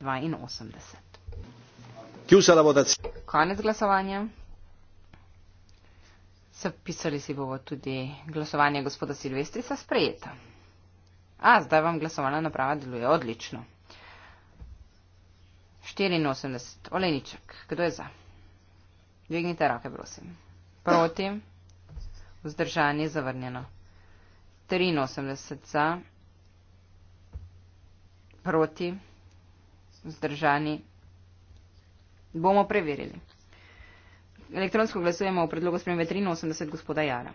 82. Kjusala votacija. Konec glasovanja. Zapisali si bomo tudi glasovanje gospoda Silvestrisa sprejeta. A, zdaj vam glasovalna naprava deluje odlično. 84. Olejniček, kdo je za? Dvignite roke, prosim. Proti. Vzdržanje zavrnjeno. 83 za. Proti vzdržani. Bomo preverili. Elektronsko glasujemo o predlogu spremembe 83 gospoda Jara.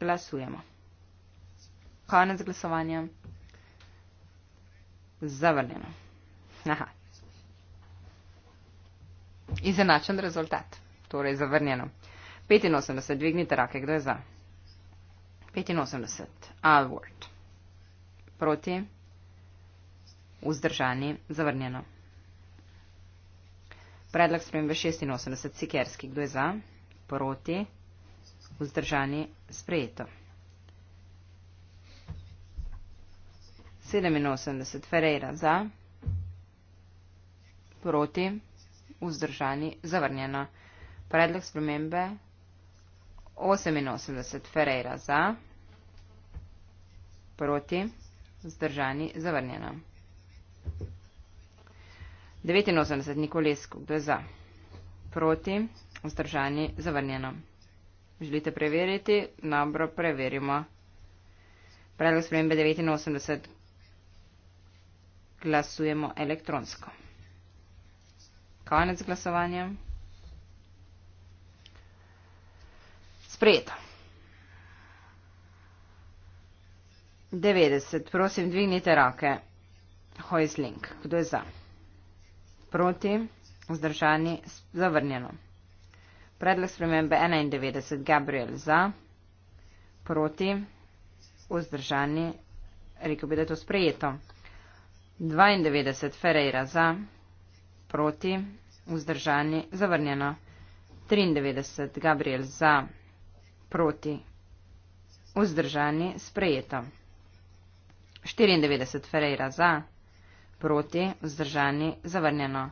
Glasujemo. Konec glasovanja. Zavrnjeno. Aha. Izenačen rezultat. Torej zavrnjeno. 85. Dvignite rake. Kdo je za? 85. Alward. Proti vzdržani zavrnjeno. Predlog spremembe 86. Sikerski, kdo je za? Proti. Vzdržani sprejeto. 87. Ferreira za. Proti. Vzdržani zavrnjeno. Predlog spremembe 88. Ferreira za. Proti. Vzdržani zavrnjeno. 89. Nikolesko, kdo je za? Proti, vzdržani, zavrnjeno. Želite preveriti? Dobro, preverimo. Predlog spremembe 89. Glasujemo elektronsko. Konec glasovanja. Sprejeto. 90. Prosim, dvignite roke. Hojzling. Kdo je za? Proti? Vzdržani? Zavrnjeno. Predlog spremembe 91. Gabriel za. Proti? Vzdržani? Rekel bi, da je to sprejeto. 92. Ferreira za. Proti? Vzdržani? Zavrnjeno. 93. Gabriel za. Proti? Vzdržani? Sprejeto. 94. Ferreira za. Proti? proti, vzdržani, zavrnjeno.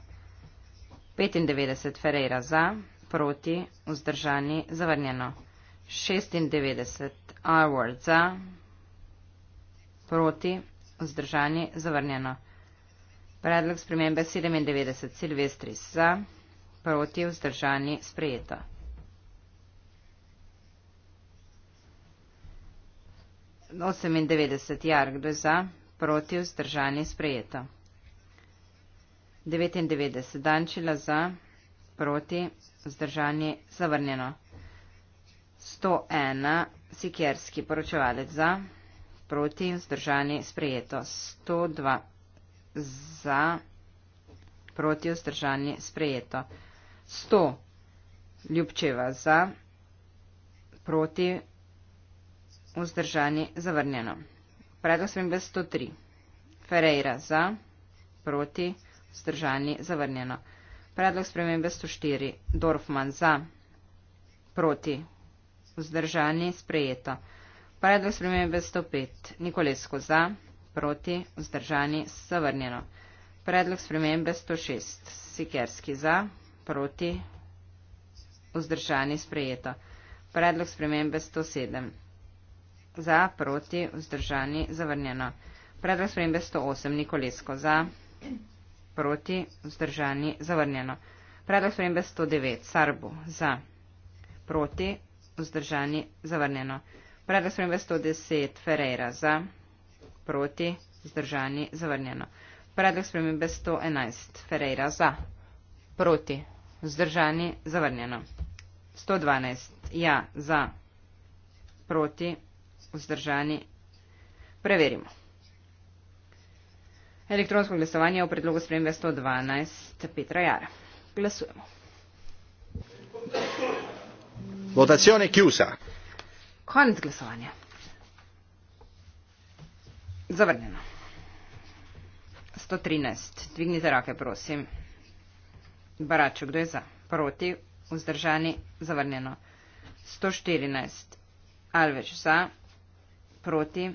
95 Ferreira za, proti, vzdržani, zavrnjeno. 96 Arward za, proti, vzdržani, zavrnjeno. Predlog spremembe 97 Silvestris za, proti, vzdržani, sprejeto. Osemindevetdeset jarkdo za, proti vzdržani sprejeto. 99, dančila za, proti, vzdržanje zavrnjeno. 101, sikerski poročevalec za, proti, vzdržanje sprejeto. 102, za, proti, vzdržanje sprejeto. 100, ljubčeva za, proti, vzdržanje zavrnjeno. Predlog smem 103, Ferreira za, proti, vzdržanje zavrnjeno. Zdržani zavrnjeno. Predlog spremembe 104. Dorfman za. Proti. Vzdržani sprejeto. Predlog spremembe 105. Nikolesko za. Proti. Vzdržani zavrnjeno. Predlog spremembe 106. Sikerski za. Proti. Vzdržani sprejeto. Predlog spremembe 107. Za. Proti. Vzdržani zavrnjeno. Predlog spremembe 108. Nikolesko za proti, vzdržani, zavrnjeno. Predlog spremembe 109, Sarbu, za, proti, vzdržani, zavrnjeno. Predlog spremembe 110, Ferreira, za, proti, vzdržani, zavrnjeno. Predlog spremembe 111, Ferreira, za, proti, vzdržani, zavrnjeno. 112, ja, za, proti, vzdržani, preverimo. Elektronsko glasovanje o predlogu spremembe 112 Petra Jara. Glasujemo. Votacione chiusa. Konec glasovanja. Zavrnjeno. 113. Dvignite roke, prosim. Baraču, kdo je za? Proti. Vzdržani. Zavrnjeno. 114. Alveč za. Proti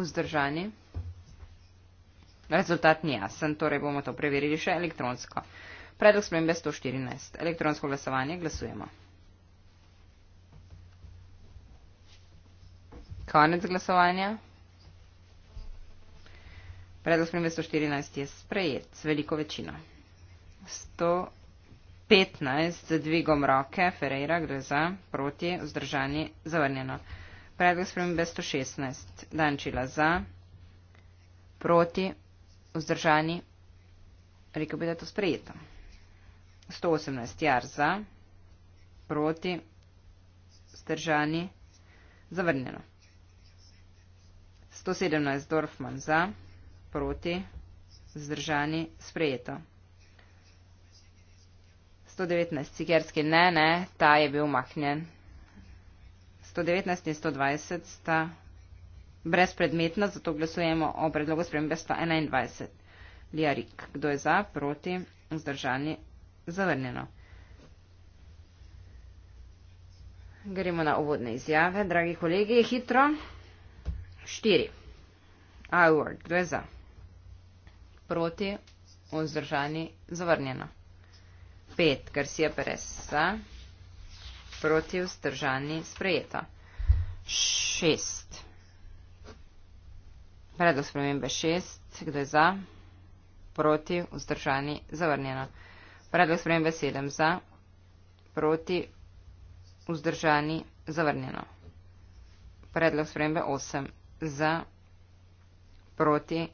vzdržani. Rezultat ni jasen, torej bomo to preverili še elektronsko. Predlog spremembe 114. Elektronsko glasovanje glasujemo. Konec glasovanja. Predlog spremembe 114 je sprejet z veliko večino. 115 z dvigom roke, Ferreira gre za proti, vzdržani, zavrnjeno. Predlog spremembe 116. Dančila za, proti, vzdržani. Rekel bi, da je to sprejeto. 118. Jar za, proti, vzdržani. Zavrnjeno. 117. Dorfman za, proti, vzdržani. Sprejeto. 119. Sikerski ne, ne, ta je bil umaknjen. 119 in 120 sta brezpredmetna, zato glasujemo o predlogu spremembe 121. Lijarik, kdo je za, proti, vzdržani, zavrnjeno. Gremo na uvodne izjave. Dragi kolegi, hitro. Štiri. Award, kdo je za? Proti, vzdržani, zavrnjeno. Pet, Garcia Perez, za proti vzdržani sprejeto. Šest. Predlog spremembe šest. Kdo je za? Proti vzdržani zavrnjeno. Predlog spremembe sedem za. Proti vzdržani zavrnjeno. Predlog spremembe osem za. Proti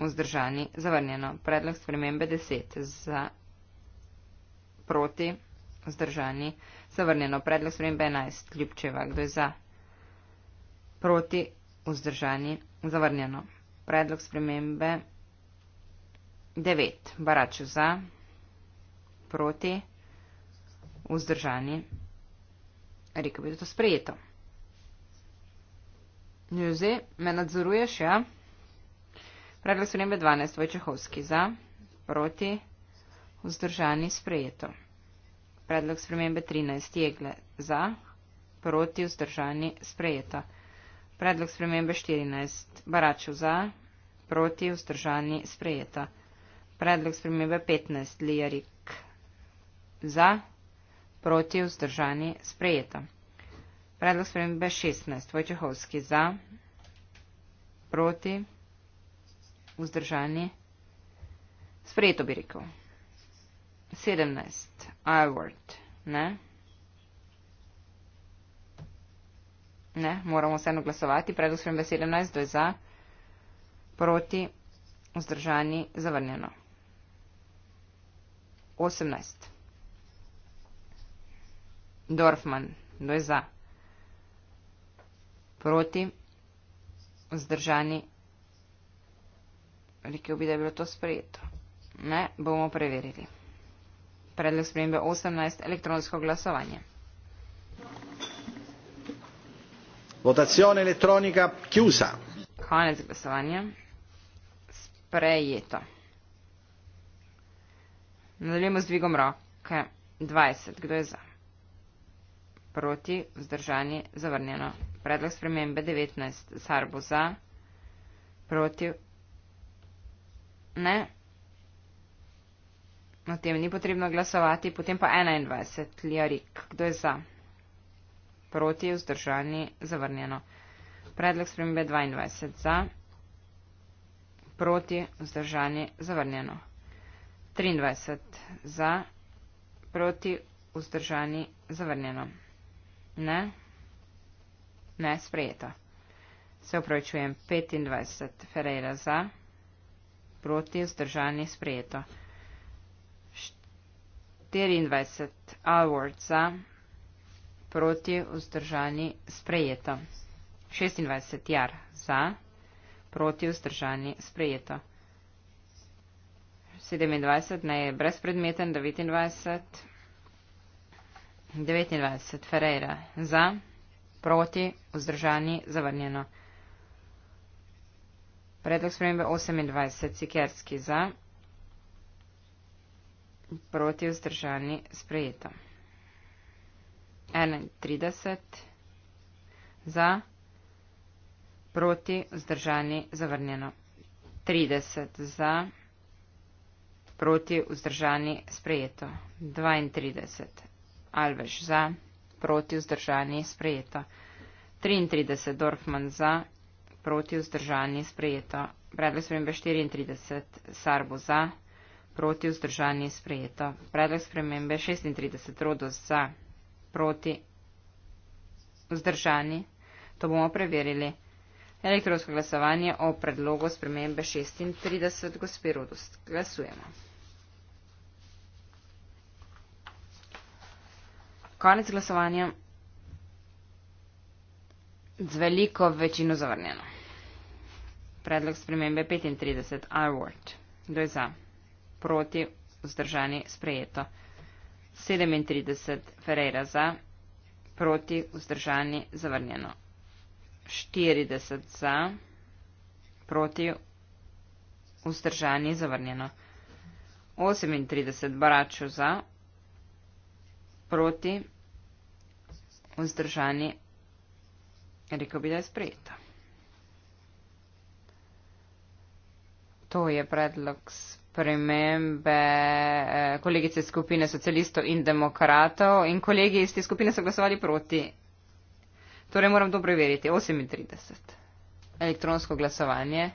vzdržani zavrnjeno. Predlog spremembe deset za. Proti vzdržani zavrnjeno zavrnjeno. Predlog spremembe 11. Ljubčeva. Kdo je za? Proti. Vzdržani. Zavrnjeno. Predlog spremembe 9. Baraču za. Proti. Vzdržani. Rekel bi, da je to sprejeto. Njuzi, me nadzoruješ, ja? Predlog spremembe 12. Vojčehovski za. Proti. Vzdržani sprejeto. Predlog spremembe 13 jegle za, proti vzdržani sprejeta. Predlog spremembe 14 baraču za, proti vzdržani sprejeta. Predlog spremembe 15 lijarik za, proti vzdržani sprejeta. Predlog spremembe 16 vojčehovski za, proti vzdržani sprejeto bi rekel sedemnajst award, ne? Ne, moramo vseeno glasovati, predlog spremembe sedemnajst, kdo je za, proti, vzdržani, zavrnjeno. Osemnajst. Dorfman, kdo je za, proti, vzdržani, rekel bi, da je bilo to sprejeto. Ne, bomo preverili. Predlog spremembe 18. Elektronsko glasovanje. Votacione elettronica chiusa. Konec glasovanja. Sprejeto. Nadaljujemo z dvigom roke. 20. Kdo je za? Proti. Vzdržanje. Zavrnjeno. Predlog spremembe 19. Sarbo za. Proti. Ne. O no, tem ni potrebno glasovati. Potem pa 21. Ljarik. Kdo je za? Proti, vzdržani, zavrnjeno. Predlog spremembe 22. Za. Proti, vzdržani, zavrnjeno. 23. Za. Proti, vzdržani, zavrnjeno. Ne. Ne, sprejeto. Se upravičujem. 25. Ferreira za. Proti, vzdržani, sprejeto. 24 Awards proti vzdržani sprejeto. 26 jar za proti vzdržani sprejeto. 27 naj je brezpredmeten, 29. 29 Ferreira za proti vzdržani zavrnjeno. Predlog spremembe 28 Sikerski za proti vzdržani sprejeto. 31 za, proti vzdržani zavrnjeno. 30 za, proti vzdržani sprejeto. 32 Alveš za, proti vzdržani sprejeto. 33 Dorfman za, proti vzdržani sprejeto. Predlog spremembe 34 Sarbo za proti vzdržanje sprejeto. Predlog spremembe 36 rodo za proti vzdržanje. To bomo preverili. Elektronsko glasovanje o predlogu spremembe 36 gospe Rodost. Glasujemo. Konec glasovanja. Z veliko večino zavrnjeno. Predlog spremembe 35. I word. Kdo je za? proti, vzdržani, sprejeto. 37 Ferreira za, proti, vzdržani, zavrnjeno. 40 za, proti, vzdržani, zavrnjeno. 38 Baraču za, proti, vzdržani, rekel bi, da je sprejeto. To je predlog spremembe eh, kolegice skupine socialistov in demokratov in kolegi iz te skupine so glasovali proti. Torej moram dobro veriti. 38. Elektronsko glasovanje.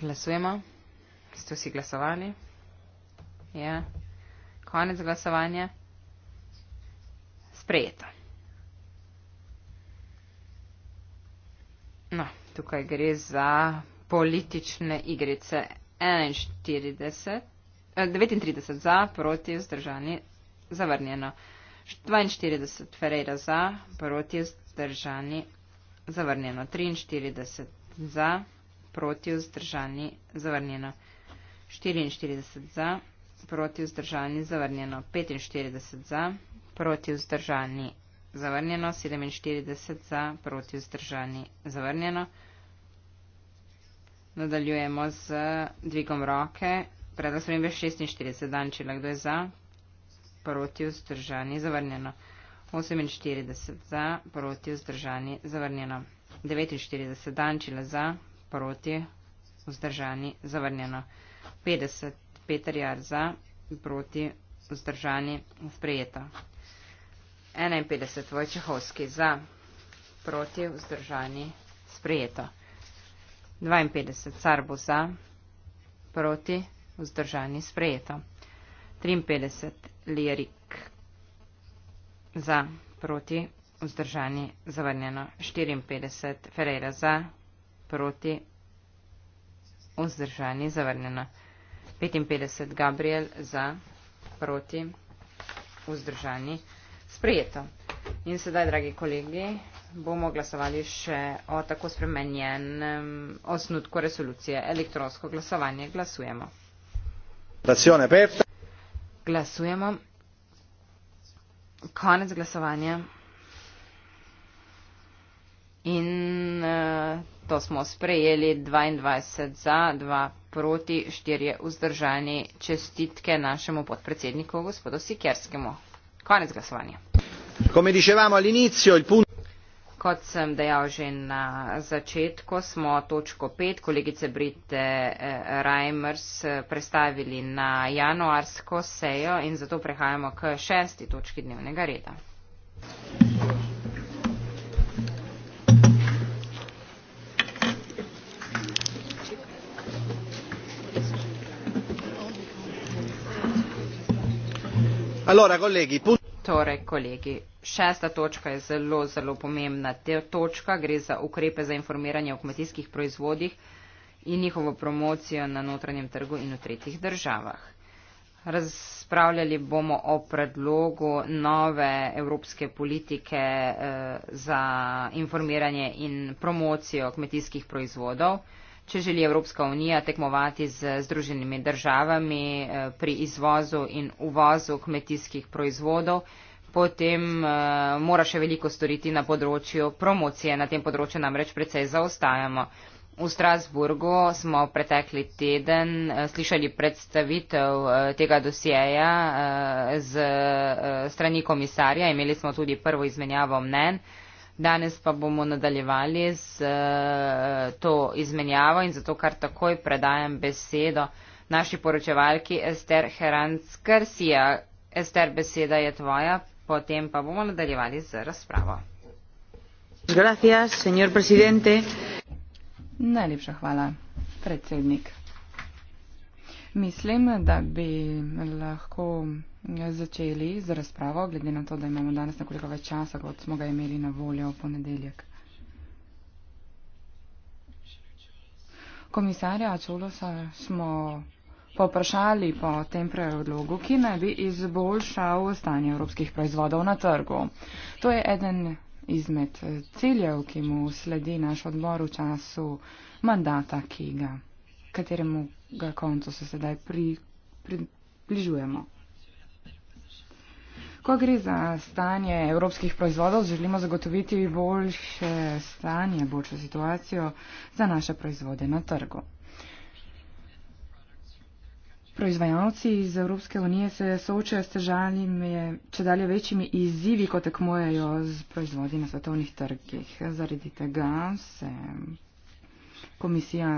Glasujemo. Ste vsi glasovali? Ja. Konec glasovanja. Sprejeto. No, tukaj gre za politične igrice 41, 39 eh, za, proti vzdržani, zavrnjeno. 42 Ferreira za, proti vzdržani, zavrnjeno. 43 za, proti vzdržani, zavrnjeno. 44 za, proti vzdržani, zavrnjeno. 45 za, proti vzdržani, zavrnjeno, 47 za, proti vzdržani, zavrnjeno. Nadaljujemo z dvigom roke, predlog sprem je 46 dan, če lahko je za, proti vzdržani, zavrnjeno. 48 za, proti vzdržani, zavrnjeno. 49 dan, če lahko je za, proti vzdržani, zavrnjeno. 50 Peter Jar za, proti vzdržani, sprejeto. 51 Vojčehovski za, proti, vzdržani, sprejeto. 52 Carbo za, proti, vzdržani, sprejeto. 53 Lirik za, proti, vzdržani, zavrnjeno. 54 Ferreira za, proti, vzdržani, zavrnjeno. 55 Gabriel za, proti, vzdržani, zavrnjeno sprejeto. In sedaj, dragi kolegi, bomo glasovali še o tako spremenjenem osnutku resolucije. Elektronsko glasovanje. Glasujemo. Glasujemo. Konec glasovanja. In eh, to smo sprejeli 22 za, 2 proti, 4 vzdržani. Čestitke našemu podpredsedniku, gospodu Sikerskemu. Konec glasovanja. Come dicevamo all'inizio, il punto... Kot sem dejal že na začetku, smo točko 5 kolegice Brite eh, Reimers eh, predstavili na januarsko sejo in zato prehajamo k šesti točki dnevnega reda. Torej, kolegi, šesta točka je zelo, zelo pomembna. Te točka gre za ukrepe za informiranje o kmetijskih proizvodih in njihovo promocijo na notranjem trgu in v tretjih državah. Razpravljali bomo o predlogu nove evropske politike eh, za informiranje in promocijo kmetijskih proizvodov če želi Evropska unija tekmovati z združenimi državami eh, pri izvozu in uvozu kmetijskih proizvodov, potem eh, mora še veliko storiti na področju promocije. Na tem področju namreč precej zaostajamo. V Strasburgu smo pretekli teden eh, slišali predstavitev tega dosjeja z strani komisarja, imeli smo tudi prvo izmenjavo mnen. Danes pa bomo nadaljevali z uh, eh, to izmenjavo in zato kar takoj predajam besedo naši poročevalki Ester Heranskarsija. Ester, beseda je tvoja, potem pa bomo nadaljevali z razpravo. Gracias, señor presidente. Najlepša hvala, predsednik. Mislim, da bi lahko začeli z razpravo, glede na to, da imamo danes nekoliko več časa, kot smo ga imeli na voljo v ponedeljek. Komisarja Čulosa smo poprašali po tem predlogu, ki naj bi izboljšal stanje evropskih proizvodov na trgu. To je eden izmed ciljev, ki mu sledi naš odbor v času mandata, ki ga kateremu ga koncu se sedaj pri, pri, bližujemo. Ko gre za stanje evropskih proizvodov, želimo zagotoviti boljše stanje, boljšo situacijo za naše proizvode na trgu. Proizvajalci iz Evropske unije se soočajo s težavami, če dalje večjimi izzivi, ko tekmujejo z proizvodi na svetovnih trgih. Zaradi tega se komisija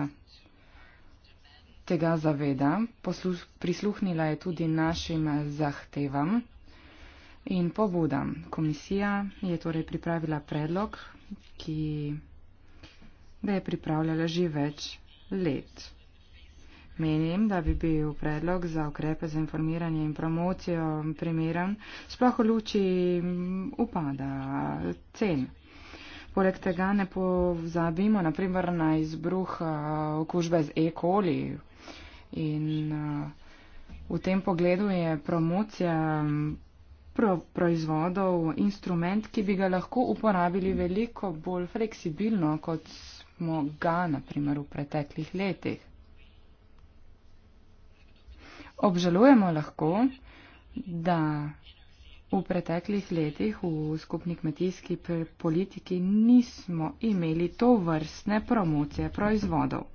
tega zaveda, posluh, prisluhnila je tudi našim zahtevam in pobudam. Komisija je torej pripravila predlog, ki ga je pripravljala že več let. Menim, da bi bil predlog za ukrepe za informiranje in promocijo primeren, sploh v luči upada cen. Poleg tega ne pozabimo, naprimer, na izbruh uh, okužbe z E. coli, In uh, v tem pogledu je promocija um, pro proizvodov instrument, ki bi ga lahko uporabili veliko bolj fleksibilno, kot smo ga naprimer v preteklih letih. Obžalujemo lahko, da v preteklih letih v skupni kmetijski politiki nismo imeli to vrstne promocije proizvodov.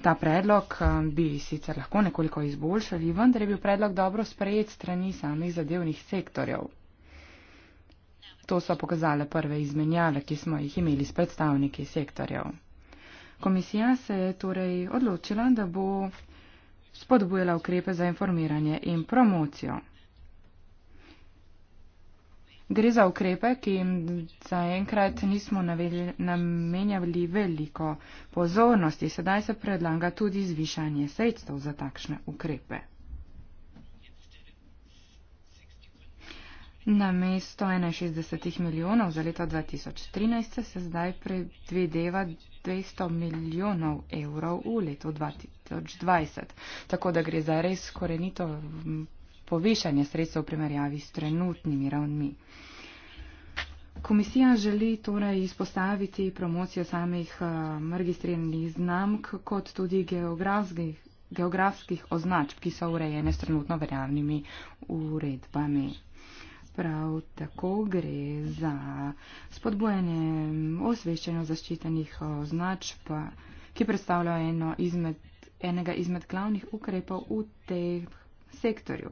Ta predlog eh, bi sicer lahko nekoliko izboljšali, vendar je bil predlog dobro sprejet strani samih zadevnih sektorjev. To so pokazale prve izmenjave, ki smo jih imeli s predstavniki sektorjev. Komisija se je torej odločila, da bo spodbujala ukrepe za informiranje in promocijo. Gre za ukrepe, ki jim zaenkrat nismo namenjali veliko pozornosti. Sedaj se predlaga tudi zvišanje sredstev za takšne ukrepe. Na mesto 61 milijonov za leto 2013 se zdaj predvideva 200 milijonov evrov v letu 2020. Tako da gre za res korenito povešanje sredstev v primerjavi s trenutnimi ravnmi. Komisija želi torej izpostaviti promocijo samih registriranih eh, znamk, kot tudi geografskih, geografskih označb, ki so urejene s trenutno verjavnimi uredbami. Prav tako gre za spodbojanje osveščenja zaščitenih označb, ki predstavljajo izmed, enega izmed glavnih ukrepov v tem sektorju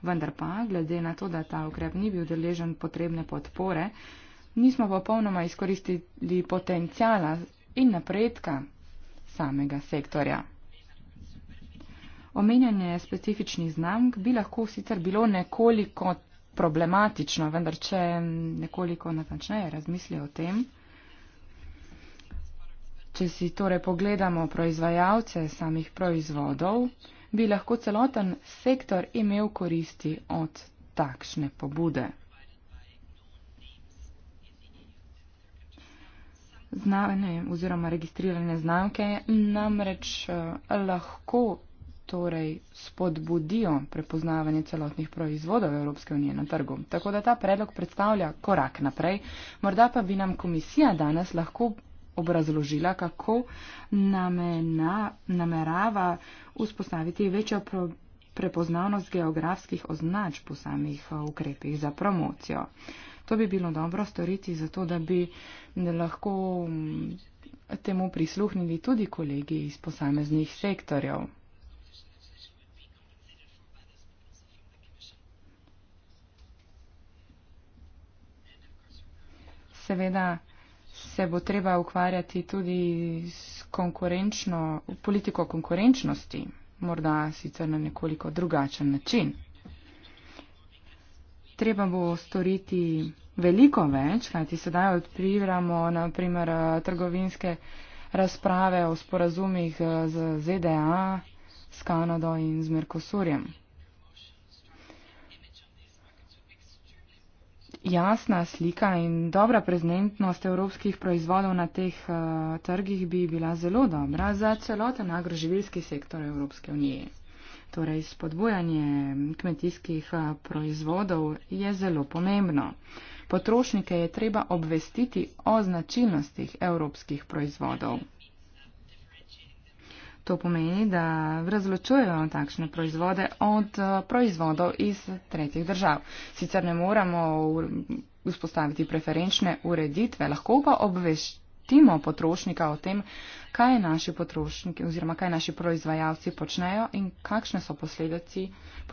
vendar pa, glede na to, da ta ukrep ni bil deležen potrebne podpore, nismo popolnoma izkoristili potencijala in napredka samega sektorja. Omenjanje specifičnih znamk bi lahko sicer bilo nekoliko problematično, vendar če nekoliko natančneje razmisli o tem, če si torej pogledamo proizvajalce samih proizvodov, bi lahko celoten sektor imel koristi od takšne pobude. Znane oziroma registrirane znamke namreč eh, lahko torej spodbudijo prepoznavanje celotnih proizvodov Evropske unije na trgu. Tako da ta predlog predstavlja korak naprej. Morda pa bi nam komisija danes lahko obrazložila, kako namena, namerava vzpostaviti večjo pro, prepoznavnost geografskih označb po samih eh, ukrepih za promocijo. To bi bilo dobro storiti, zato da bi lahko mm, temu prisluhnili tudi kolegi iz posameznih sektorjev. Seveda, se bo treba ukvarjati tudi s konkurenčno, politiko konkurenčnosti, morda sicer na nekoliko drugačen način. Treba bo storiti veliko več, kajti sedaj odpiramo naprimer trgovinske razprave o sporazumih eh, z ZDA, s Kanado in z Merkosurjem. jasna slika in dobra prezentnost evropskih proizvodov na teh uh, trgih bi bila zelo dobra za celoten agroživilski sektor Evropske unije. Torej, spodbujanje kmetijskih eh, proizvodov je zelo pomembno. Potrošnike je treba obvestiti o značilnostih evropskih proizvodov. To pomeni, da razločujemo takšne proizvode od eh, proizvodov iz tretjih držav. Sicer ne moramo vzpostaviti preferenčne ureditve, lahko pa obveščimo potrošnika o tem, kaj naši potrošniki oziroma kaj naši proizvajalci počnejo in kakšne so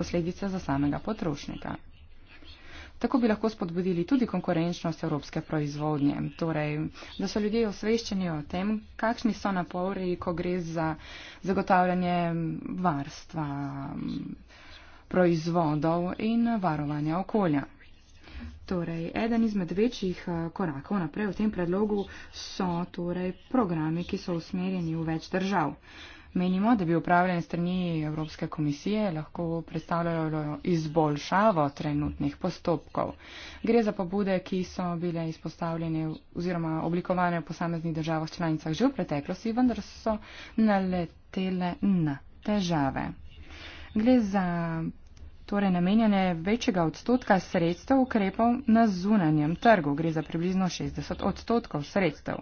posledice za samega potrošnika. Tako bi lahko spodbudili tudi konkurenčnost evropske proizvodnje. Torej, da so ljudje osveščeni o tem, kakšni so napori, ko gre za zagotavljanje varstva mm, proizvodov in varovanja okolja. Torej, eden izmed večjih eh, korakov naprej v tem predlogu so torej programi, ki so usmerjeni v več držav. Menimo, da bi upravljanje strani Evropske komisije lahko predstavljalo izboljšavo trenutnih postopkov. Gre za pobude, ki so bile izpostavljene oziroma oblikovane v posameznih državah članicah že v preteklosti, vendar so naletele na težave. Gre za torej namenjanje večjega odstotka sredstev ukrepov na zunanjem trgu. Gre za približno 60 odstotkov sredstev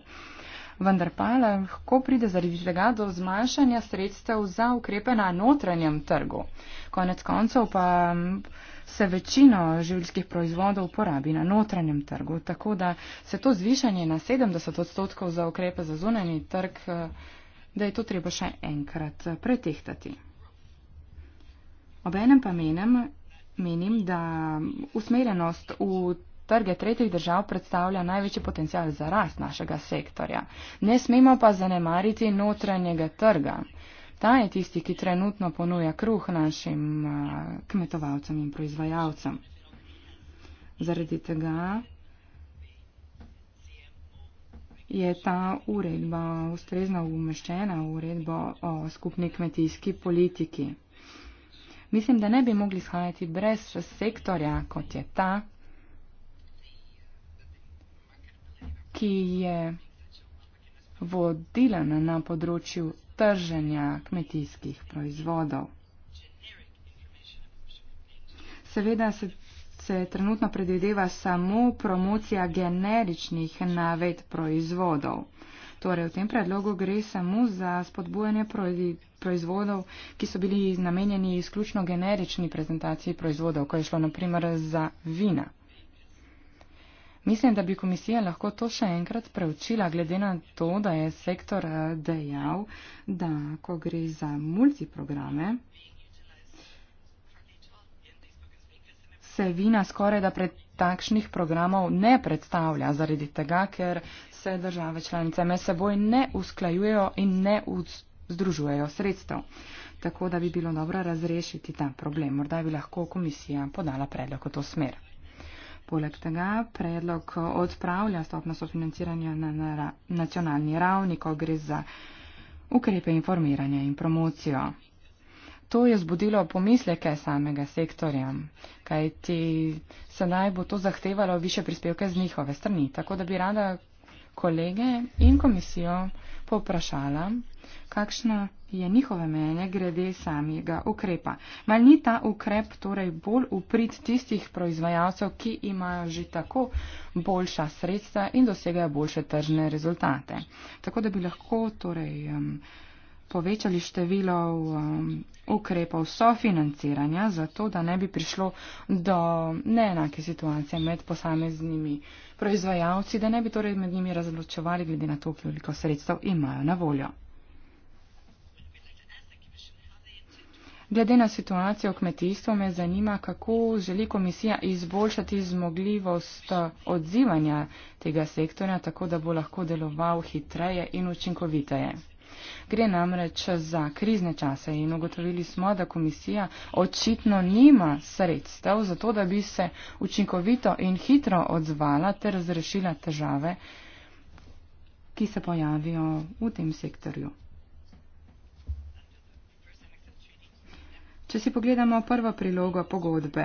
vendar pa lahko pride zaradi tega do zmanjšanja sredstev za ukrepe na notranjem trgu. Konec koncev pa mm, se večino življskih proizvodov uporabi na notranjem trgu, tako da se to zvišanje na 70 odstotkov za ukrepe za zunanji trg, eh, da je to treba še enkrat eh, pretehtati. Obenem pa menem, menim, da usmerjenost v trge tretjih držav predstavlja največji potencial za rast našega sektorja. Ne smemo pa zanemariti notranjega trga. Ta je tisti, ki trenutno ponuja kruh našim kmetovalcem in proizvajalcem. Zaradi tega je ta uredba ustrezno umeščena v uredbo o skupni kmetijski politiki. Mislim, da ne bi mogli shajati brez sektorja, kot je ta, ki je vodila na področju trženja kmetijskih proizvodov. Seveda se, se trenutno predvideva samo promocija generičnih naved proizvodov. Torej, v tem predlogu gre samo za spodbujanje proizvodov, ki so bili namenjeni izključno generični prezentaciji proizvodov, ko je šlo naprimer za vina. Mislim, da bi komisija lahko to še enkrat preučila, glede na to, da je sektor eh, dejal, da ko gre za multiprograme, se vina skoraj da pred takšnih programov ne predstavlja, zaradi tega, ker se države članice med seboj ne usklajujejo in ne združujejo sredstev. Tako da bi bilo dobro razrešiti ta problem. Morda bi lahko komisija podala predlog v to smer. Poleg tega predlog odpravlja stopno sofinanciranja na nacionalni ravni, ko gre za ukrepe informiranja in promocijo. To je zbudilo pomisleke samega sektorja, kajti se naj bo to zahtevalo više prispevke z njihove strani. Tako da bi rada kolege in komisijo poprašala, kakšna je njihove mene grede samega ukrepa. Mal ni ta ukrep torej bolj uprit tistih proizvajalcev, ki imajo že tako boljša sredstva in dosegajo boljše tržne rezultate. Tako da bi lahko torej um, povečali število um, ukrepov sofinanciranja, zato da ne bi prišlo do neenake situacije med posameznimi proizvajalci, da ne bi torej med njimi razločevali glede na to, koliko sredstev imajo na voljo. Glede na situacijo v kmetijstvu me zanima, kako želi komisija izboljšati zmogljivost odzivanja tega sektorja, tako da bo lahko deloval hitreje in učinkoviteje. Gre namreč za krizne čase in ugotovili smo, da komisija očitno nima sredstev za to, da bi se učinkovito in hitro odzvala ter razrešila težave, ki se pojavijo v tem sektorju. Če si pogledamo prvo prilogo pogodbe,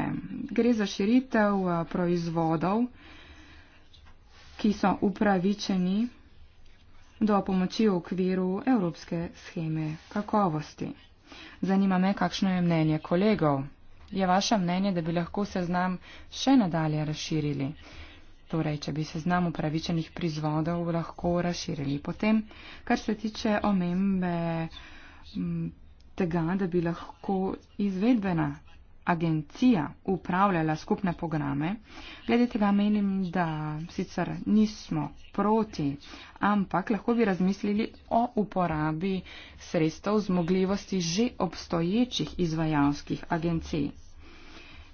gre za širitev eh, proizvodov, ki so upravičeni do pomoči v okviru evropske scheme kakovosti. Zanima me, kakšno je mnenje kolegov. Je vaše mnenje, da bi lahko seznam še nadalje razširili? Torej, če bi seznam upravičenih prizvodov lahko razširili. Potem, kar se tiče omembe tega, da bi lahko izvedbena agencija upravljala skupne programe. Glede tega menim, da sicer nismo proti, ampak lahko bi razmislili o uporabi sredstev zmogljivosti že obstoječih izvajalskih agencij.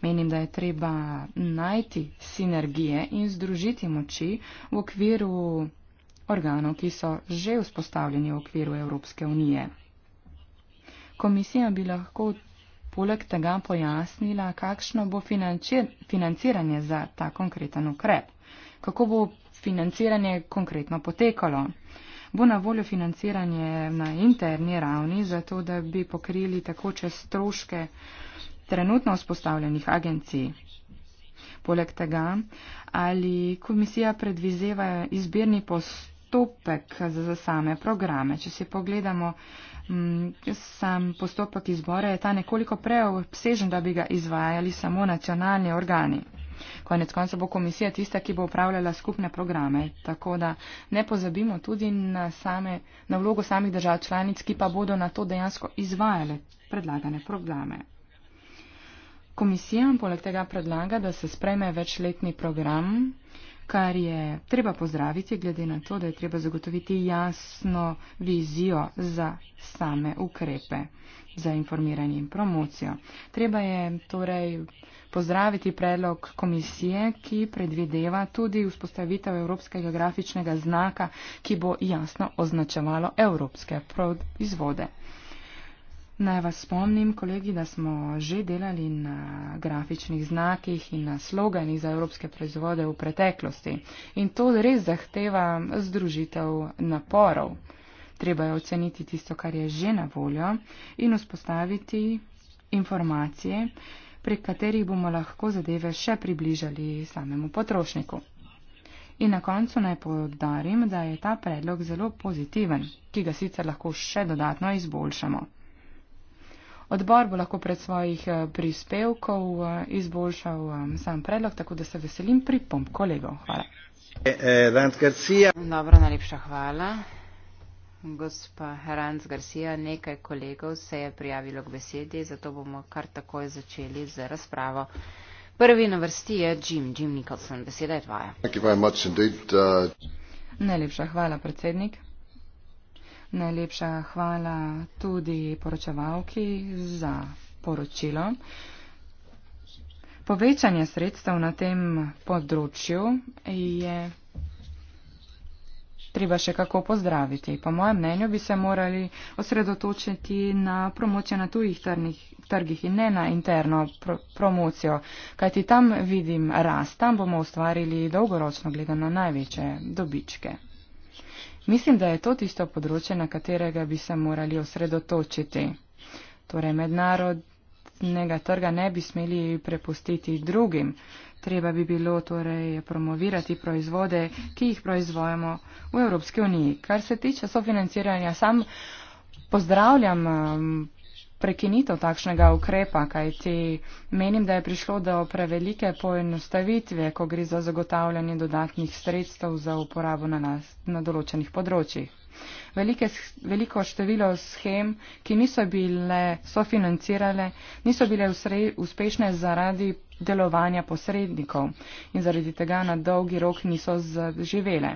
Menim, da je treba najti sinergije in združiti moči v okviru organov, ki so že vzpostavljeni v okviru Evropske unije. Komisija bi lahko poleg tega pojasnila, kakšno bo financir financiranje za ta konkreten ukrep. Kako bo financiranje konkretno potekalo? Bo na voljo financiranje na interni ravni, zato da bi pokrili tako čez stroške trenutno vzpostavljenih agencij. Poleg tega, ali komisija predvizeva izbirni postopek za same programe. Če si pogledamo, Mm, sam postopek izbora je ta nekoliko preobsežen, da bi ga izvajali samo nacionalni organi. Konec konca bo komisija tista, ki bo upravljala skupne programe, tako da ne pozabimo tudi na, same, na vlogo samih držav članic, ki pa bodo na to dejansko izvajale predlagane programe. Komisija poleg tega predlaga, da se sprejme večletni program, kar je treba pozdraviti, glede na to, da je treba zagotoviti jasno vizijo za same ukrepe za informiranje in promocijo. Treba je torej pozdraviti predlog komisije, ki predvideva tudi vzpostavitev evropskega grafičnega znaka, ki bo jasno označevalo evropske proizvode. Naj vas spomnim, kolegi, da smo že delali na grafičnih znakih in na sloganih za evropske proizvode v preteklosti. In to res zahteva združitev naporov. Treba je oceniti tisto, kar je že na voljo in vzpostaviti informacije, prek katerih bomo lahko zadeve še približali samemu potrošniku. In na koncu naj podarim, da je ta predlog zelo pozitiven, ki ga sicer lahko še dodatno izboljšamo. Odbor bo lahko pred svojih eh, prispevkov eh, izboljšal eh, sam predlog, tako da se veselim pripomp kolegov. Hvala. Dobro, najlepša hvala. Gospa Heranc Garcia, nekaj kolegov se je prijavilo k besedi, zato bomo kar takoj začeli z razpravo. Prvi na vrsti je Jim, Jim Nicholson. Beseda je tvoja. Uh, najlepša hvala, predsednik. Najlepša hvala tudi poročevalki za poročilo. Povečanje sredstev na tem področju je treba še kako pozdraviti. Po mojem mnenju bi se morali osredotočiti na promocijo na tujih trgih in ne na interno pr promocijo, kajti tam vidim rast, tam bomo ustvarili dolgoročno gledano največje dobičke. Mislim, da je to tisto področje, na katerega bi se morali osredotočiti. Torej, mednarodnega trga ne bi smeli prepustiti drugim. Treba bi bilo torej promovirati proizvode, ki jih proizvojamo v Evropski uniji. Kar se tiče sofinanciranja, sam pozdravljam. Um, prekinitev takšnega ukrepa, kajti menim, da je prišlo do prevelike poenostavitve, ko gre za zagotavljanje dodatnih sredstev za uporabo na, nas, na določenih področjih. Velike, veliko število schem, ki niso bile sofinancirale, niso bile usre, uspešne zaradi delovanja posrednikov in zaradi tega na dolgi rok niso zaživele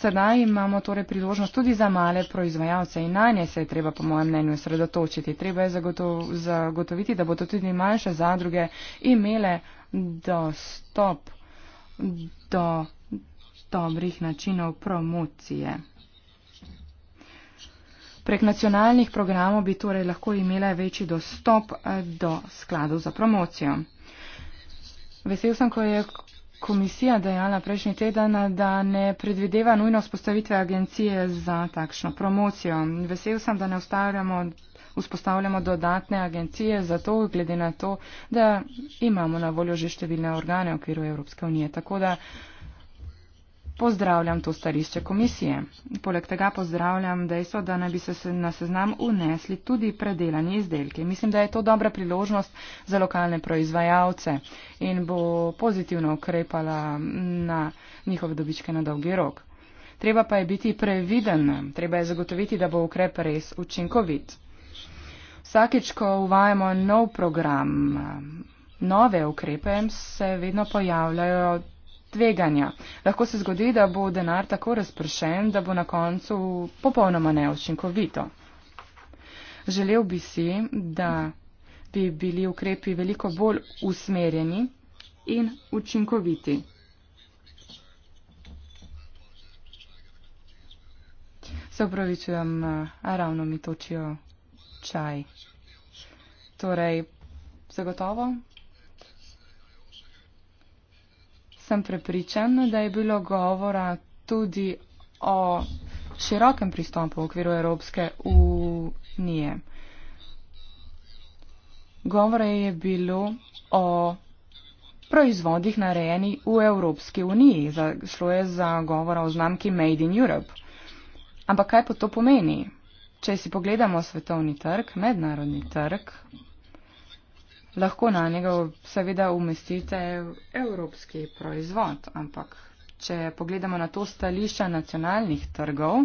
sedaj imamo torej priložnost tudi za male proizvajalce in na nje se je treba, po mojem mnenju, sredotočiti. Treba je zagotov, zagotoviti, da bodo tudi manjše zadruge imele dostop do dobrih načinov promocije. Prek nacionalnih programov bi torej lahko imele večji dostop eh, do skladov za promocijo. Vesel sem, ko je komisija dejala prejšnji teden, da ne predvideva nujno vzpostavitve agencije za takšno promocijo. Vesel sem, da ne ustavljamo. Vzpostavljamo dodatne agencije za to, glede na to, da imamo na voljo že številne organe v okviru Evropske unije. Tako da pozdravljam to starišče komisije. Poleg tega pozdravljam dejstvo, da naj bi se na seznam unesli tudi predelani izdelki. Mislim, da je to dobra priložnost za lokalne proizvajalce in bo pozitivno ukrepala na njihove dobičke na dolgi rok. Treba pa je biti previden, treba je zagotoviti, da bo ukrep res učinkovit. Vsakič, ko uvajamo nov program, nove ukrepe, se vedno pojavljajo tveganja. Lahko se zgodi, da bo denar tako razpršen, da bo na koncu popolnoma neučinkovito. Želel bi si, da bi bili ukrepi veliko bolj usmerjeni in učinkoviti. Se upravičujem, ravno mi točijo čaj. Torej, zagotovo sem prepričan, da je bilo govora tudi o širokem pristopu v okviru Evropske unije. Govore je bilo o proizvodih narejeni v Evropski uniji. Šlo je za govora o znamki Made in Europe. Ampak kaj pa to pomeni? Če si pogledamo svetovni trg, mednarodni trg, lahko na njega seveda umestite evropski proizvod, ampak če pogledamo na to stališča nacionalnih trgov,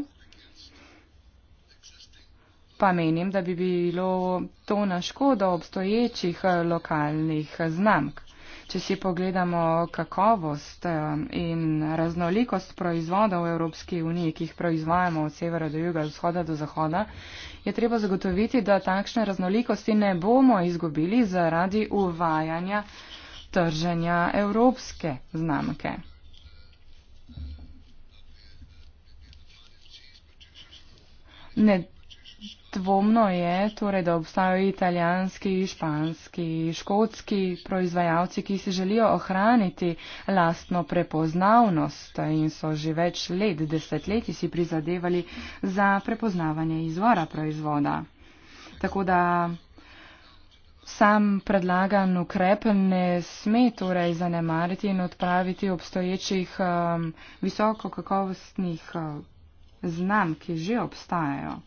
pa menim, da bi bilo to na škodo obstoječih eh, lokalnih znamk. Če si pogledamo kakovost eh, in raznolikost proizvodov v Evropski uniji, ki jih proizvajamo od severa do juga, od vzhoda do zahoda, je treba zagotoviti, da takšne raznolikosti ne bomo izgubili zaradi uvajanja trženja evropske znamke. Ne, dvomno je, torej, da obstajajo italijanski, španski, škotski proizvajalci, ki si želijo ohraniti lastno prepoznavnost in so že več let, desetletji si prizadevali za prepoznavanje izvora proizvoda. Tako da sam predlagan ukrep ne sme torej zanemariti in odpraviti obstoječih um, visokokakovostnih. Um, uh, znam, ki že obstajajo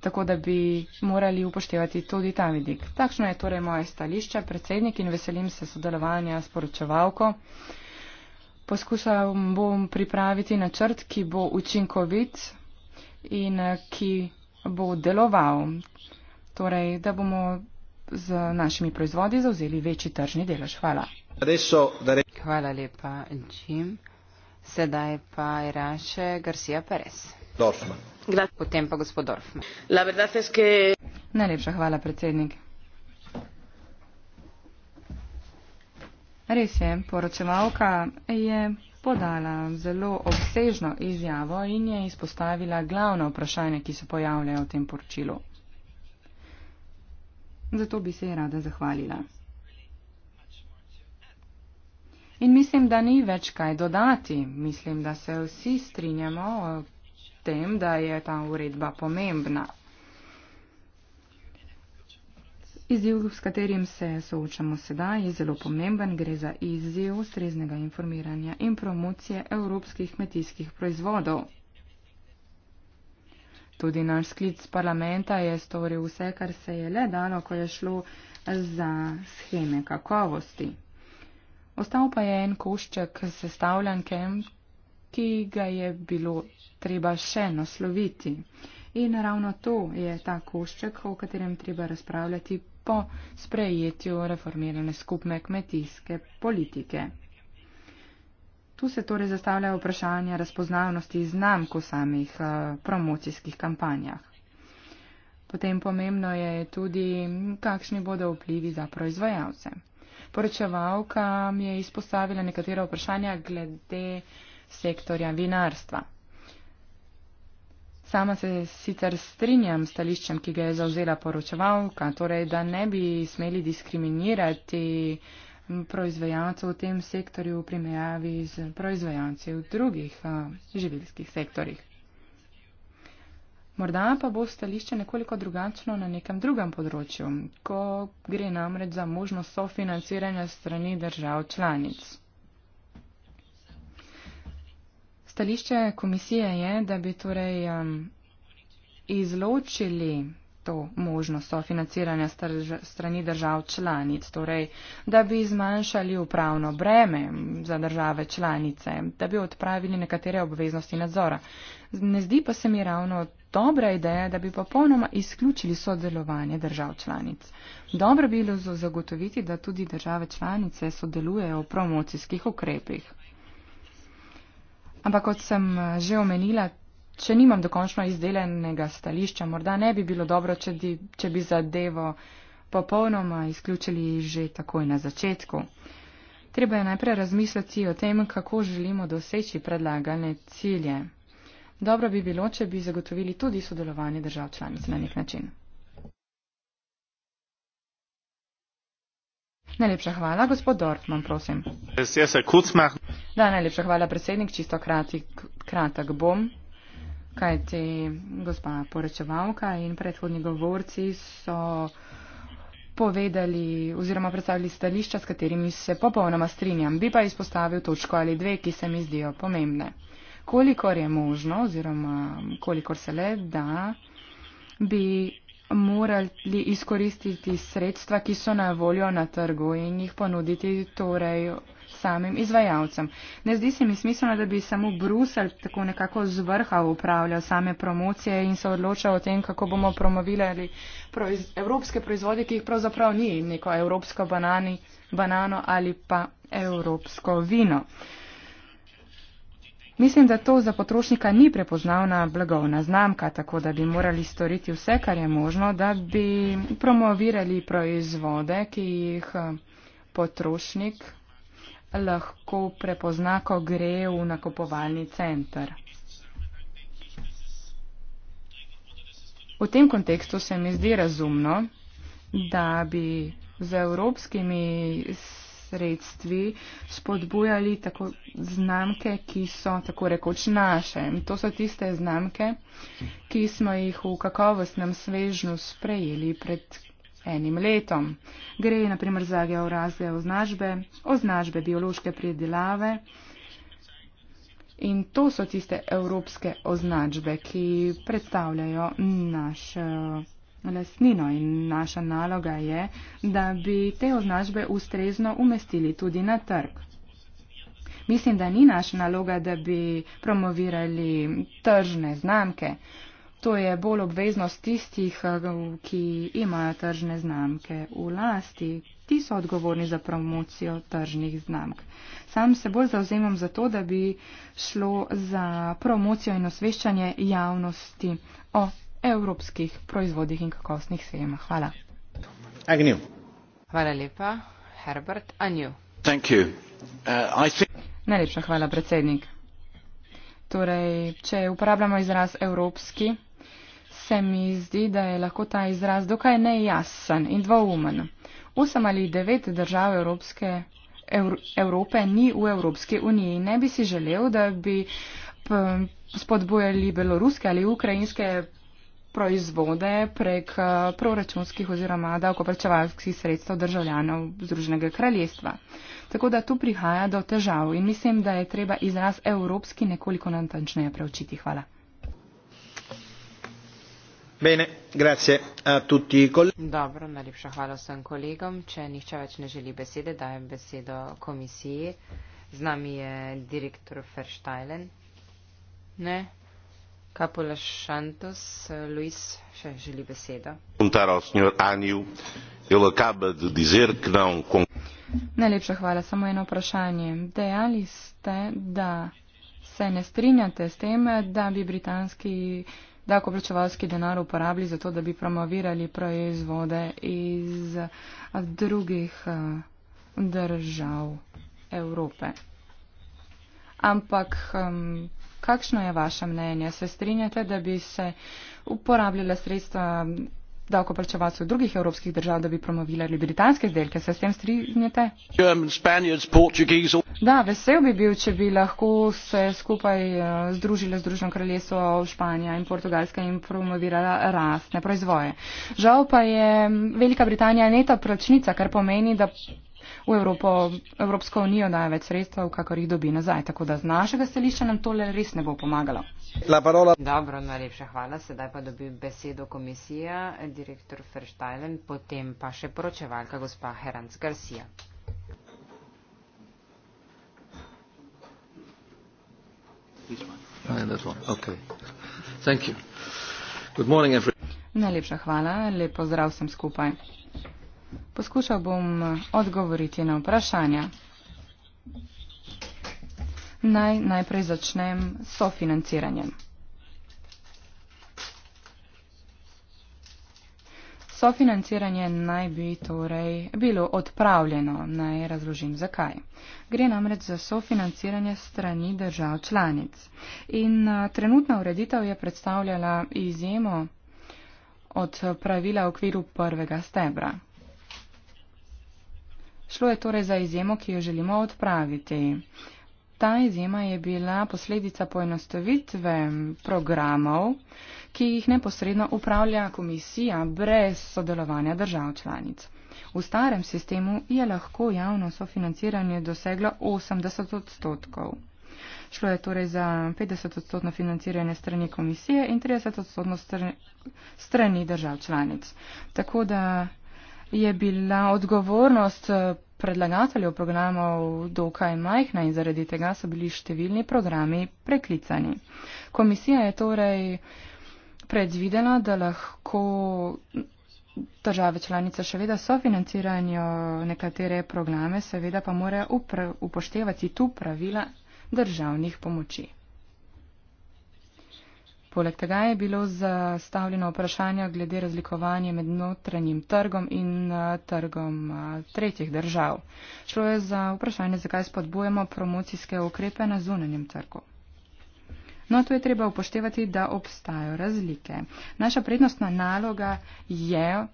tako da bi morali upoštevati tudi ta vidik. Takšno je torej moje stališče, predsednik in veselim se sodelovanja s poročevalko. Poskušal bom pripraviti načrt, ki bo učinkovit in ki bo deloval, torej da bomo z našimi proizvodi zauzeli večji tržni delež. Hvala. Hvala lepa, Jim. Sedaj pa je Raše Garcia Perez najlepša hvala predsednik res je poročevalka je podala zelo obsežno izjavo in je izpostavila glavna vprašanja ki se pojavljajo v tem poročilu zato bi se ji rada zahvalila In mislim, da ni več kaj dodati. Mislim, da se vsi strinjamo, tem, da je ta uredba pomembna. Izziv, s katerim se soočamo sedaj, je zelo pomemben. Gre za izziv ustreznega informiranja in promocije evropskih kmetijskih proizvodov. Tudi naš sklic parlamenta je storil vse, kar se je le dalo, ko je šlo za scheme kakovosti. Ostal pa je en košček sestavljanke, ki ga je bilo treba še nasloviti. In ravno to je ta košček, o katerem treba razpravljati po sprejetju reformirane skupne kmetijske politike. Tu se torej zastavlja vprašanje razpoznavnosti znamk v samih eh, promocijskih kampanjah. Potem pomembno je tudi, kakšni bodo vplivi za proizvajalce. Poročevalka mi je izpostavila nekatera vprašanja glede sektorja vinarstva. Sama se sicer strinjam s stališčem, ki ga je zauzela poročevalka, torej da ne bi smeli diskriminirati proizvajalcev v tem sektorju v primerjavi z proizvajalci v drugih uh, živilskih sektorjih. Morda pa bo stališče nekoliko drugačno na nekem drugem področju, ko gre namreč za možnost sofinanciranja strani držav članic. stališče komisije je, da bi torej um, izločili to možnost sofinanciranja strani držav članic, torej, da bi zmanjšali upravno breme za države članice, da bi odpravili nekatere obveznosti nadzora. Ne zdi pa se mi ravno dobra ideja, da bi popolnoma izključili sodelovanje držav članic. Dobro bi bilo zagotoviti, da tudi države članice sodelujejo v promocijskih ukrepih. Ampak kot sem eh, že omenila, če nimam dokončno izdelenega stališča, morda ne bi bilo dobro, če, di, če bi zadevo popolnoma izključili že takoj na začetku. Treba je najprej razmisliti o tem, kako želimo doseči predlagane cilje. Dobro bi bilo, če bi zagotovili tudi sodelovanje držav članic na nek način. Najlepša hvala, gospod Dortman, prosim. Da, najlepša hvala, predsednik, čisto kratik, kratek bom, kaj ti gospa porečevalka in predhodni govorci so povedali oziroma predstavili stališča, s katerimi se popolnoma strinjam. Bi pa izpostavil točko ali dve, ki se mi zdijo pomembne. Kolikor je možno oziroma kolikor se le da, bi morali izkoristiti sredstva, ki so na voljo na trgu in jih ponuditi torej samim izvajalcem. Ne zdi se mi smiselno, da bi samo Bruselj tako nekako z vrha upravljal same promocije in se odločal o tem, kako bomo promovirali proiz evropske proizvode, ki jih pravzaprav ni, neko evropsko banani, banano ali pa evropsko vino. Uh, Mislim, da to za potrošnika ni prepoznavna blagovna znamka, tako da bi morali storiti vse, kar je možno, da bi promovirali proizvode, ki jih eh, potrošnik lahko prepozna, ko gre v nakupovalni center. V tem kontekstu se mi zdi razumno, da bi z evropskimi sredstvi spodbujali tako znamke, ki so tako rekoč naše. In to so tiste znamke, ki smo jih v kakovostnem svežnju sprejeli pred enim letom. Gre naprimer za georazne označbe, označbe biološke predelave. In to so tiste evropske označbe, ki predstavljajo naš lastnino in naša naloga je, da bi te označbe ustrezno umestili tudi na trg. Mislim, da ni naša naloga, da bi promovirali tržne znamke. To je bolj obveznost tistih, ki imajo tržne znamke v lasti. Ti so odgovorni za promocijo tržnih znamk. Sam se bolj zauzemam za to, da bi šlo za promocijo in osveščanje javnosti o evropskih proizvodih in kakovostnih sejem. Hvala. Agnew. Hvala lepa, Herbert Agnew. Uh, think... Najlepša hvala, predsednik. Torej, če uporabljamo izraz evropski, se mi zdi, da je lahko ta izraz dokaj nejasen in dvoumen. Osem ali devet držav Evropske, Evr Evrope ni v Evropski uniji. Ne bi si želel, da bi spodbojali beloruske ali ukrajinske proizvode prek eh, proračunskih oziroma davkoprečevalskih sredstev državljanov Združenega kraljestva. Tako da tu prihaja do težav in mislim, da je treba izraz evropski nekoliko natančneje preučiti. Hvala. Bene, grazie a tutti Dobro, najlepša hvala vsem kolegom. Če nihče več ne želi besede, dajem besedo komisiji. Z nami je direktor Ferštajlen. Ne, Capula Santos, Luís, já lhe beceda. Perguntar ao Sr. Anil, ele acaba de dizer que não com Najlepša hvala. Samo eno vprašanje. Dejali ste, da se ne strinjate s tem, da bi britanski davkoplačevalski denar uporabili za to, da bi promovirali proizvode iz eh, drugih eh, držav Evrope. Ampak um, Kakšno je vaše mnenje? Se strinjate, da bi se uporabljala sredstva davkoplačevalcev drugih evropskih držav, da bi promovirali britanske izdelke? Se s tem strinjate? Da, vesel bi bil, če bi lahko se skupaj eh, združila z Združenim kraljestvom Španija in Portugalska in promovirala rastne proizvoje. Žal pa je mm, Velika Britanija neta plačnica, kar pomeni, da v Evropo, Evropsko unijo daje več sredstev, kakor jih dobi nazaj. Tako da z našega stališča nam tole res ne bo pomagalo. Dobro, najlepša hvala. Sedaj pa dobi besedo komisija, direktor Ferštajlen, potem pa še poročevalka gospa Heranc Garcia. Ah, okay. Najlepša hvala, lepo zdrav sem skupaj. Poskušal bom eh, odgovoriti na vprašanja. Naj najprej začnem s sofinanciranjem. Sofinanciranje naj bi torej bilo odpravljeno. Naj razložim zakaj. Gre namreč za sofinanciranje strani držav članic. In eh, trenutna ureditev je predstavljala izjemo od pravila v okviru prvega stebra. Šlo je torej za izjemo, ki jo želimo odpraviti. Ta izjema je bila posledica poenostavitve programov, ki jih neposredno upravlja komisija brez sodelovanja držav članic. V starem sistemu je lahko javno sofinanciranje doseglo 80 odstotkov. Šlo je torej za 50 odstotno financiranje strani komisije in 30 odstotno strani držav članic. Tako da je bila odgovornost eh, predlagateljev programov dokaj majhna in zaradi tega so bili številni programi preklicani. Komisija je torej predvidela, da lahko države članice še vedno sofinancirajo nekatere programe, seveda pa morajo upoštevati tu pravila državnih pomoči. Poleg tega je bilo zastavljeno vprašanje glede razlikovanja med notranjim trgom in eh, trgom eh, tretjih držav. Šlo je za vprašanje, zakaj spodbujamo promocijske ukrepe na zunanjem trgu. No, tu je treba upoštevati, da obstajajo razlike. Naša prednostna naloga je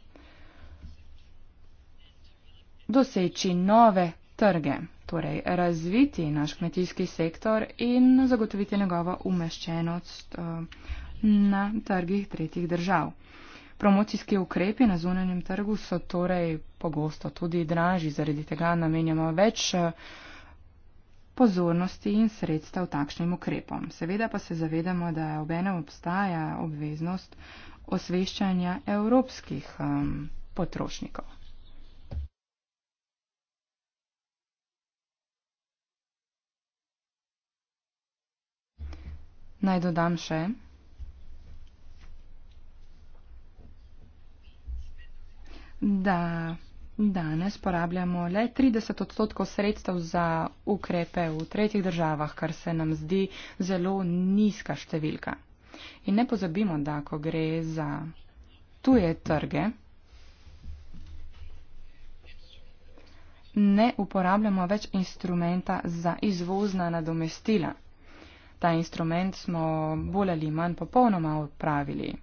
doseči nove trge torej razviti naš kmetijski sektor in zagotoviti njegovo umeščenost eh, na trgih tretjih držav. Promocijski ukrepi na zunanjem trgu so torej pogosto tudi dražji, zaradi tega namenjamo več eh, pozornosti in sredstev takšnim ukrepom. Seveda pa se zavedamo, da obenem obstaja obveznost osveščanja evropskih um, potrošnikov. Naj dodam še, da danes porabljamo le 30 odstotkov sredstev za ukrepe v tretjih državah, kar se nam zdi zelo nizka številka. In ne pozabimo, da ko gre za tuje trge, ne uporabljamo več instrumenta za izvozna nadomestila. Ta instrument smo bolj ali manj popolnoma odpravili.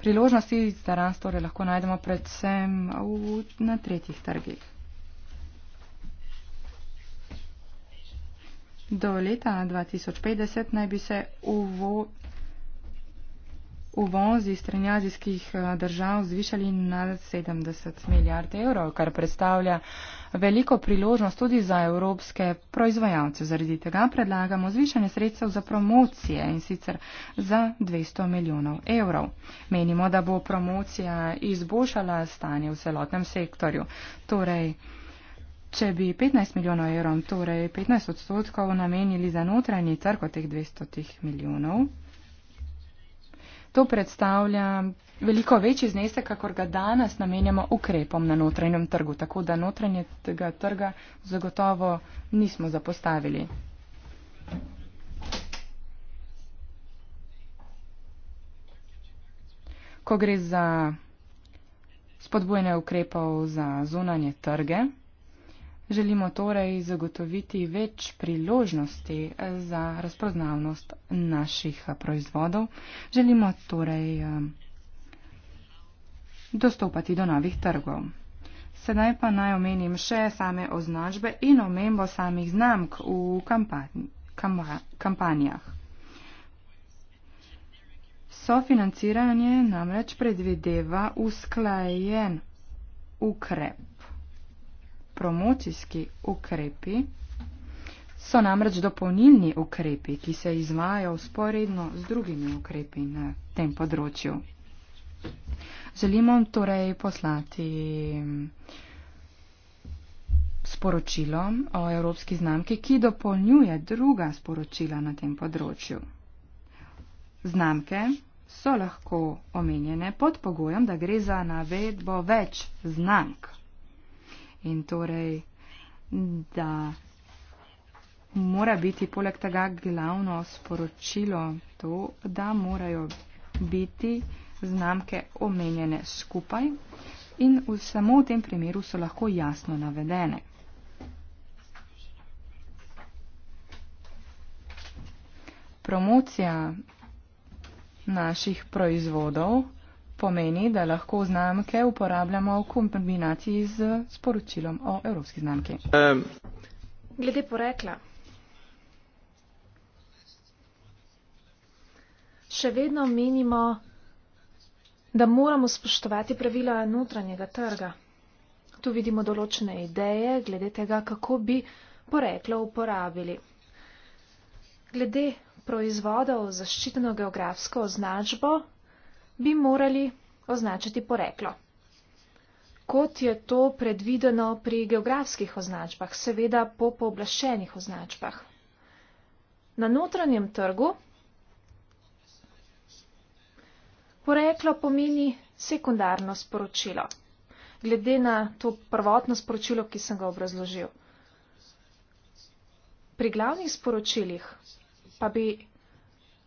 Priložnosti za rast torej lahko najdemo predvsem v, na tretjih trgih. Do leta 2050 naj bi se uvod uvozi strenjazijskih eh, držav zvišali na 70 milijard evrov, kar predstavlja veliko priložnost tudi za evropske proizvajalce. Zaradi tega predlagamo zvišanje sredstev za promocije in sicer za 200 milijonov evrov. Menimo, da bo promocija izboljšala stanje v celotnem sektorju. Torej, Če bi 15 milijonov evrov, torej 15 odstotkov, namenili za notranji trg od teh 200 milijonov, To predstavlja veliko večji znesek, kakor ga danes namenjamo ukrepom na notranjem trgu, tako da notranjega trga zagotovo nismo zapostavili. Ko gre za spodbujanje ukrepov za zunanje trge, Želimo torej zagotoviti več priložnosti za razpoznavnost naših proizvodov. Želimo torej eh, dostopati do novih trgov. Sedaj pa naj omenim še same označbe in omembo samih znamk v kampanjah. Sofinanciranje namreč predvideva usklajen ukrep promocijski ukrepi so namreč dopolnilni ukrepi, ki se izvajo usporedno z drugimi ukrepi na tem področju. Želimo torej poslati mm, sporočilo o evropski znamki, ki dopolnjuje druga sporočila na tem področju. Znamke so lahko omenjene pod pogojem, da gre za navedbo več znank. In torej, da mora biti poleg tega glavno sporočilo to, da morajo biti znamke omenjene skupaj in v samo v tem primeru so lahko jasno navedene. Promocija naših proizvodov pomeni, da lahko znamke uporabljamo v kombinaciji z sporočilom o evropski znamki. Um. Glede porekla. Še vedno menimo, da moramo spoštovati pravila notranjega trga. Tu vidimo določene ideje glede tega, kako bi poreklo uporabili. Glede proizvodov z zaščiteno geografsko označbo bi morali označiti poreklo. Kot je to predvideno pri geografskih označbah, seveda po pooblaščenih označbah. Na notranjem trgu poreklo pomeni sekundarno sporočilo, glede na to prvotno sporočilo, ki sem ga obrazložil. Pri glavnih sporočilih pa bi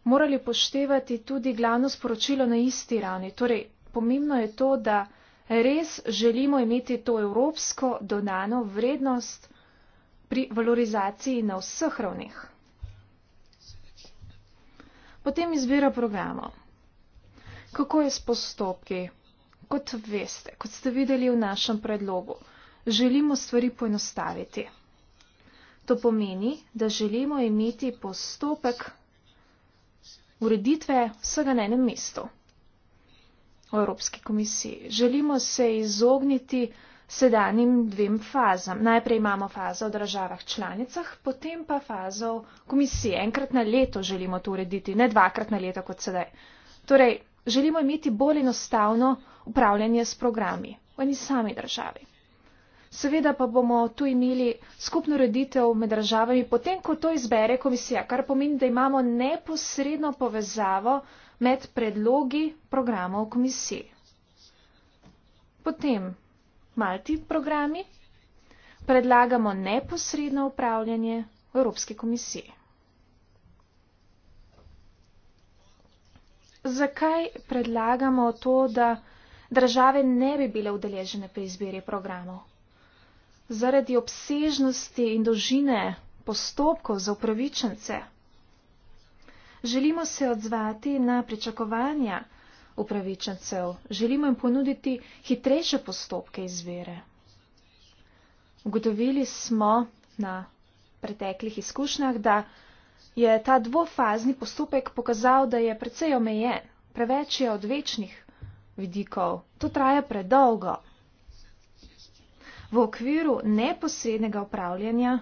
morali poštevati tudi glavno sporočilo na isti ravni. Torej, pomembno je to, da res želimo imeti to evropsko dodano vrednost pri valorizaciji na vseh ravneh. Potem izbira programa. Kako je s postopki? Kot veste, kot ste videli v našem predlogu, želimo stvari poenostaviti. To pomeni, da želimo imeti postopek ureditve vsega na enem mestu. V Evropski komisiji želimo se izogniti sedanjim dvem fazam. Najprej imamo fazo v državah članicah, potem pa fazo v komisiji. Enkrat na leto želimo to urediti, ne dvakrat na leto kot sedaj. Torej, želimo imeti bolj enostavno upravljanje s programi v eni sami državi. Seveda pa bomo tu imeli skupno reditev med državami, potem ko to izbere komisija, kar pomeni, da imamo neposredno povezavo med predlogi programov komisije. Potem malti programi predlagamo neposredno upravljanje Evropske komisije. Zakaj predlagamo to, da države ne bi bile udeležene pri izbiri programov? zaradi obsežnosti in dolžine postopkov za upravičence. Želimo se odzvati na pričakovanja upravičencev, želimo jim ponuditi hitrejše postopke izvere. Ugotovili smo na preteklih izkušnjah, da je ta dvofazni postopek pokazal, da je precej omejen, preveč je od večnih vidikov, to traja predolgo. V okviru neposrednega upravljanja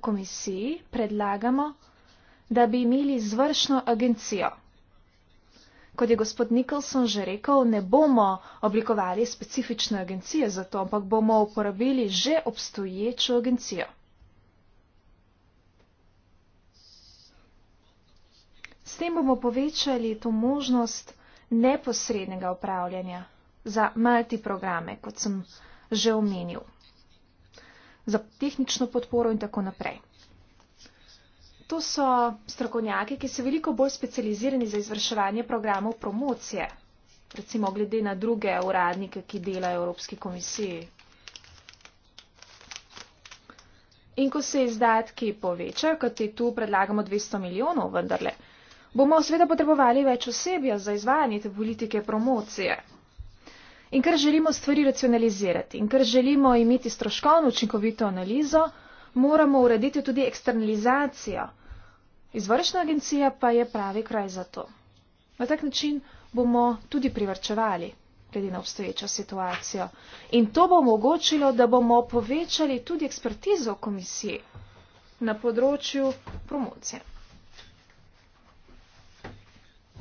komisiji predlagamo, da bi imeli zvršno agencijo. Kot je gospod Nikolson že rekel, ne bomo oblikovali specifične agencije za to, ampak bomo uporabili že obstoječo agencijo. S tem bomo povečali to možnost neposrednega upravljanja za multiprograme, kot sem rekel že omenil. Za tehnično podporo in tako naprej. To so strokovnjaki, ki so veliko bolj specializirani za izvrševanje programov promocije, recimo glede na druge uradnike, ki delajo v Evropski komisiji. In ko se izdatki povečajo, kot je tu predlagamo 200 milijonov vendarle, bomo seveda potrebovali več osebja za izvajanje te politike promocije. In ker želimo stvari racionalizirati in ker želimo imeti stroškovno učinkovito analizo, moramo urediti tudi eksternalizacijo. Izvršna agencija pa je pravi kraj za to. Na tak način bomo tudi privrčevali, glede na obstoječo situacijo. In to bo omogočilo, da bomo povečali tudi ekspertizo komisije na področju promocije.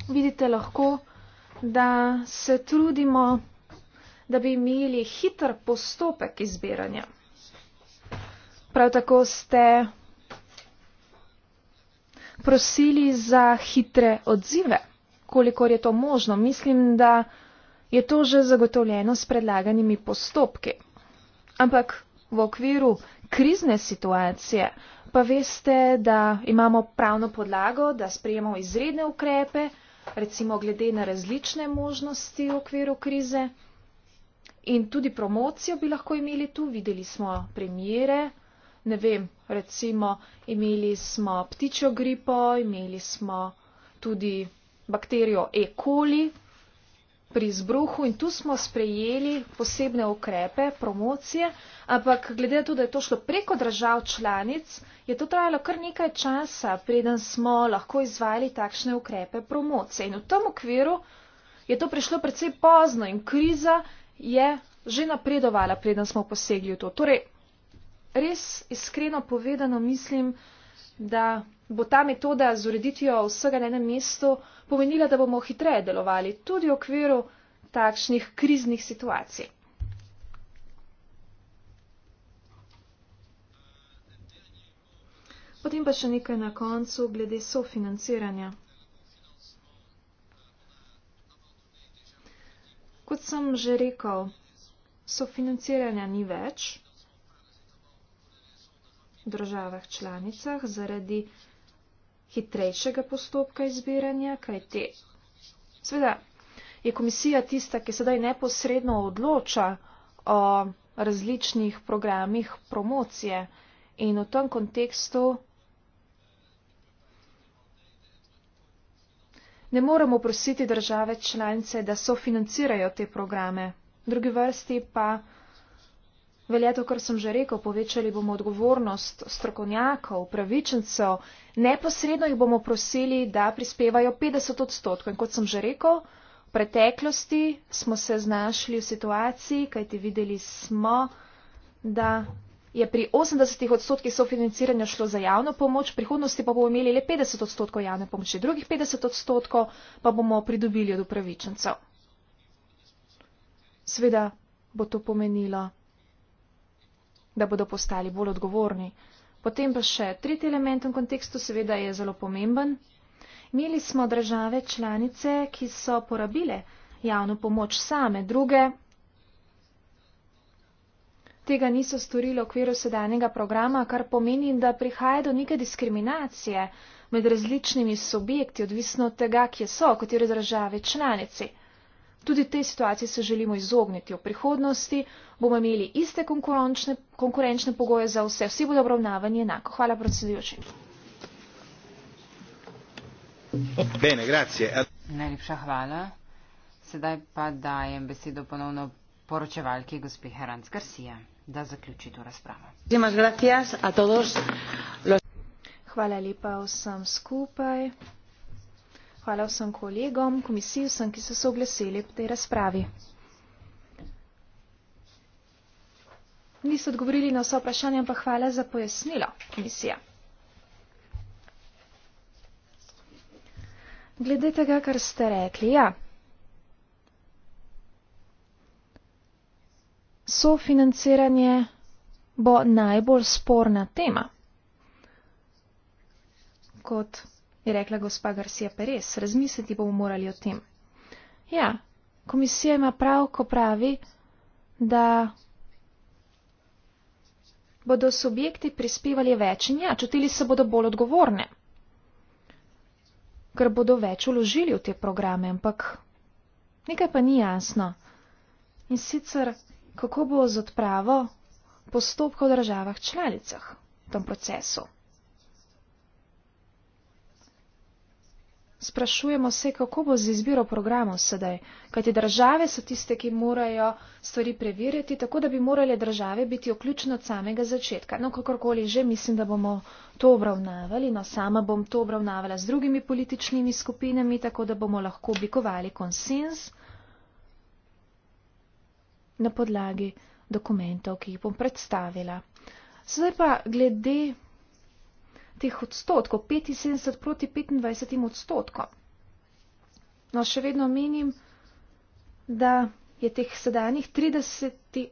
Vidite lahko, da se trudimo da bi imeli hiter postopek izbiranja. Prav tako ste prosili za hitre odzive, kolikor je to možno. Mislim, da je to že zagotovljeno s predlaganimi postopki. Ampak v okviru krizne situacije pa veste, da imamo pravno podlago, da sprejemamo izredne ukrepe, recimo glede na različne možnosti v okviru krize in tudi promocijo bi lahko imeli tu, videli smo premijere, ne vem, recimo imeli smo ptičjo gripo, imeli smo tudi bakterijo E. coli pri izbruhu in tu smo sprejeli posebne ukrepe, promocije, ampak glede tudi, da je to šlo preko držav članic, je to trajalo kar nekaj časa, preden smo lahko izvajali takšne ukrepe promocije. In v tem okviru je to prišlo predvsej pozno in kriza je že napredovala, preden smo posegli v to. Torej, res iskreno povedano mislim, da bo ta metoda z ureditvijo vsega na enem mestu pomenila, da bomo hitreje delovali tudi v okviru takšnih kriznih situacij. Potem pa še nekaj na koncu glede sofinanciranja. Kot sem že rekel, sofinanciranja ni več v državah članicah zaradi hitrejšega postopka izbiranja, kaj te. Sveda je komisija tista, ki sedaj neposredno odloča o različnih programih promocije in v tem kontekstu ne moremo prositi države članice, da sofinancirajo te programe. V drugi vrsti pa velja to, kar sem že rekel, povečali bomo odgovornost strokovnjakov, pravičencev, neposredno jih bomo prosili, da prispevajo 50 odstotkov. In kot sem že rekel, v preteklosti smo se znašli v situaciji, kajti videli smo, da je pri 80 odstotkih sofinanciranja šlo za javno pomoč, v prihodnosti pa bomo imeli le 50 odstotkov javne pomoči, drugih 50 odstotkov pa bomo pridobili od upravičencev. Sveda bo to pomenilo, da bodo postali bolj odgovorni. Potem pa še tretji element v kontekstu, seveda je zelo pomemben. Imeli smo države članice, ki so porabile javno pomoč same, druge tega niso storili v okviru sedanjega programa, kar pomeni, da prihaja do neke diskriminacije med različnimi subjekti, odvisno od tega, kje so, katere države članici. Tudi tej situaciji se želimo izogniti. V prihodnosti bomo imeli iste konkurenčne, konkurenčne pogoje za vse. Vsi bodo obravnavani enako. Hvala, predsedujoči. Bene, grazie. Najlepša hvala. Sedaj pa dajem besedo ponovno poročevalki gospe Heranc Garcia da zaključi to razpravo. Hvala lepa vsem skupaj. Hvala vsem kolegom, komisiji vsem, ki so se oglasili v tej razpravi. Niso odgovorili na vse vprašanje, ampak hvala za pojasnilo, komisija. Glede tega, kar ste rekli, ja, sofinanciranje bo najbolj sporna tema. Kot je rekla gospa Garcia Perez, razmisliti bomo morali o tem. Ja, komisija ima prav, ko pravi, da bodo subjekti prispevali več in ja, čutili se bodo bolj odgovorne, ker bodo več vložili v te programe, ampak nekaj pa ni jasno. In sicer kako bo z odpravo postopka v državah članicah v tem procesu. Sprašujemo se, kako bo z izbiro programov sedaj, kajti države so tiste, ki morajo stvari preverjati, tako da bi morale države biti vključene od samega začetka. No, kakorkoli že, mislim, da bomo to obravnavali, no sama bom to obravnavala z drugimi političnimi skupinami, tako da bomo lahko oblikovali konsens na podlagi dokumentov, ki jih bom predstavila. Zdaj pa glede teh odstotkov, 75 proti 25 odstotkom. No, še vedno menim, da je teh sedanjih 30,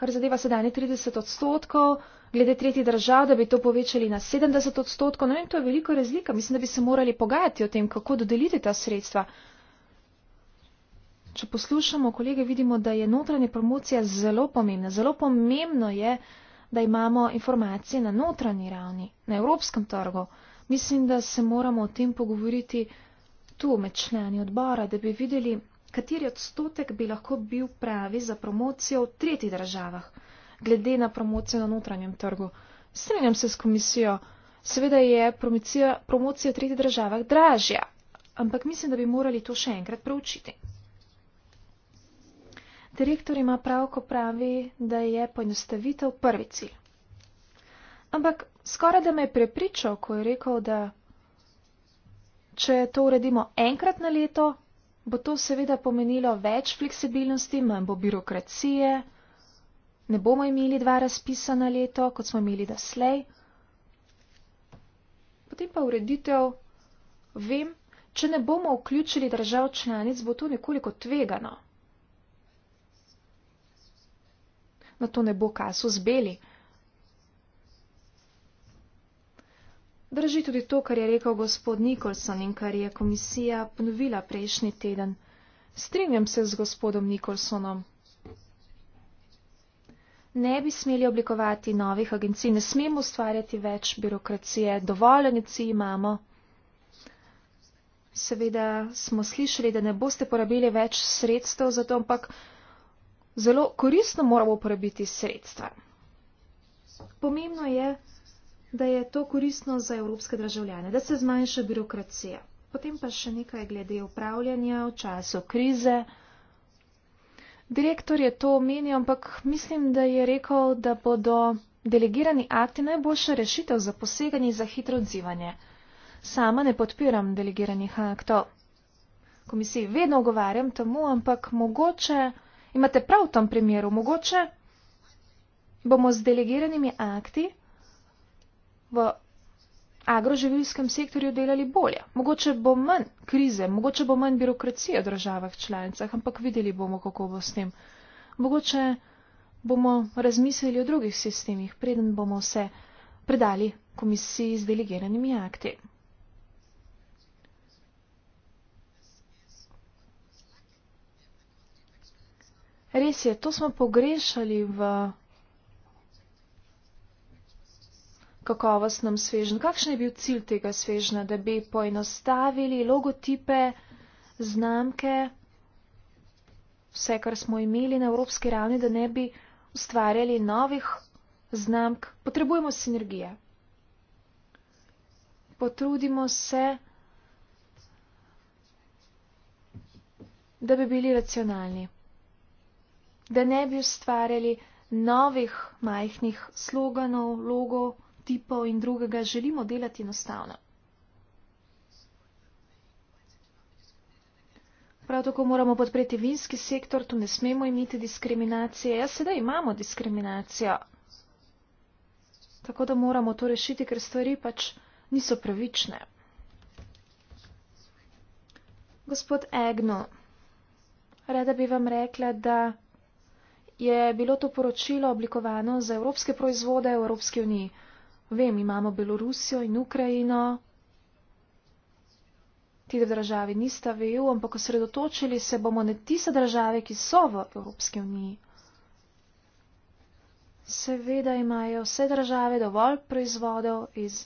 kar zadeva sedanjih 30 odstotkov, glede tretjih držav, da bi to povečali na 70 odstotkov. No, in to je velika razlika. Mislim, da bi se morali pogajati o tem, kako dodeliti ta sredstva če poslušamo kolege, vidimo, da je notranja promocija zelo pomembna. Zelo pomembno je, da imamo informacije na notranji ravni, na evropskem trgu. Mislim, da se moramo o tem pogovoriti tu med člani odbora, da bi videli, kateri odstotek bi lahko bil pravi za promocijo v tretjih državah, glede na promocijo na notranjem trgu. Strenjam se s komisijo. Seveda je promocija, promocija v tretjih državah dražja, ampak mislim, da bi morali to še enkrat preučiti. Direktor ima prav, ko pravi, da je poenostavitev prvi cilj. Ampak skoraj da me je prepričal, ko je rekel, da če to uredimo enkrat na leto, bo to seveda pomenilo več fleksibilnosti, manj bo birokracije, ne bomo imeli dva razpisa na leto, kot smo imeli doslej. Potem pa ureditev, vem, če ne bomo vključili držav članic, bo to nekoliko tvegano. na to nebo kasus beli. Drži tudi to, kar je rekel gospod Nikolson in kar je komisija ponovila prejšnji teden. Strinjam se z gospodom Nikolsonom. Ne bi smeli oblikovati novih agencij, ne smemo ustvarjati več birokracije, dovoljenici imamo. Seveda smo slišali, da ne boste porabili več sredstev za to, ampak zelo koristno moramo uporabiti sredstva. Pomembno je, da je to koristno za evropske državljane, da se zmanjša birokracija. Potem pa še nekaj glede upravljanja v času krize. Direktor je to omenil, ampak mislim, da je rekel, da bodo delegirani akti najboljša rešitev za poseganje in za hitro odzivanje. Sama ne podpiram delegiranih aktov. Komisiji vedno ogovarjam temu, ampak mogoče. Imate prav v tem primeru, mogoče bomo z delegiranimi akti v agroživilskem sektorju delali bolje. Mogoče bo manj krize, mogoče bo manj birokracije v državah članicah, ampak videli bomo, kako bo s tem. Mogoče bomo razmislili o drugih sistemih, preden bomo se predali komisiji z delegiranimi akti. Res je, to smo pogrešali v kakovostnem svežnju. Kakšen je bil cilj tega svežna, da bi poenostavili logotipe, znamke, vse, kar smo imeli na evropski ravni, da ne bi ustvarjali novih znamk? Potrebujemo sinergije. Potrudimo se, da bi bili racionalni da ne bi ustvarjali novih majhnih sloganov, logo, tipov in drugega, želimo delati enostavno. Prav tako moramo podpreti vinski sektor, tu ne smemo imeti diskriminacije. Ja, sedaj imamo diskriminacijo. Tako da moramo to rešiti, ker stvari pač niso pravične. Gospod Egno, rada bi vam rekla, da je bilo to poročilo oblikovano za evropske proizvode v Evropski uniji. Vem, imamo Belorusijo in Ukrajino. Ti dve državi nista v EU, ampak osredotočili se bomo na tiste države, ki so v Evropski uniji. Seveda imajo vse države dovolj proizvodov iz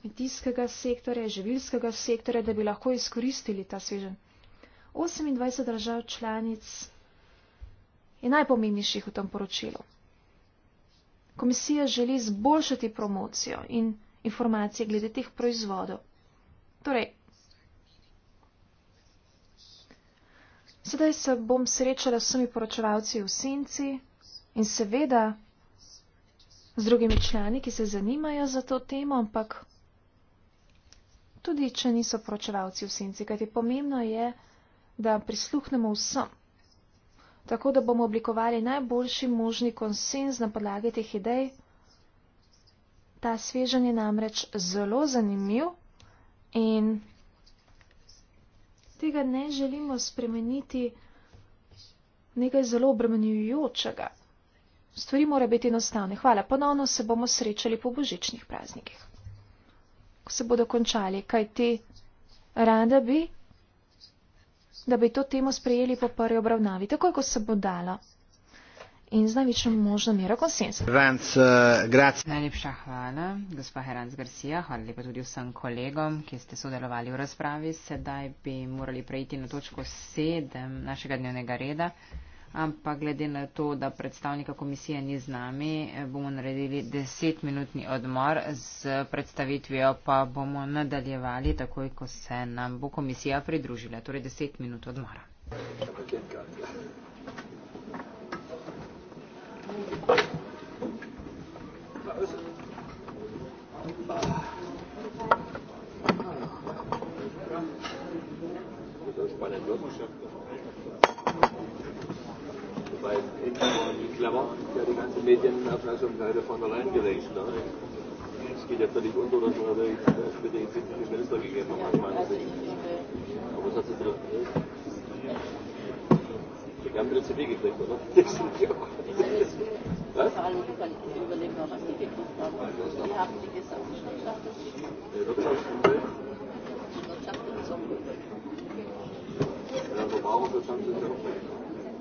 kmetijskega sektorja, živilskega sektorja, da bi lahko izkoristili ta svežen. 28 držav članic je najpomembnejših v tem poročilu. Komisija želi zboljšati promocijo in informacije glede teh proizvodov. Torej, sedaj se bom srečala s vsemi poročevalci v senci in seveda z drugimi člani, ki se zanimajo za to temo, ampak tudi, če niso poročevalci v senci, kajti pomembno je, da prisluhnemo vsem tako da bomo oblikovali najboljši možni konsens na podlagi teh idej. Ta svežen je namreč zelo zanimiv in tega ne želimo spremeniti nekaj zelo obremenjujočega. Stvari mora biti enostavne. Hvala, ponovno se bomo srečali po božičnih praznikih. Ko se bodo končali, kaj ti rada bi, da bi to temo sprejeli po prvi obravnavi, tako kot se bo dalo in z največjo možno mero konsensa. Uh, eh, Najlepša hvala, gospa Heranc Garcia, hvala lepa tudi vsem kolegom, ki ste sodelovali v razpravi. Sedaj bi morali prejti na točko sedem našega dnevnega reda ampak glede na to, da predstavnika komisije ni z nami, bomo naredili desetminutni odmor, z predstavitvijo pa bomo nadaljevali takoj, ko se nam bo komisija pridružila, torej deset minut odmora. Gracias bei Interpol die Klammer, die ja die ganze Medienabfassung leider von allein gelesen hat. Es geht ja völlig unter, dass man äh, die SPD in den Minister gegeben hat, aus meiner Sicht. Aber was hat sie drin? Wir haben wieder CP gekriegt, oder? Das sind die auch. Ja, was? Vor allem, wenn ich überlege, was die gekriegt haben. Wie ja, haben die gesagt? Wirtschaftsumwelt? Wirtschaft und Sommer. Ja, Verbraucherwirtschaft sind ja auch weg.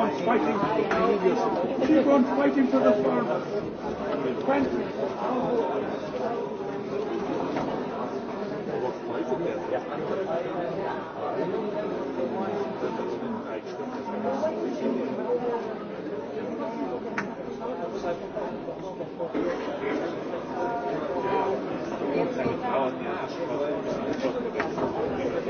on fighting. Keep on fighting for the farmers. Twenty. Thank you.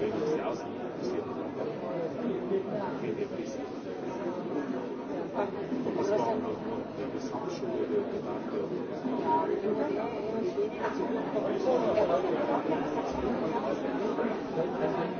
vedno se jasno posebno. To pa smo na da bi sam še uvedel podatke o tem.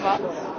država.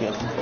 Hvala.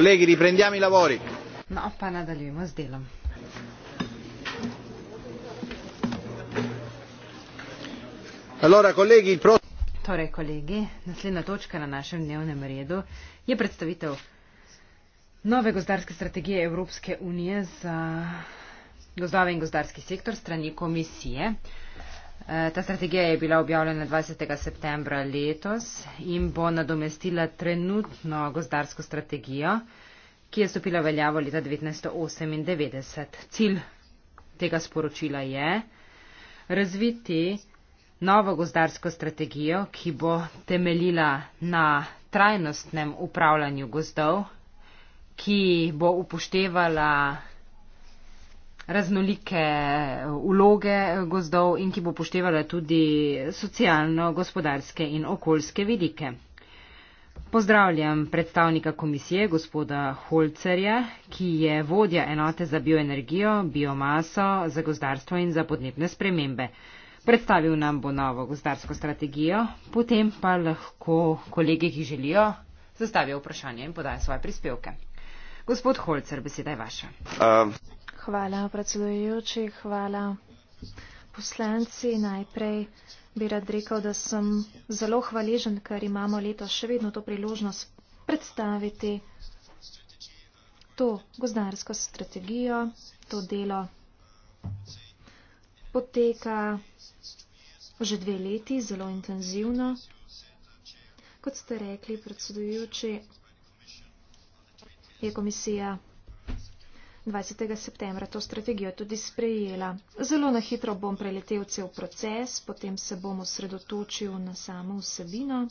Colleghi, riprendiamo i lavori. No, pa nadaljujemo z delom. Allora, colleghi, il pro... Torej, kolegi, naslednja točka na našem dnevnem redu je predstavitev nove gozdarske strategije Evropske unije za gozdove in gozdarski sektor strani komisije. Uh, Eh, ta strategija je bila objavljena 20. septembra letos in bo nadomestila trenutno gozdarsko strategijo, ki je stopila veljavo leta 1998. Cilj tega sporočila je razviti novo gozdarsko strategijo, ki bo temeljila na trajnostnem upravljanju gozdov, ki bo upoštevala raznolike uloge eh, gozdov in ki bo poštevala tudi socialno, gospodarske in okoljske vidike. Pozdravljam predstavnika komisije, gospoda Holcerja, ki je vodja enote za bioenergijo, biomaso, za gozdarstvo in za podnebne spremembe. Predstavil nam bo novo gozdarsko strategijo, potem pa lahko kolege, ki želijo, zastavijo vprašanje in podajo svoje prispevke. Gospod Holcer, beseda je vaša. Uh. Hvala, predsedujoči, hvala poslanci. Najprej bi rad rekel, da sem zelo hvaležen, ker imamo leto še vedno to priložnost predstaviti to gozdarsko strategijo, to delo poteka že dve leti, zelo intenzivno. Kot ste rekli, predsedujoči, je komisija 20. septembra to strategijo tudi sprejela. Zelo na hitro bom preletel cel proces, potem se bom osredotočil na samo vsebino.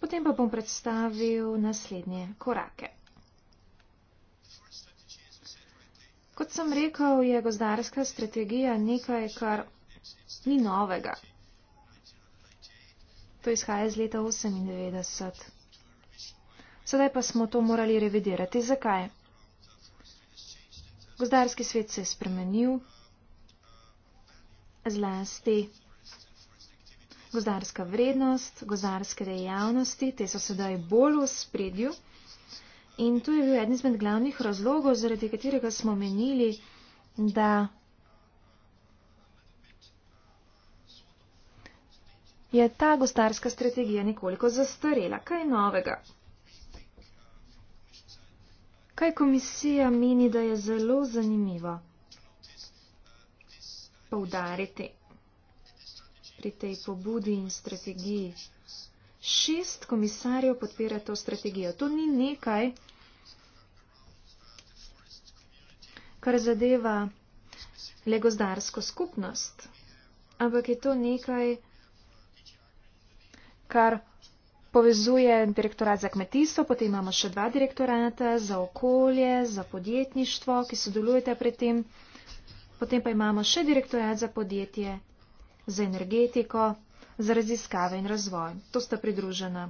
Potem pa bom predstavil naslednje korake. Kot sem rekel, je gozdarska strategija nekaj, kar ni novega. To izhaja iz leta 1998. Sedaj pa smo to morali revidirati. Zakaj? Gozdarski svet se je spremenil, zlasti gozdarska vrednost, gozdarske dejavnosti, te so sedaj bolj v spredju. In tu je bil eden izmed glavnih razlogov, zaradi katerega smo menili, da je ta gostarska strategija nekoliko zastarela. Kaj novega? kaj komisija meni, da je zelo zanimivo poudariti pri tej pobudi in strategiji. Šest komisarjev podpira to strategijo. To ni nekaj, kar zadeva legozdarsko skupnost, ampak je to nekaj, kar povezuje direktorat za kmetijstvo, potem imamo še dva direktorata za okolje, za podjetništvo, ki sodelujete pri tem. Potem pa imamo še direktorat za podjetje, za energetiko, za raziskave in razvoj. To sta pridružena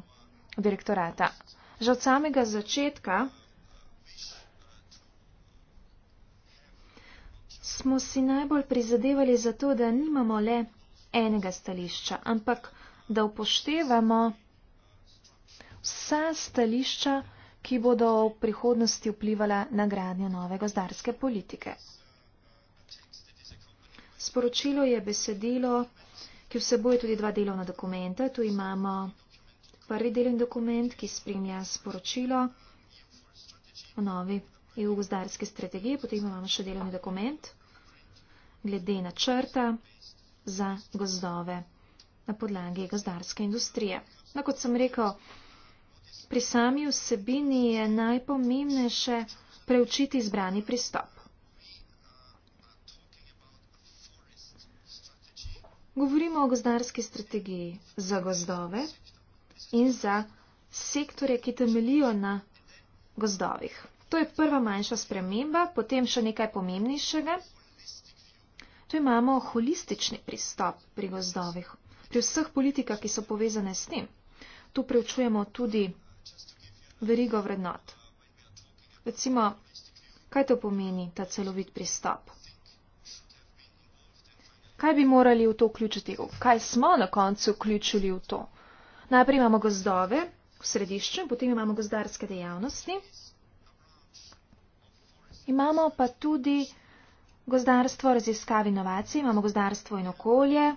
direktorata. Že od samega začetka smo si najbolj prizadevali za to, da nimamo le enega stališča, ampak da upoštevamo vsa stališča, ki bodo v prihodnosti vplivala na gradnjo nove gozdarske politike. Sporočilo je besedilo, ki vseboje tudi dva delovna dokumenta. Tu imamo prvi delovni dokument, ki spremlja sporočilo o novi EU gozdarske strategije, potem imamo še delovni dokument glede načrta za gozdove na podlagi gozdarske industrije. Na no, kot sem rekel, Pri sami vsebini je najpomembnejše preučiti izbrani pristop. Govorimo o gozdarski strategiji za gozdove in za sektorje, ki temelijo na gozdovih. To je prva manjša sprememba, potem še nekaj pomembnejšega. Tu imamo holistični pristop pri gozdovih, pri vseh politikah, ki so povezane s tem. Tu preučujemo tudi verigo vrednot. Recimo, kaj to pomeni, ta celovit pristop? Kaj bi morali v to vključiti? Kaj smo na koncu vključili v to? Najprej imamo gozdove v središču, potem imamo gozdarske dejavnosti, imamo pa tudi gozdarstvo, raziskave, inovacije, imamo gozdarstvo in okolje,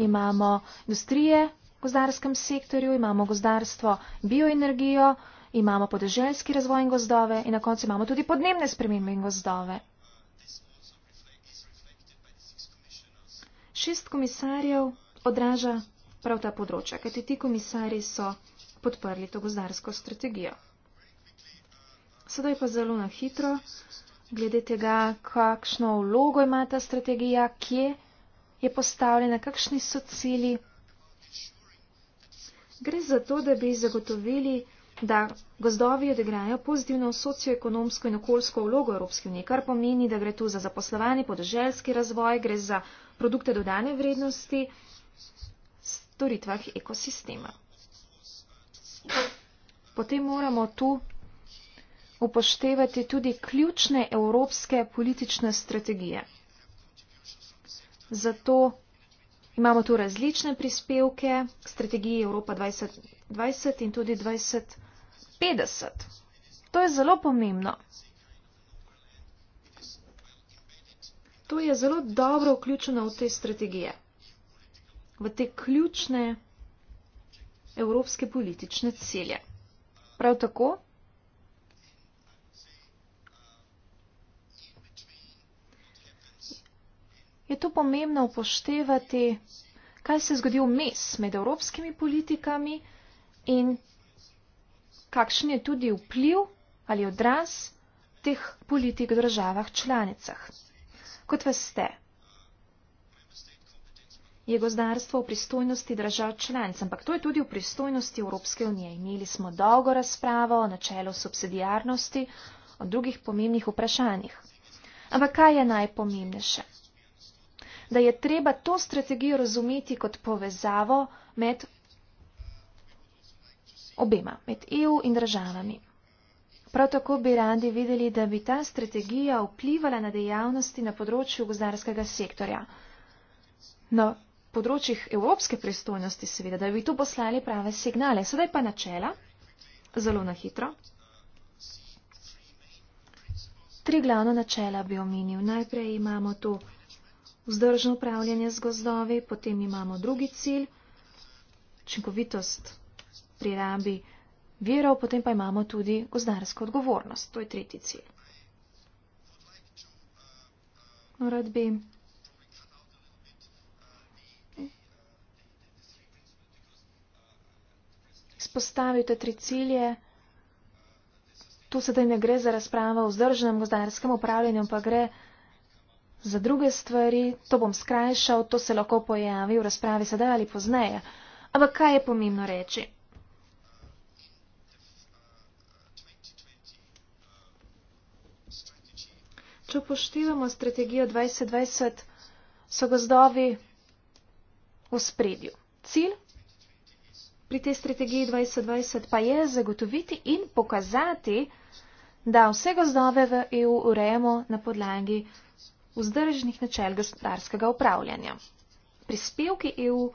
imamo industrije v gozdarskem sektorju, imamo gozdarstvo, bioenergijo, imamo podeželjski razvoj in gozdove in na koncu imamo tudi podnebne spremembe in gozdove. Šest komisarjev odraža prav ta področja, kajti ti komisarji so podprli to gozdarsko strategijo. Sedaj pa zelo na hitro, glede tega, kakšno vlogo ima ta strategija, kje je postavljena, kakšni so cili. Gre za to, da bi zagotovili da gozdovi odigrajo pozitivno socioekonomsko in okoljsko vlogo Evropske unije, kar pomeni, da gre tu za zaposlovanje, podeželjski razvoj, gre za produkte dodane vrednosti v storitvah ekosistema. Potem moramo tu upoštevati tudi ključne evropske politične strategije. Zato imamo tu različne prispevke k strategiji Evropa 2020 in tudi 2020. 50. To je zelo pomembno. To je zelo dobro vključeno v te strategije, v te ključne evropske politične cilje. Prav tako je to pomembno upoštevati, kaj se je zgodil mes med evropskimi politikami in kakšen je tudi vpliv ali odraz teh politik v državah članicah. Kot veste, je gozdarstvo v pristojnosti držav članic, ampak to je tudi v pristojnosti Evropske unije. Imeli smo dolgo razpravo o načelu subsidijarnosti, o drugih pomembnih vprašanjih. Ampak kaj je najpomembnejše? Da je treba to strategijo razumeti kot povezavo med obema, med EU in državami. Prav tako bi radi videli, da bi ta strategija vplivala na dejavnosti na področju gozdarskega sektorja, na področjih evropske pristojnosti seveda, da bi tu poslali prave signale. Sedaj pa načela, zelo na hitro. Tri glavna načela bi omenil. Najprej imamo to vzdržno upravljanje z gozdovi, potem imamo drugi cilj, učinkovitost pri rabi virov, potem pa imamo tudi gozdarsko odgovornost. To je tretji cilj. Rad bi izpostavil te tri cilje. Tu sedaj ne gre za razpravo o vzdržnem gozdarskem upravljanju, pa gre za druge stvari. To bom skrajšal, to se lahko pojavi v razpravi sedaj ali pozneje. Ampak kaj je pomembno reči? če upoštevamo strategijo 2020, so gozdovi v spredju. Cilj pri tej strategiji 2020 pa je zagotoviti in pokazati, da vse gozdove v EU urejamo na podlagi vzdržnih načel gospodarskega upravljanja. Prispevki EU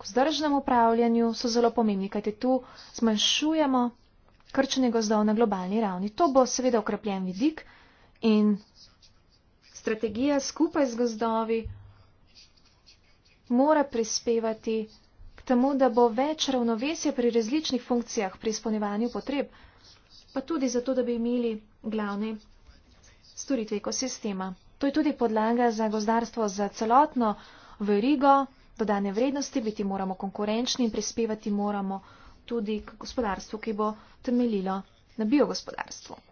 k vzdržnemu upravljanju so zelo pomembni, kajte tu zmanjšujemo krčenje gozdov na globalni ravni. To bo seveda okrepljen vidik In strategija skupaj z gozdovi mora prispevati k temu, da bo več ravnovesja pri različnih funkcijah, pri izpolnjevanju potreb, pa tudi zato, da bi imeli glavne storitve ekosistema. To je tudi podlaga za gozdarstvo za celotno verigo, dodane vrednosti, biti moramo konkurenčni in prispevati moramo tudi k gospodarstvu, ki bo temeljilo na biogospodarstvu.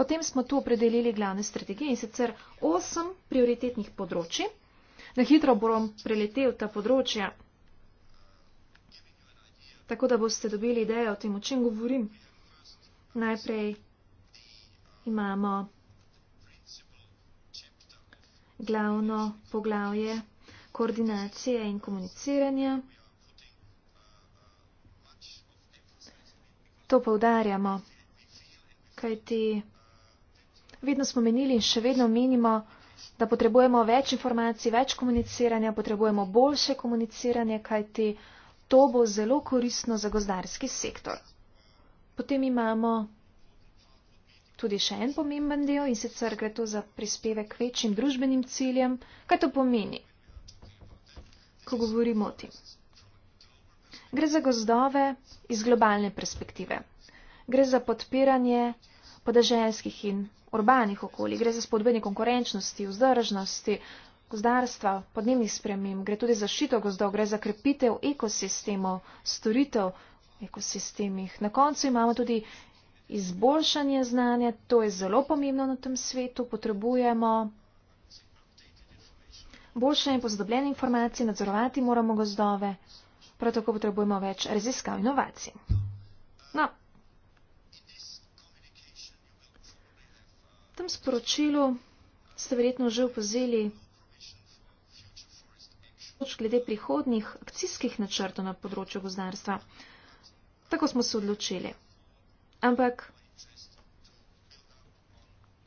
Potem smo tu opredelili glavne strategije in sicer osem prioritetnih področji. Na hitro bom preletel ta področja, tako da boste dobili idejo o tem, o čem govorim. Najprej imamo glavno poglavje koordinacije in komuniciranja. To povdarjamo, kajti vedno smo menili in še vedno menimo, da potrebujemo več informacij, več komuniciranja, potrebujemo boljše komuniciranje, kajti to bo zelo koristno za gozdarski sektor. Potem imamo tudi še en pomemben del in sicer gre to za prispevek k večjim družbenim ciljem. Kaj to pomeni, ko govorimo o tem? Gre za gozdove iz globalne perspektive. Gre za podpiranje podeželskih in urbanih okolij. Gre za spodbujanje konkurenčnosti, vzdržnosti, gozdarstva, podnebnih sprememb, gre tudi za šito gozdov, gre za krepitev ekosistemov, storitev ekosistemih. Na koncu imamo tudi izboljšanje znanja, to je zelo pomembno na tem svetu, potrebujemo boljše in pozdobljene informacije, nadzorovati moramo gozdove, prav tako potrebujemo več raziskav inovacij. No. tem sporočilu ste verjetno že upozeli glede prihodnih akcijskih načrtov na področju gozdarstva. Tako smo se odločili. Ampak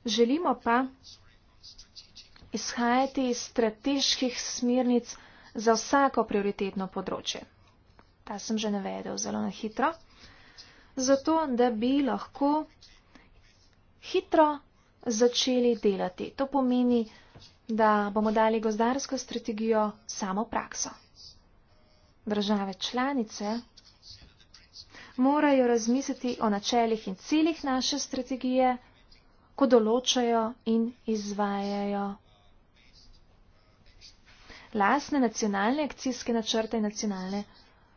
želimo pa izhajati iz strateških smernic za vsako prioritetno področje. Ta sem že navedel zelo na hitro. Zato, da bi lahko hitro začeli delati. To pomeni, da bomo dali gozdarsko strategijo samo prakso. Države članice morajo razmisliti o načeljih in ciljih naše strategije, ko določajo in izvajajo lasne nacionalne akcijske načrte in nacionalne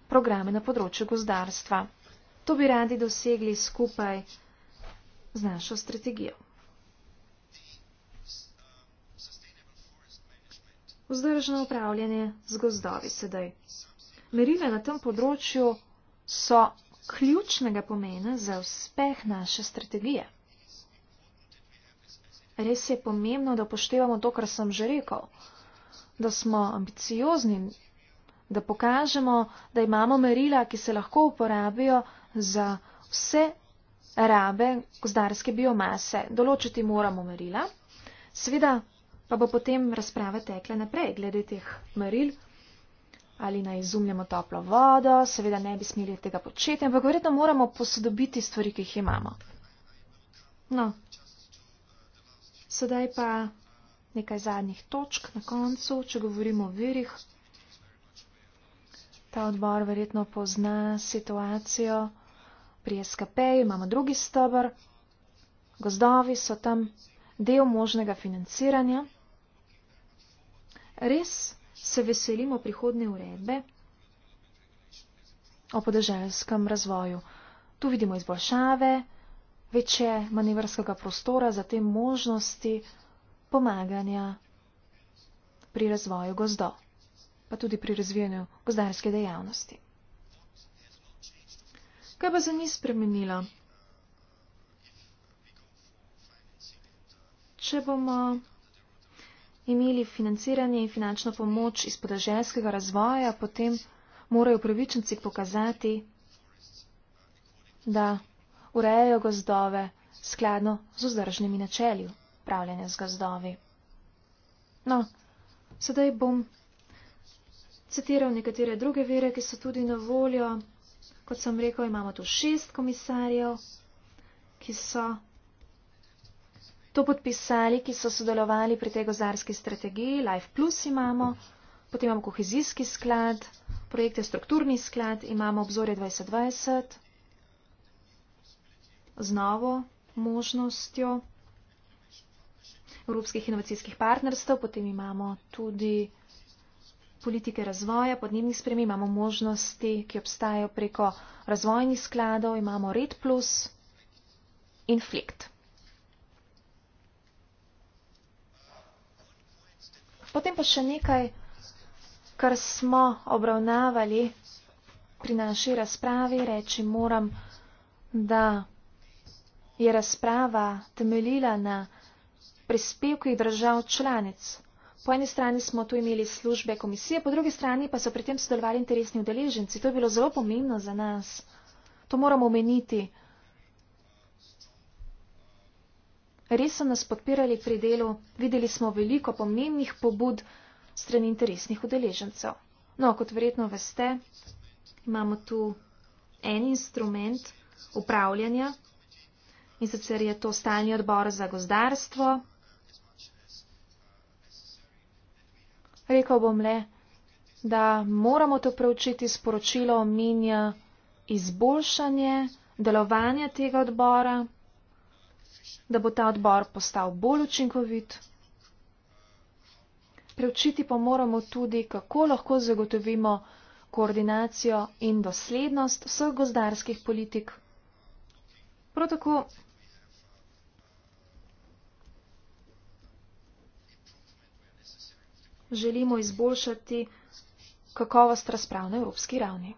programe na področju gozdarstva. To bi radi dosegli skupaj z našo strategijo. vzdržno upravljanje z gozdovi sedaj. Merile na tem področju so ključnega pomena za uspeh naše strategije. Res je pomembno, da upoštevamo to, kar sem že rekel, da smo ambiciozni, da pokažemo, da imamo merila, ki se lahko uporabijo za vse rabe gozdarske biomase. Določiti moramo merila. Seveda pa bo potem razprava tekla naprej glede teh maril, ali naj izumljamo toplo vodo, seveda ne bi smeli tega početi, ampak verjetno moramo posodobiti stvari, ki jih imamo. No, sedaj pa nekaj zadnjih točk na koncu, če govorimo o virih. Ta odbor verjetno pozna situacijo pri SKP, imamo drugi stobr, gozdovi so tam del možnega financiranja. Res se veselimo prihodne uredbe o podeželskem razvoju. Tu vidimo izboljšave, večje manevrskega prostora, zatem možnosti pomaganja pri razvoju gozdo, pa tudi pri razvijanju gozdarske dejavnosti. Kaj pa za njih spremenilo? Če bomo imeli financiranje in finančno pomoč iz podeželskega razvoja, potem morajo pravičenci pokazati, da urejajo gozdove skladno z vzdržnimi načelji upravljanja z gozdovi. No, sedaj bom citiral nekatere druge vere, ki so tudi na voljo. Kot sem rekel, imamo tu šest komisarjev, ki so to podpisali, ki so sodelovali pri tej gozarski strategiji, Life Plus imamo, potem imamo kohezijski sklad, projekte strukturni sklad, imamo obzorje 2020 z novo možnostjo evropskih inovacijskih partnerstv, potem imamo tudi politike razvoja, podnebnih sprem, imamo možnosti, ki obstajajo preko razvojnih skladov, imamo Red Plus in Flikt. Potem pa še nekaj, kar smo obravnavali pri naši razpravi. Reči moram, da je razprava temeljila na prispevkih držav članic. Po eni strani smo tu imeli službe komisije, po drugi strani pa so pri tem sodelovali interesni udeleženci. To je bilo zelo pomembno za nas. To moramo omeniti. res so nas podpirali pri delu, videli smo veliko pomembnih pobud strani interesnih udeležencev. No, kot verjetno veste, imamo tu en instrument upravljanja in sicer je to stalni odbor za gozdarstvo. Rekel bom le, da moramo to preučiti sporočilo omenja izboljšanje delovanja tega odbora da bo ta odbor postal bolj učinkovit. Preučiti pa moramo tudi, kako lahko zagotovimo koordinacijo in doslednost vseh gozdarskih politik. Prav tako želimo izboljšati kakovost razprav na evropski ravni.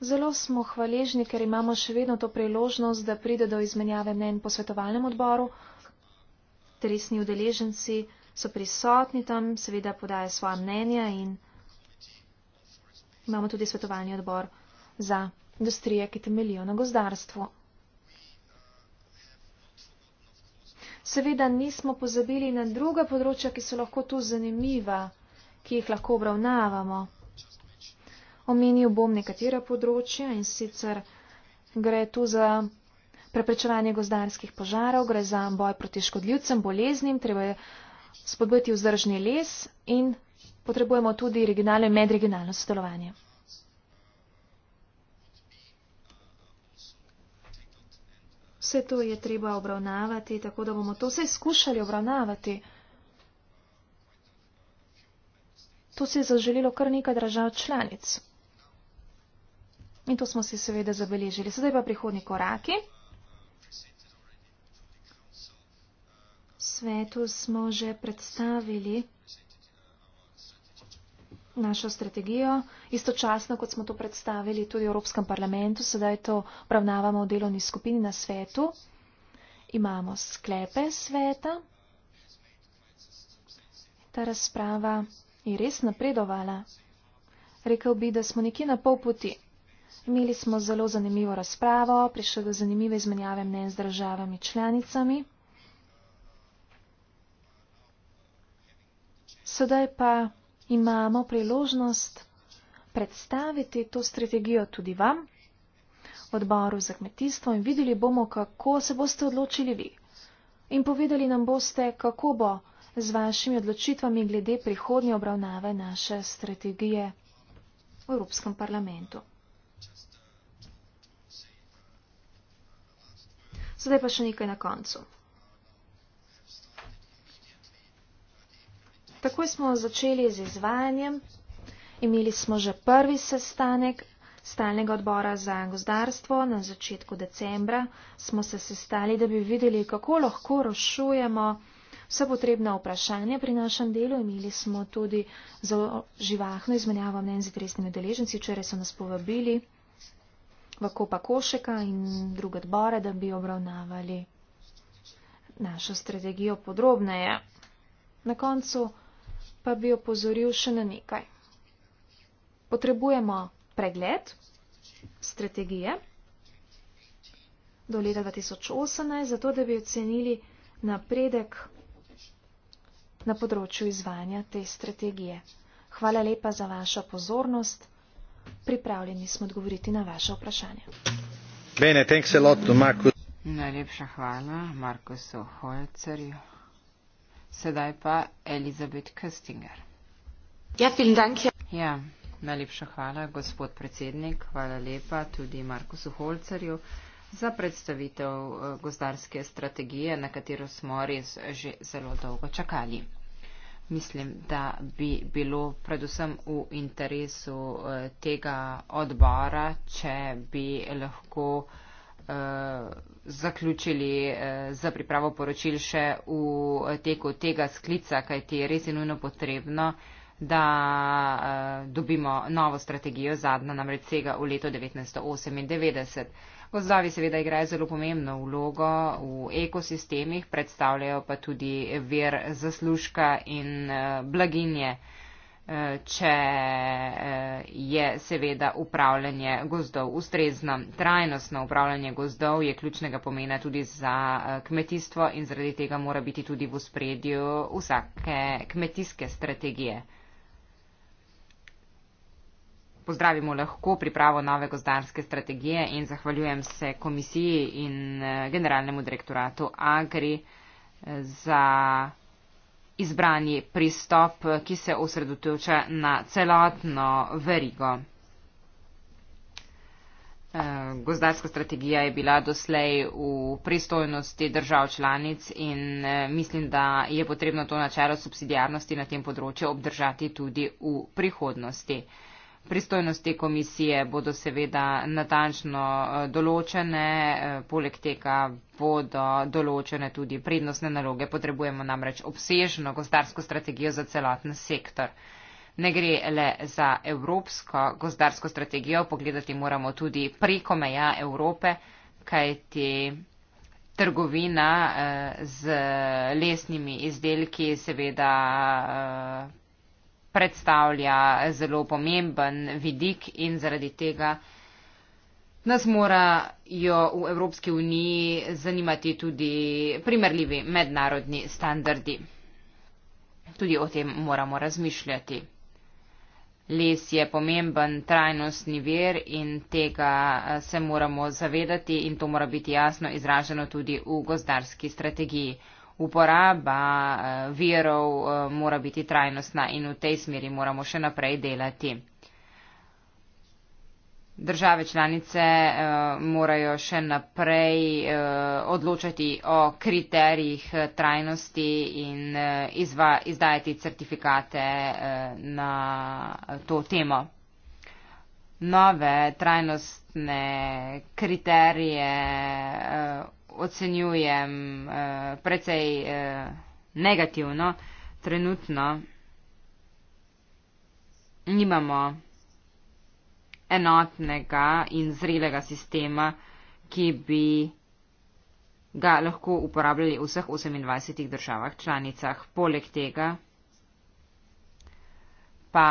Zelo smo hvaležni, ker imamo še vedno to priložnost, da pride do izmenjave mnen po svetovalnem odboru. Resni udeleženci so prisotni tam, seveda podaja svoja mnenja in imamo tudi svetovalni odbor za industrije, ki temeljijo na gozdarstvu. Seveda nismo pozabili na druga področja, ki so lahko tu zanimiva, ki jih lahko obravnavamo. Omenil bom nekatera področja in sicer gre tu za preprečevanje gozdarskih požarov, gre za boj proti škodljivcem, boleznim, treba je spodbujati vzdržni les in potrebujemo tudi regionalno in medregionalno sodelovanje. Vse to je treba obravnavati, tako da bomo to vse skušali obravnavati. To se je zaželilo kar nekaj držav članic. In to smo si seveda zabeležili. Sedaj pa prihodni koraki. Svetu smo že predstavili našo strategijo, istočasno kot smo to predstavili tudi v Evropskem parlamentu, sedaj to obravnavamo v delovni skupini na svetu. Imamo sklepe sveta. Ta razprava je res napredovala. Rekel bi, da smo nekje na pol poti. Imeli smo zelo zanimivo razpravo, prišlo do zanimive izmenjave mnen z državami članicami. Sedaj pa imamo priložnost predstaviti to strategijo tudi vam, odboru za kmetijstvo in videli bomo, kako se boste odločili vi. In povedali nam boste, kako bo z vašimi odločitvami glede prihodnje obravnave naše strategije v Evropskem parlamentu. Zdaj pa še nekaj na koncu. Takoj smo začeli z izvajanjem. Imeli smo že prvi sestanek stalnega odbora za gozdarstvo na začetku decembra. Smo se sestali, da bi videli, kako lahko rošujemo vse potrebna vprašanja pri našem delu. Imeli smo tudi zelo živahno izmenjavo mnen z interesnimi deležnici, včeraj so nas povabili v Kopa Košeka in druge odbore, da bi obravnavali našo strategijo podrobneje. Na koncu pa bi opozoril še na nekaj. Potrebujemo pregled strategije do leta 2018, zato da bi ocenili napredek na področju izvanja te strategije. Hvala lepa za vašo pozornost pripravljeni smo odgovoriti na vaše vprašanje. Bene, thanks a lot, Markus. Najlepša hvala Markusu Holcerju. Sedaj pa Elizabet Köstinger. Ja, film, ja, najlepša hvala, gospod predsednik. Hvala lepa tudi Markusu Holcerju za predstavitev eh, gozdarske strategije, na katero smo res že zelo dolgo čakali mislim, da bi bilo predvsem v interesu eh, tega odbora, če bi lahko eh, zaključili eh, za pripravo poročil še v teku tega sklica, kajti je res in nujno potrebno, da dobimo novo strategijo, zadnja namreč sega v leto 1998. Gozdovi seveda igrajo zelo pomembno vlogo v ekosistemih, predstavljajo pa tudi vir zaslužka in eh, blaginje, eh, če eh, je seveda upravljanje gozdov ustrezno. Trajnostno upravljanje gozdov je ključnega pomena tudi za kmetijstvo in zaradi tega mora biti tudi v spredju vsake kmetijske strategije pozdravimo lahko pripravo nove gozdarske strategije in zahvaljujem se komisiji in eh, generalnemu direktoratu Agri eh, za izbrani pristop, ki se osredotoča na celotno verigo. Eh, gozdarska strategija je bila doslej v pristojnosti držav članic in mislim, da je potrebno to načelo subsidijarnosti na tem področju obdržati tudi v prihodnosti. Pristojnosti komisije bodo seveda natančno eh, določene, eh, poleg tega bodo določene tudi prednostne naloge. Potrebujemo namreč obsežno gozdarsko strategijo za celoten sektor. Ne gre le za evropsko gozdarsko strategijo, pogledati moramo tudi preko meja Evrope, kajti trgovina eh, z lesnimi izdelki seveda predstavlja zelo pomemben vidik in zaradi tega nas morajo v Evropski uniji zanimati tudi primerljivi mednarodni standardi. Tudi o tem moramo razmišljati. Les je pomemben trajnostni vir in tega se moramo zavedati in to mora biti jasno izraženo tudi v gozdarski strategiji uporaba eh, virov eh, mora biti trajnostna in v tej smeri moramo še naprej delati. Države članice eh, morajo še naprej odločati o kriterijih trajnosti in izdajati certifikate na to temo. Nove trajnostne kriterije ocenjujem uh, precej uh, negativno. Trenutno nimamo enotnega in zrelega sistema, ki bi ga lahko uporabljali v vseh 28 državah članicah. Poleg tega pa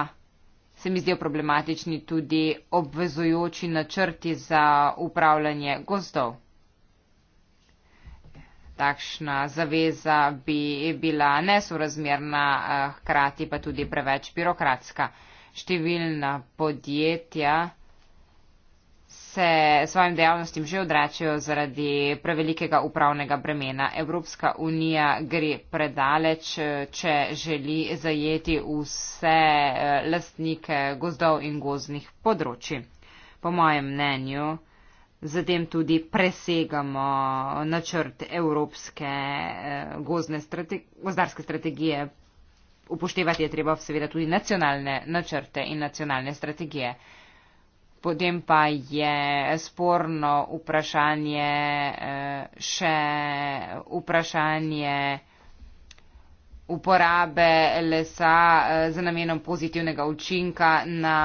se mi zdijo problematični tudi obvezujoči načrti za upravljanje gozdov takšna zaveza bi bila nesorazmerna, hkrati pa tudi preveč birokratska. Številna podjetja se svojim dejavnostim že odračajo zaradi prevelikega upravnega bremena. Evropska unija gre predaleč, če želi zajeti vse lastnike gozdov in gozdnih področji. Po mojem mnenju, zatem tudi presegamo načrt Evropske eh, gozdne strategi gozdarske strategije. Upoštevati je treba seveda tudi nacionalne načrte in nacionalne strategije. Potem pa je sporno vprašanje eh, še vprašanje uporabe lesa eh, za namenom pozitivnega učinka na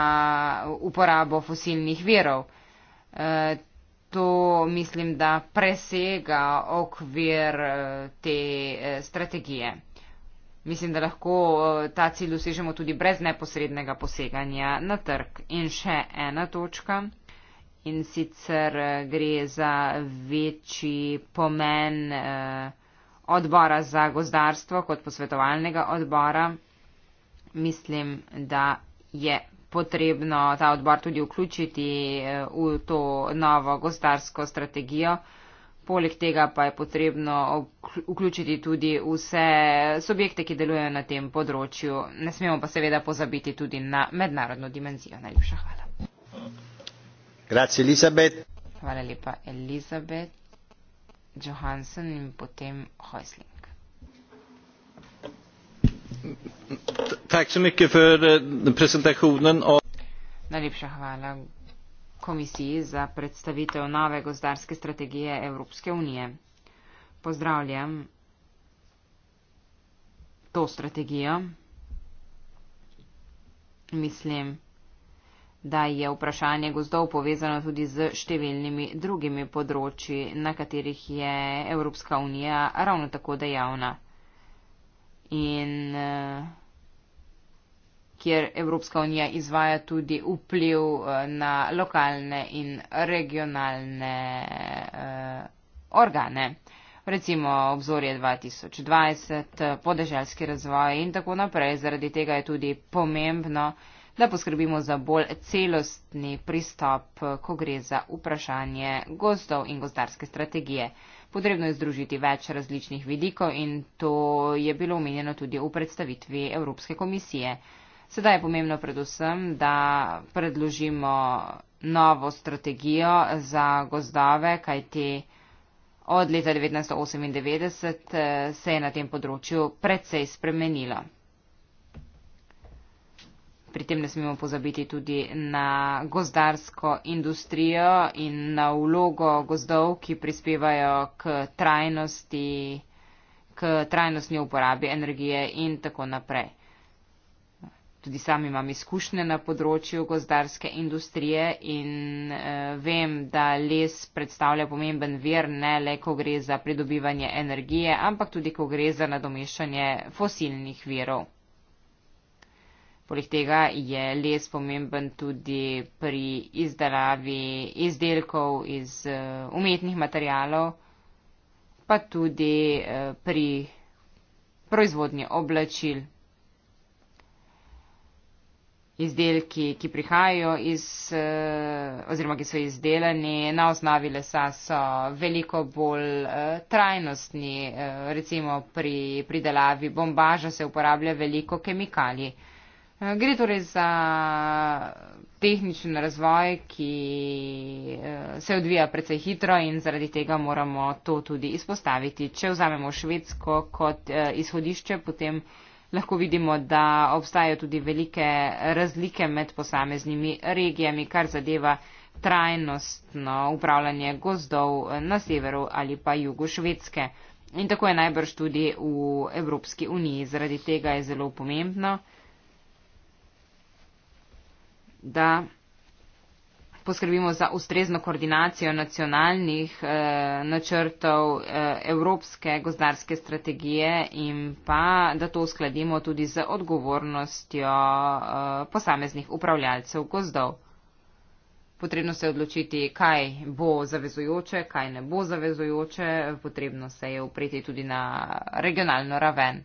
uporabo fosilnih verov to mislim, da presega okvir eh, te eh, strategije. Mislim, da lahko eh, ta cilj dosežemo tudi brez neposrednega poseganja na trg. In še ena točka. In sicer gre za večji pomen odbora za gozdarstvo kot posvetovalnega odbora. Mislim, da je potrebno ta odbor tudi vključiti eh, v to novo gospodarsko strategijo. Poleg tega pa je potrebno vključiti tudi vse subjekte, ki delujejo na tem področju. Ne smemo pa seveda pozabiti tudi na mednarodno dimenzijo. Najlepša hvala. Grazie, Elizabeth. Hvala lepa, Elizabet Johansen in potem Hojsling tak så mycket för eh, presentationen av Najlepša hvala komisiji za predstavitev nove gozdarske strategije Evropske unije. Pozdravljam to strategijo. Mislim, da je vprašanje gozdov povezano tudi z številnimi drugimi področji, na katerih je Evropska unija ravno tako dejavna in uh, kjer Evropska unija izvaja tudi vpliv uh, na lokalne in regionalne uh, organe. Recimo obzorje 2020, podeželski razvoj in tako naprej. Zaradi tega je tudi pomembno, da poskrbimo za bolj celostni pristop, ko gre za vprašanje gozdov in gozdarske strategije potrebno je združiti več različnih vidikov in to je bilo omenjeno tudi v predstavitvi Evropske komisije. Sedaj je pomembno predvsem, da predložimo novo strategijo za gozdove, kajti od leta 1998 eh, se je na tem področju precej spremenilo. Pri tem ne smemo pozabiti tudi na gozdarsko industrijo in na vlogo gozdov, ki prispevajo k trajnosti, k trajnostni uporabi energije in tako naprej. Tudi sam imam izkušnje na področju gozdarske industrije in e, vem, da les predstavlja pomemben vir ne le, ko gre za pridobivanje energije, ampak tudi, ko gre za nadomeščanje fosilnih virov. Poleg tega je les pomemben tudi pri izdelavi izdelkov iz eh, umetnih materijalov, pa tudi eh, pri proizvodnje oblačil. Izdelki, ki prihajajo iz, eh, oziroma ki so izdelani na osnovi lesa, so veliko bolj trajnostni. Recimo pri pridelavi bombaža se uporablja veliko kemikalij. Eh, gre torej za tehničen razvoj, ki eh, se odvija precej hitro in zaradi tega moramo to tudi izpostaviti. Če vzamemo Švedsko kot eh, izhodišče, potem lahko vidimo, da obstajajo tudi velike razlike med posameznimi regijami, kar zadeva trajnostno upravljanje gozdov na severu ali pa jugu Švedske. In tako je najbrž tudi v Evropski uniji. Zaradi tega je zelo pomembno, da poskrbimo za ustrezno koordinacijo nacionalnih eh, načrtov eh, evropske gozdarske strategije in pa da to uskladimo tudi z odgovornostjo eh, posameznih upravljalcev gozdov. Potrebno se je odločiti, kaj bo zavezujoče, kaj ne bo zavezujoče, potrebno se je upreti tudi na regionalno raven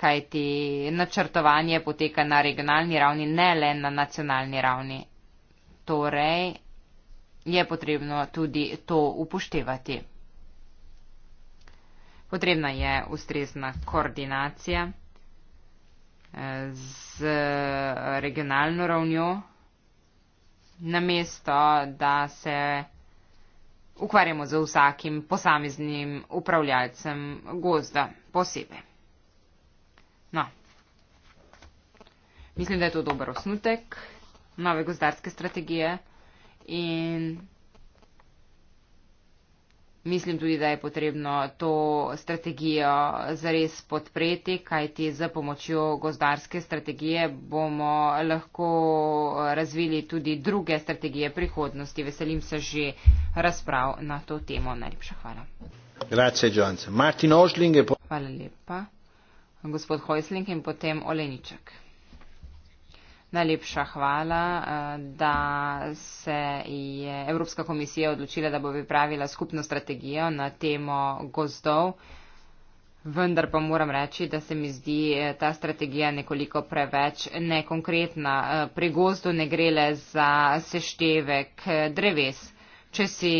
kajti načrtovanje poteka na regionalni ravni, ne le na nacionalni ravni. Torej je potrebno tudi to upoštevati. Potrebna je ustrezna koordinacija z regionalno ravnjo, namesto da se ukvarjamo z vsakim posameznim upravljalcem gozda posebej. No. Mislim, da je to dober osnutek nove gozdarske strategije in mislim tudi, da je potrebno to strategijo zares podpreti, kajti z pomočjo gozdarske strategije bomo lahko razvili tudi druge strategije prihodnosti. Veselim se že razprav na to temo. Najlepša hvala. Hvala lepa gospod Hojsling in potem Oleniček. Najlepša hvala, eh, da se je Evropska komisija odločila, da bo pripravila skupno strategijo na temo gozdov. Vendar pa moram reči, da se mi zdi eh, ta strategija nekoliko preveč nekonkretna. Eh, pri gozdu ne gre le za seštevek dreves. Če si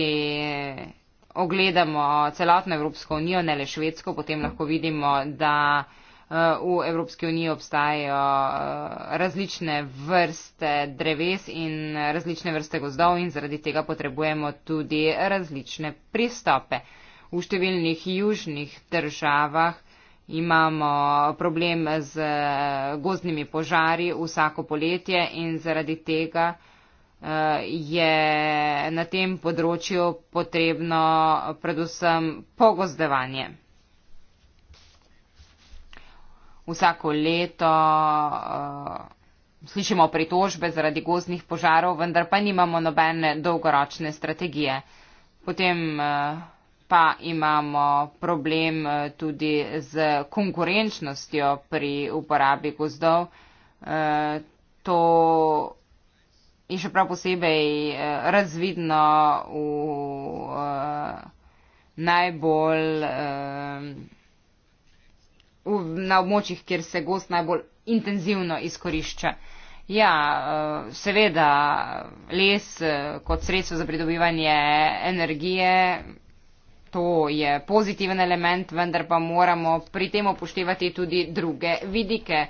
ogledamo celotno Evropsko unijo, ne le Švedsko, potem lahko vidimo, da. Eh, v Evropski uniji obstajajo eh, različne vrste dreves in različne vrste gozdov in zaradi tega potrebujemo tudi različne pristope. V številnih južnih državah imamo problem z eh, gozdnimi požari vsako poletje in zaradi tega je na tem področju potrebno predvsem pogozdevanje vsako leto uh, slišimo pritožbe zaradi gozdnih požarov, vendar pa nimamo nobene dolgoročne strategije. Potem uh, pa imamo problem uh, tudi z konkurenčnostjo pri uporabi gozdov. Uh, to je še prav posebej uh, razvidno v uh, najbolj. Uh, v, na območjih, kjer se gost najbolj intenzivno izkorišča. Ja, eh, seveda les eh, kot sredstvo za pridobivanje energije, to je pozitiven element, vendar pa moramo pri tem upoštevati tudi druge vidike.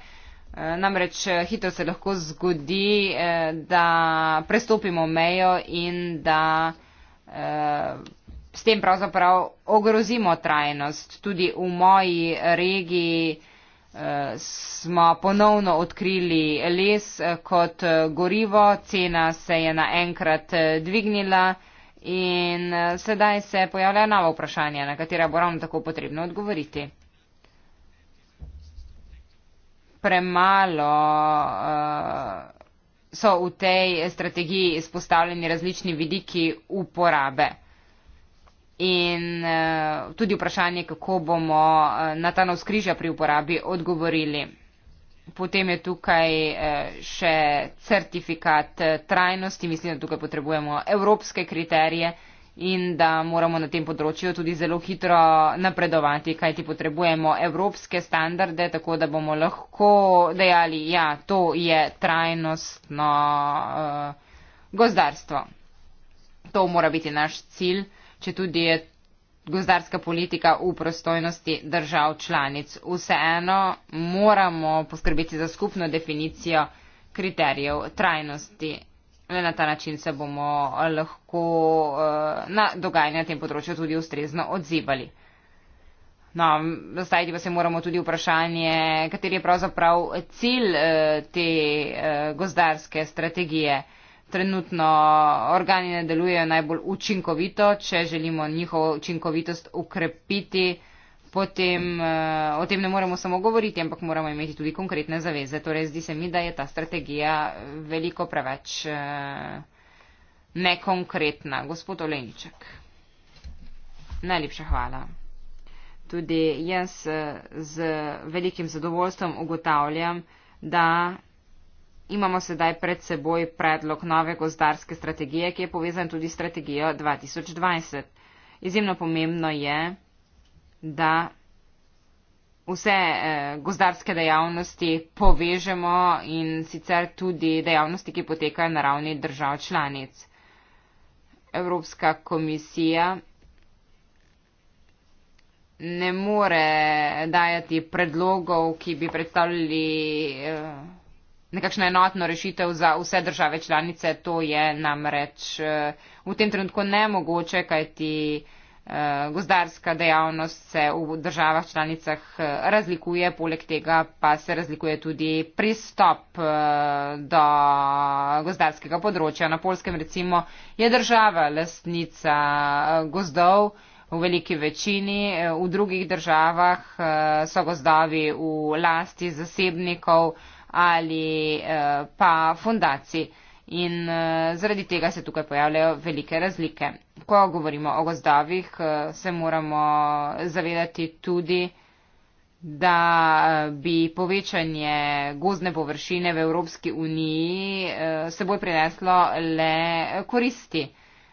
Eh, namreč hitro se lahko zgodi, da prestopimo mejo in da s tem pravzaprav ogrozimo trajnost. Tudi v moji regiji eh, smo ponovno odkrili les kot eh, gorivo, cena se je naenkrat eh, dvignila in sedaj se pojavlja nova vprašanja, na katera bo ravno tako potrebno odgovoriti. Premalo so v tej strategiji izpostavljeni različni vidiki uporabe in uh, tudi vprašanje, kako bomo uh, na ta navskrižja pri uporabi odgovorili. Potem je tukaj uh, še certifikat trajnosti. Mislim, da tukaj potrebujemo evropske kriterije in da moramo na tem področju tudi zelo hitro napredovati, kajti potrebujemo evropske standarde, tako da bomo lahko dejali, ja, to je trajnostno uh, gozdarstvo. To mora biti naš cilj če tudi je gozdarska politika v prostojnosti držav članic. Vseeno moramo poskrbeti za skupno definicijo kriterijev trajnosti. Le na ta način se bomo lahko eh, na dogajanje na tem področju tudi ustrezno odzivali. No, zastaviti pa se moramo tudi vprašanje, kateri je pravzaprav cilj eh, te eh, gozdarske strategije trenutno organi ne delujejo najbolj učinkovito, če želimo njihovo učinkovitost ukrepiti, potem eh, o tem ne moremo samo govoriti, ampak moramo imeti tudi konkretne zaveze. Torej, zdi se mi, da je ta strategija eh, veliko preveč eh, nekonkretna. Gospod Olejniček, najlepša hvala. Tudi jaz z velikim zadovoljstvom ugotavljam, da imamo sedaj pred seboj predlog nove gozdarske strategije, ki je povezan tudi s strategijo 2020. Izjemno pomembno je, da vse eh, gozdarske dejavnosti povežemo in sicer tudi dejavnosti, ki potekajo na ravni držav članic. Evropska komisija ne more dajati predlogov, ki bi predstavljali. Eh, nekakšno enotno rešitev za vse države članice, to je namreč eh, v tem trenutku nemogoče, kajti eh, gozdarska dejavnost se v državah članicah eh, razlikuje, poleg tega pa se razlikuje tudi pristop do gozdarskega področja. Na polskem recimo je država lastnica gozdov. V veliki večini, v drugih državah so gozdovi v lasti zasebnikov, ali eh, pa fundacij. In eh, zaradi tega se tukaj pojavljajo velike razlike. Ko govorimo o gozdovih, eh, se moramo zavedati tudi, da bi povečanje gozdne površine v Evropski uniji seboj prineslo le koristi.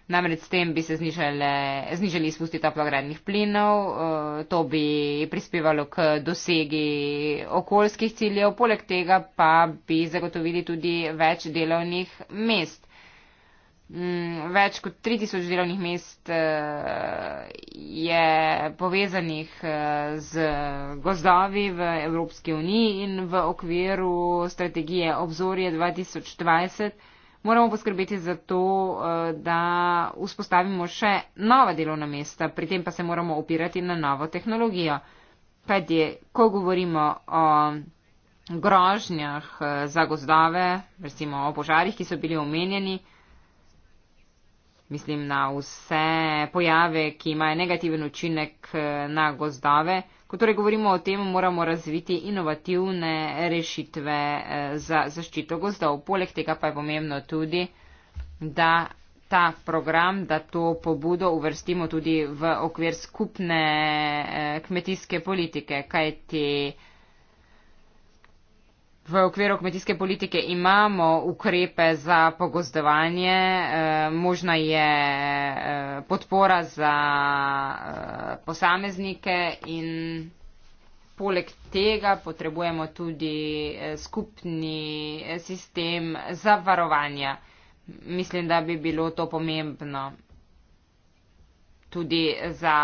Namreč s tem bi se znižale, znižali izpusti toplogrednih plinov, eh, to bi prispevalo k dosegi okoljskih ciljev, poleg tega pa bi zagotovili tudi več delovnih mest. Mm, več kot 3000 delovnih mest eh, je povezanih eh, z gozdovi v Evropski uniji in v okviru strategije obzorje 2020 moramo poskrbeti za to, eh, da vzpostavimo še nova delovna mesta, pri tem pa se moramo opirati na novo tehnologijo. Je, ko govorimo o grožnjah eh, za gozdove, recimo o požarih, ki so bili omenjeni, mislim na vse pojave, ki imajo negativen učinek eh, na gozdove, Ko torej govorimo o tem, moramo razviti inovativne rešitve eh, za zaščito gozdov. Poleg tega pa je pomembno tudi, da ta program, da to pobudo uvrstimo tudi v okvir skupne eh, kmetijske politike, kajti V okviru kmetijske politike imamo ukrepe za pogozdovanje, eh, možna je eh, podpora za eh, posameznike in poleg tega potrebujemo tudi skupni sistem zavarovanja. Mislim, da bi bilo to pomembno tudi za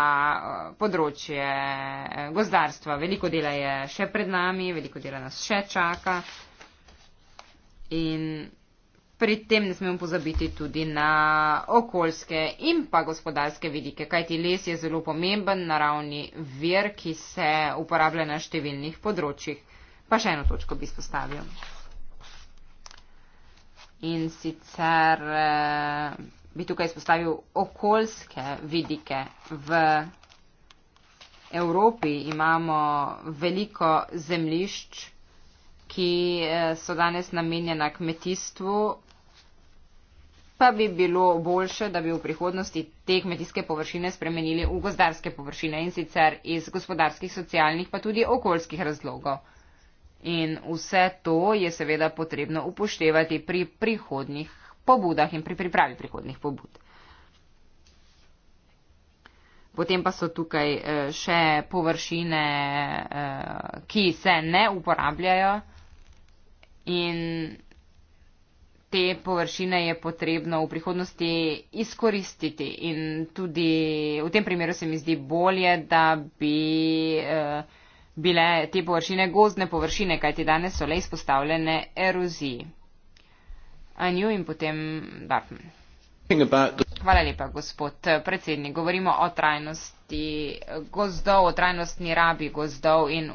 eh, področje eh, gozdarstva. Veliko dela je še pred nami, veliko dela nas še čaka. In pri tem ne smemo pozabiti tudi na okoljske in pa gospodarske vidike, kajti les je zelo pomemben naravni vir, ki se uporablja na številnih področjih. Pa še eno točko bi spostavil. In sicer. Eh, bi tukaj izpostavil okoljske vidike. V Evropi imamo veliko zemlišč, ki eh, so danes namenjena kmetijstvu, pa bi bilo boljše, da bi v prihodnosti te kmetijske površine spremenili v gozdarske površine in sicer iz gospodarskih, socialnih pa tudi okoljskih razlogov. In vse to je seveda potrebno upoštevati pri prihodnih pobudah in pri pripravi prihodnih pobud. Potem pa so tukaj eh, še površine, eh, ki se ne uporabljajo in te površine je potrebno v prihodnosti izkoristiti. In tudi v tem primeru se mi zdi bolje, da bi eh, bile te površine gozdne površine, kajti danes so le izpostavljene eroziji. Anju in potem Dartman. Hvala lepa, gospod eh, predsednik. Govorimo o trajnosti eh, gozdov, o trajnostni rabi gozdov in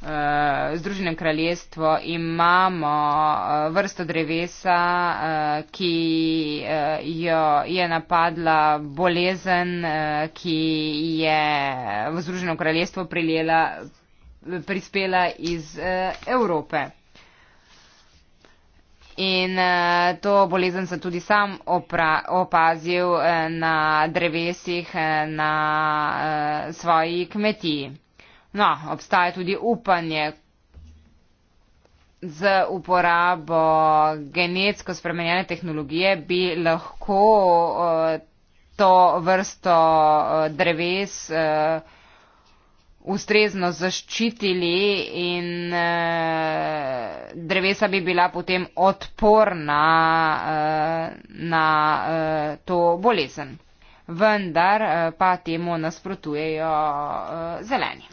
v uh, Združenem kraljestvu imamo uh, vrsto drevesa, uh, ki uh, jo je napadla bolezen, uh, ki je v Združenem kraljestvu prispela iz uh, Evrope. In uh, to bolezen sem tudi sam opra, opazil uh, na drevesih uh, na uh, svoji kmetiji. No, obstaja tudi upanje z uporabo genetsko spremenjene tehnologije bi lahko uh, to vrsto uh, dreves uh, ustrezno zaščitili in e, drevesa bi bila potem odporna e, na e, to bolezen. Vendar e, pa temu nasprotujejo e, zeleni.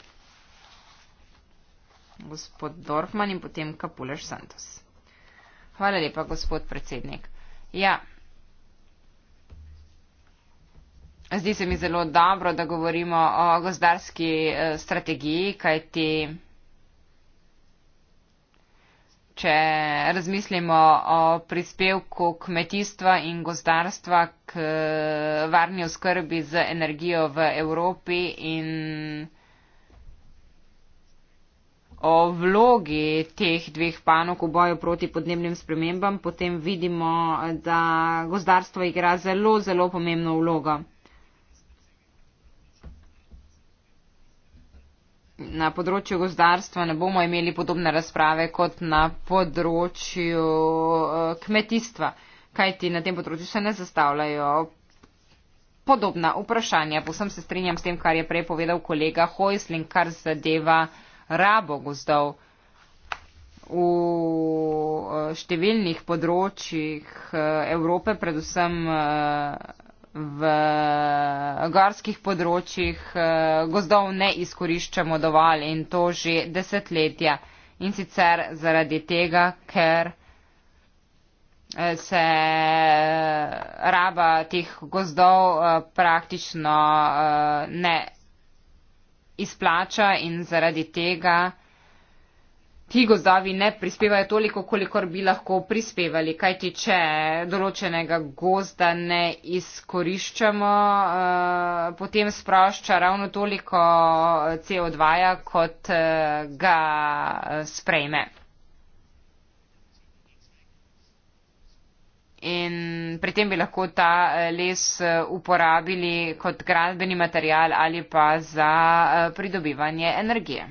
Gospod Dorfman in potem Kapulež Santos. Hvala lepa, gospod predsednik. Ja. Zdi se mi zelo dobro, da govorimo o gozdarski eh, strategiji, kajti če razmislimo o prispevku kmetijstva in gozdarstva k eh, varni oskrbi z energijo v Evropi in o vlogi teh dveh panok v boju proti podnebnim spremembam, potem vidimo, da gozdarstvo igra zelo, zelo pomembno vlogo. na področju gozdarstva ne bomo imeli podobne razprave kot na področju eh, kmetijstva, kajti na tem področju se ne zastavljajo podobna vprašanja. Posem se strinjam s tem, kar je prej povedal kolega Hojslin, kar zadeva rabo gozdov. V eh, številnih področjih eh, Evrope, predvsem v eh, gorskih področjih eh, gozdov ne izkoriščamo dovolj in to že desetletja. In sicer zaradi tega, ker eh, se raba teh gozdov praktično ne izplača in zaradi tega, ti gozdovi ne prispevajo toliko, kolikor bi lahko prispevali. Kaj ti, če določenega gozda ne izkoriščamo, eh, potem sprošča ravno toliko eh, CO2-ja, kot eh, ga sprejme. In pri tem bi lahko ta les uporabili kot gradbeni material ali pa za pridobivanje energije.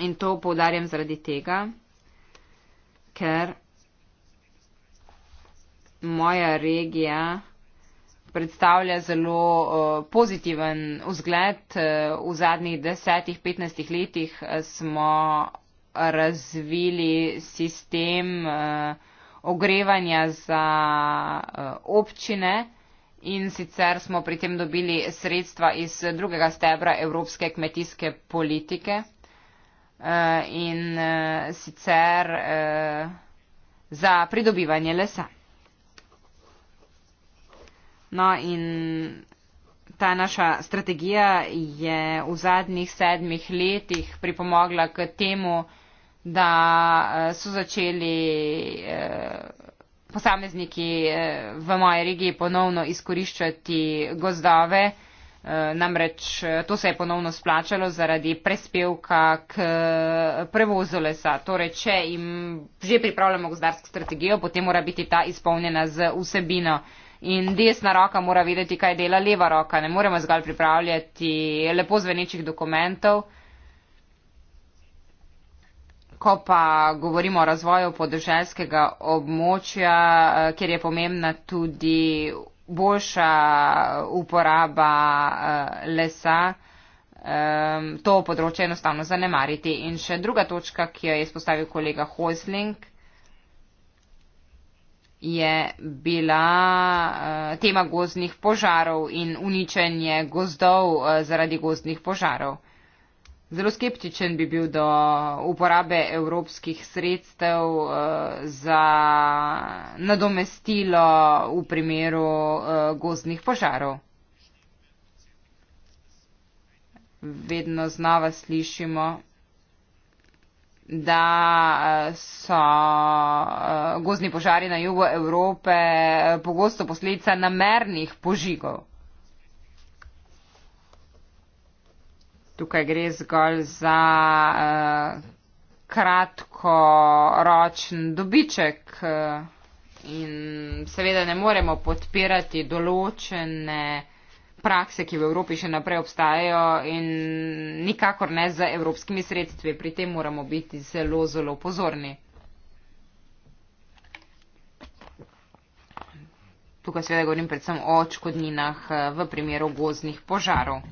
In to povdarjam zaradi tega, ker moja regija predstavlja zelo uh, pozitiven vzgled. Uh, v zadnjih desetih, petnajstih letih eh, smo razvili sistem uh, ogrevanja za uh, občine in sicer smo pri tem dobili sredstva iz drugega stebra Evropske kmetijske politike. Eh, in eh, sicer eh, za pridobivanje lesa. No in ta naša strategija je v zadnjih sedmih letih pripomogla k temu, da so začeli posamezniki v moji regiji ponovno izkoriščati gozdove Eh, namreč eh, to se je ponovno splačalo zaradi prespevka k eh, prevozu lesa. Torej, če jim že pripravljamo gozdarsko strategijo, potem mora biti ta izpolnjena z vsebino. In desna roka mora vedeti, kaj dela leva roka. Ne moremo zgolj pripravljati lepo zvenečih dokumentov. Ko pa govorimo o razvoju podeželskega območja, kjer je pomembna tudi boljša uporaba uh, lesa, um, to področje enostavno zanemariti. In še druga točka, ki jo je izpostavil kolega Hosling, je bila uh, tema gozdnih požarov in uničenje gozdov uh, zaradi gozdnih požarov. Zelo skeptičen bi bil do uporabe evropskih sredstev eh, za nadomestilo v primeru eh, gozdnih požarov. Vedno znova slišimo, da eh, so gozdni požari na jugu Evrope pogosto posledica namernih požigov. tukaj gre zgolj za uh, eh, kratko ročen dobiček uh, in seveda ne moremo podpirati določene prakse, ki v Evropi še naprej obstajajo in nikakor ne za evropskimi sredstvi. Pri tem moramo biti zelo, zelo pozorni. Tukaj seveda govorim predvsem o očkodninah eh, v primeru goznih požarov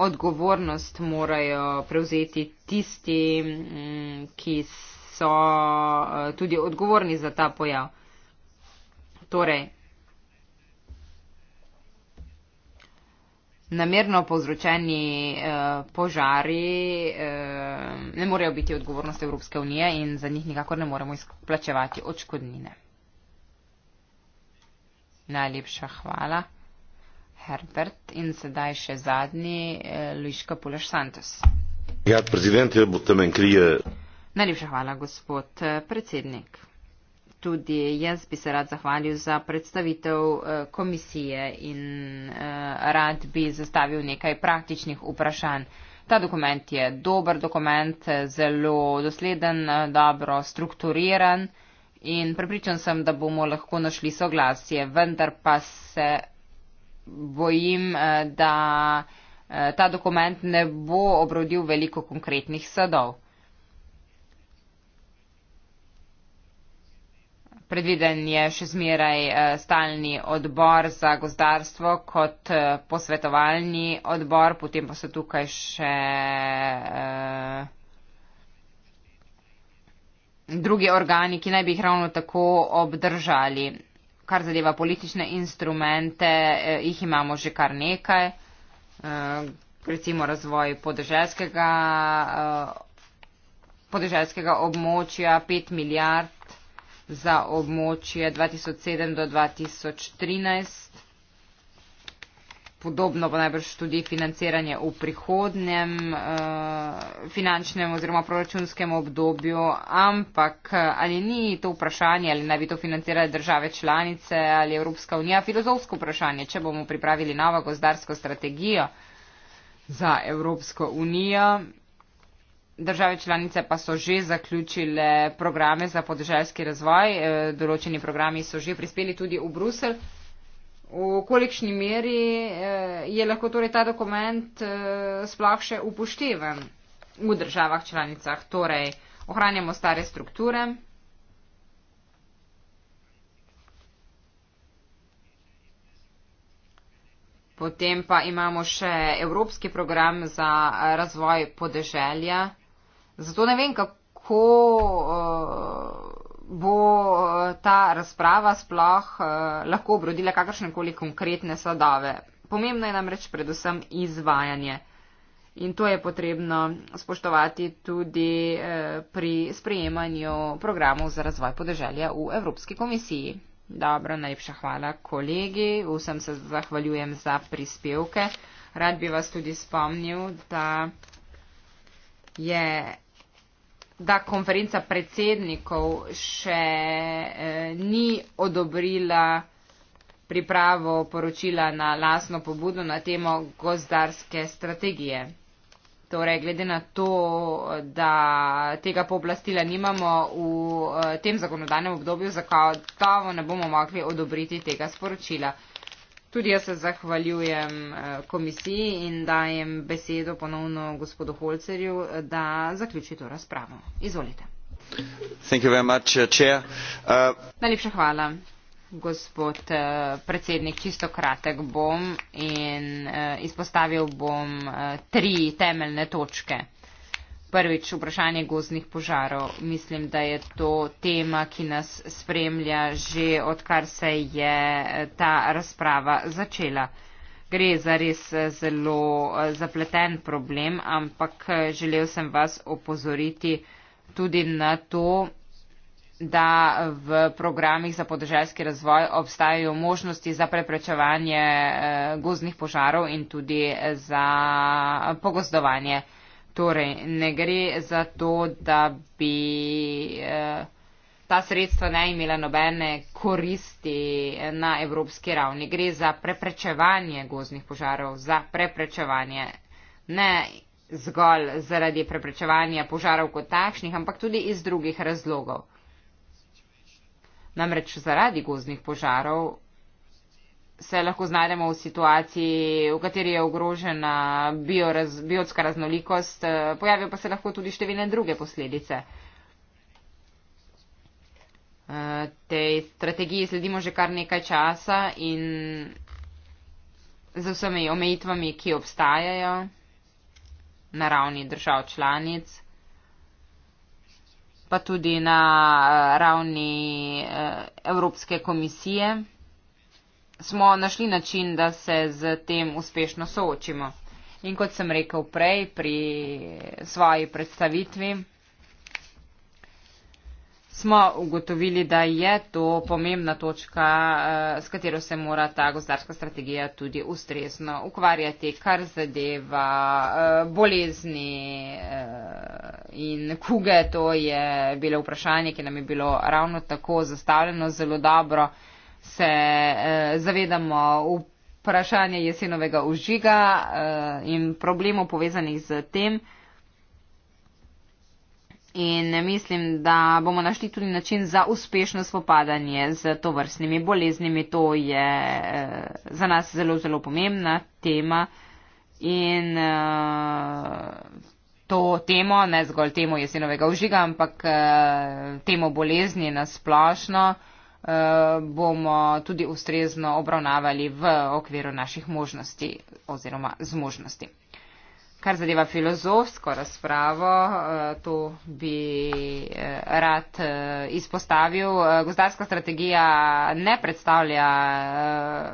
odgovornost morajo prevzeti tisti, mm, ki so eh, tudi odgovorni za ta pojav. Torej, namerno povzročeni eh, požari eh, ne morejo biti odgovornost Evropske unije in za njih nikakor ne moremo izplačevati odškodnine. Najlepša hvala. Herbert in sedaj še zadnji eh, Luis Capulas Santos. Ja, Najlepša hvala, gospod eh, predsednik. Tudi jaz bi se rad zahvalil za predstavitev eh, komisije in rad bi zastavil nekaj praktičnih vprašanj. Ta dokument je dober dokument, zelo dosleden, dobro strukturiran in prepričan sem, da bomo lahko našli soglasje, vendar pa se bojim, eh, da eh, ta dokument ne bo obrodil veliko konkretnih sadov. Predviden je še zmeraj eh, stalni odbor za gozdarstvo kot posvetovalni odbor, potem pa so tukaj še eh, drugi organi, ki naj bi jih ravno tako obdržali kar zadeva politične instrumente, eh, jih imamo že kar nekaj, eh, recimo razvoj podeželskega, eh, podeželskega območja 5 milijard za območje 2007 do 2013 podobno bo najbrž tudi financiranje v prihodnem uh, eh, finančnem oziroma proračunskem obdobju, ampak eh, ali ni to vprašanje, ali naj bi to financirale države članice ali Evropska unija, filozofsko vprašanje, če bomo pripravili novo gozdarsko strategijo za Evropsko unijo. Države članice pa so že zaključile programe za podeželjski razvoj, eh, določeni programi so že prispeli tudi v Bruselj v kolikšni meri eh, je lahko torej ta dokument eh, sploh še upošteven v državah članicah. Torej, ohranjamo stare strukture. Potem pa imamo še Evropski program za razvoj podeželja. Zato ne vem, kako. Uh, bo eh, ta razprava sploh eh, lahko obrodila kakršnekoli konkretne sadove. Pomembno je namreč predvsem izvajanje. In to je potrebno spoštovati tudi eh, pri sprejemanju programov za razvoj podeželja v Evropski komisiji. Dobro, najlepša hvala kolegi, vsem se zahvaljujem za prispevke. Rad bi vas tudi spomnil, da je da konferenca predsednikov še eh, ni odobrila pripravo poročila na lasno pobudo na temo gozdarske strategije. Torej, glede na to, da tega pooblastila nimamo v eh, tem zakonodajnem obdobju, zakaj to ne bomo mogli odobriti tega sporočila. Tudi jaz se zahvaljujem eh, komisiji in dajem besedo ponovno gospodu Holcerju, eh, da zaključi to razpravo. Izvolite. Much, uh... Najlepša hvala, gospod uh, predsednik. Čisto kratek bom in uh, izpostavil bom uh, tri temeljne točke. Prvič vprašanje gozdnih požarov. Mislim, da je to tema, ki nas spremlja že odkar se je eh, ta razprava začela. Gre za res eh, zelo eh, zapleten problem, ampak želel sem vas opozoriti tudi na to, da v programih za podeželski razvoj obstajajo možnosti za preprečevanje gozdnih požarov in tudi za pogozdovanje. Torej, ne gre za to, da bi eh, ta sredstva ne imela nobene koristi eh, na evropski ravni. Gre za preprečevanje gozdnih požarov, za preprečevanje. Ne zgolj zaradi preprečevanja požarov kot takšnih, ampak tudi iz drugih razlogov. Namreč zaradi gozdnih požarov se lahko znajdemo v situaciji, v kateri je ogrožena bioraz, biotska raznolikost, eh, pojavijo pa se lahko tudi številne druge posledice. Eh, tej strategiji sledimo že kar nekaj časa in z vsemi omejitvami, ki obstajajo na ravni držav članic, pa tudi na eh, ravni Evropske komisije smo našli način, da se z tem uspešno soočimo. In kot sem rekel prej pri svoji predstavitvi, smo ugotovili, da je to pomembna točka, eh, s katero se mora ta gozdarska strategija tudi ustrezno ukvarjati, kar zadeva eh, bolezni eh, in kuge. To je bilo vprašanje, ki nam je bilo ravno tako zastavljeno zelo dobro se eh, zavedamo vprašanja jesenovega užiga eh, in problemov povezanih z tem. In mislim, da bomo našli tudi način za uspešno spopadanje z to vrstnimi boleznimi. To je eh, za nas zelo, zelo pomembna tema. In uh, to temo, ne zgolj temo jesenovega užiga, ampak uh, temo bolezni na splošno, uh, Eh, bomo tudi ustrezno obravnavali v okviru naših možnosti oziroma zmožnosti. Kar zadeva filozofsko razpravo, eh, to bi eh, rad izpostavil. Gozdarska strategija ne predstavlja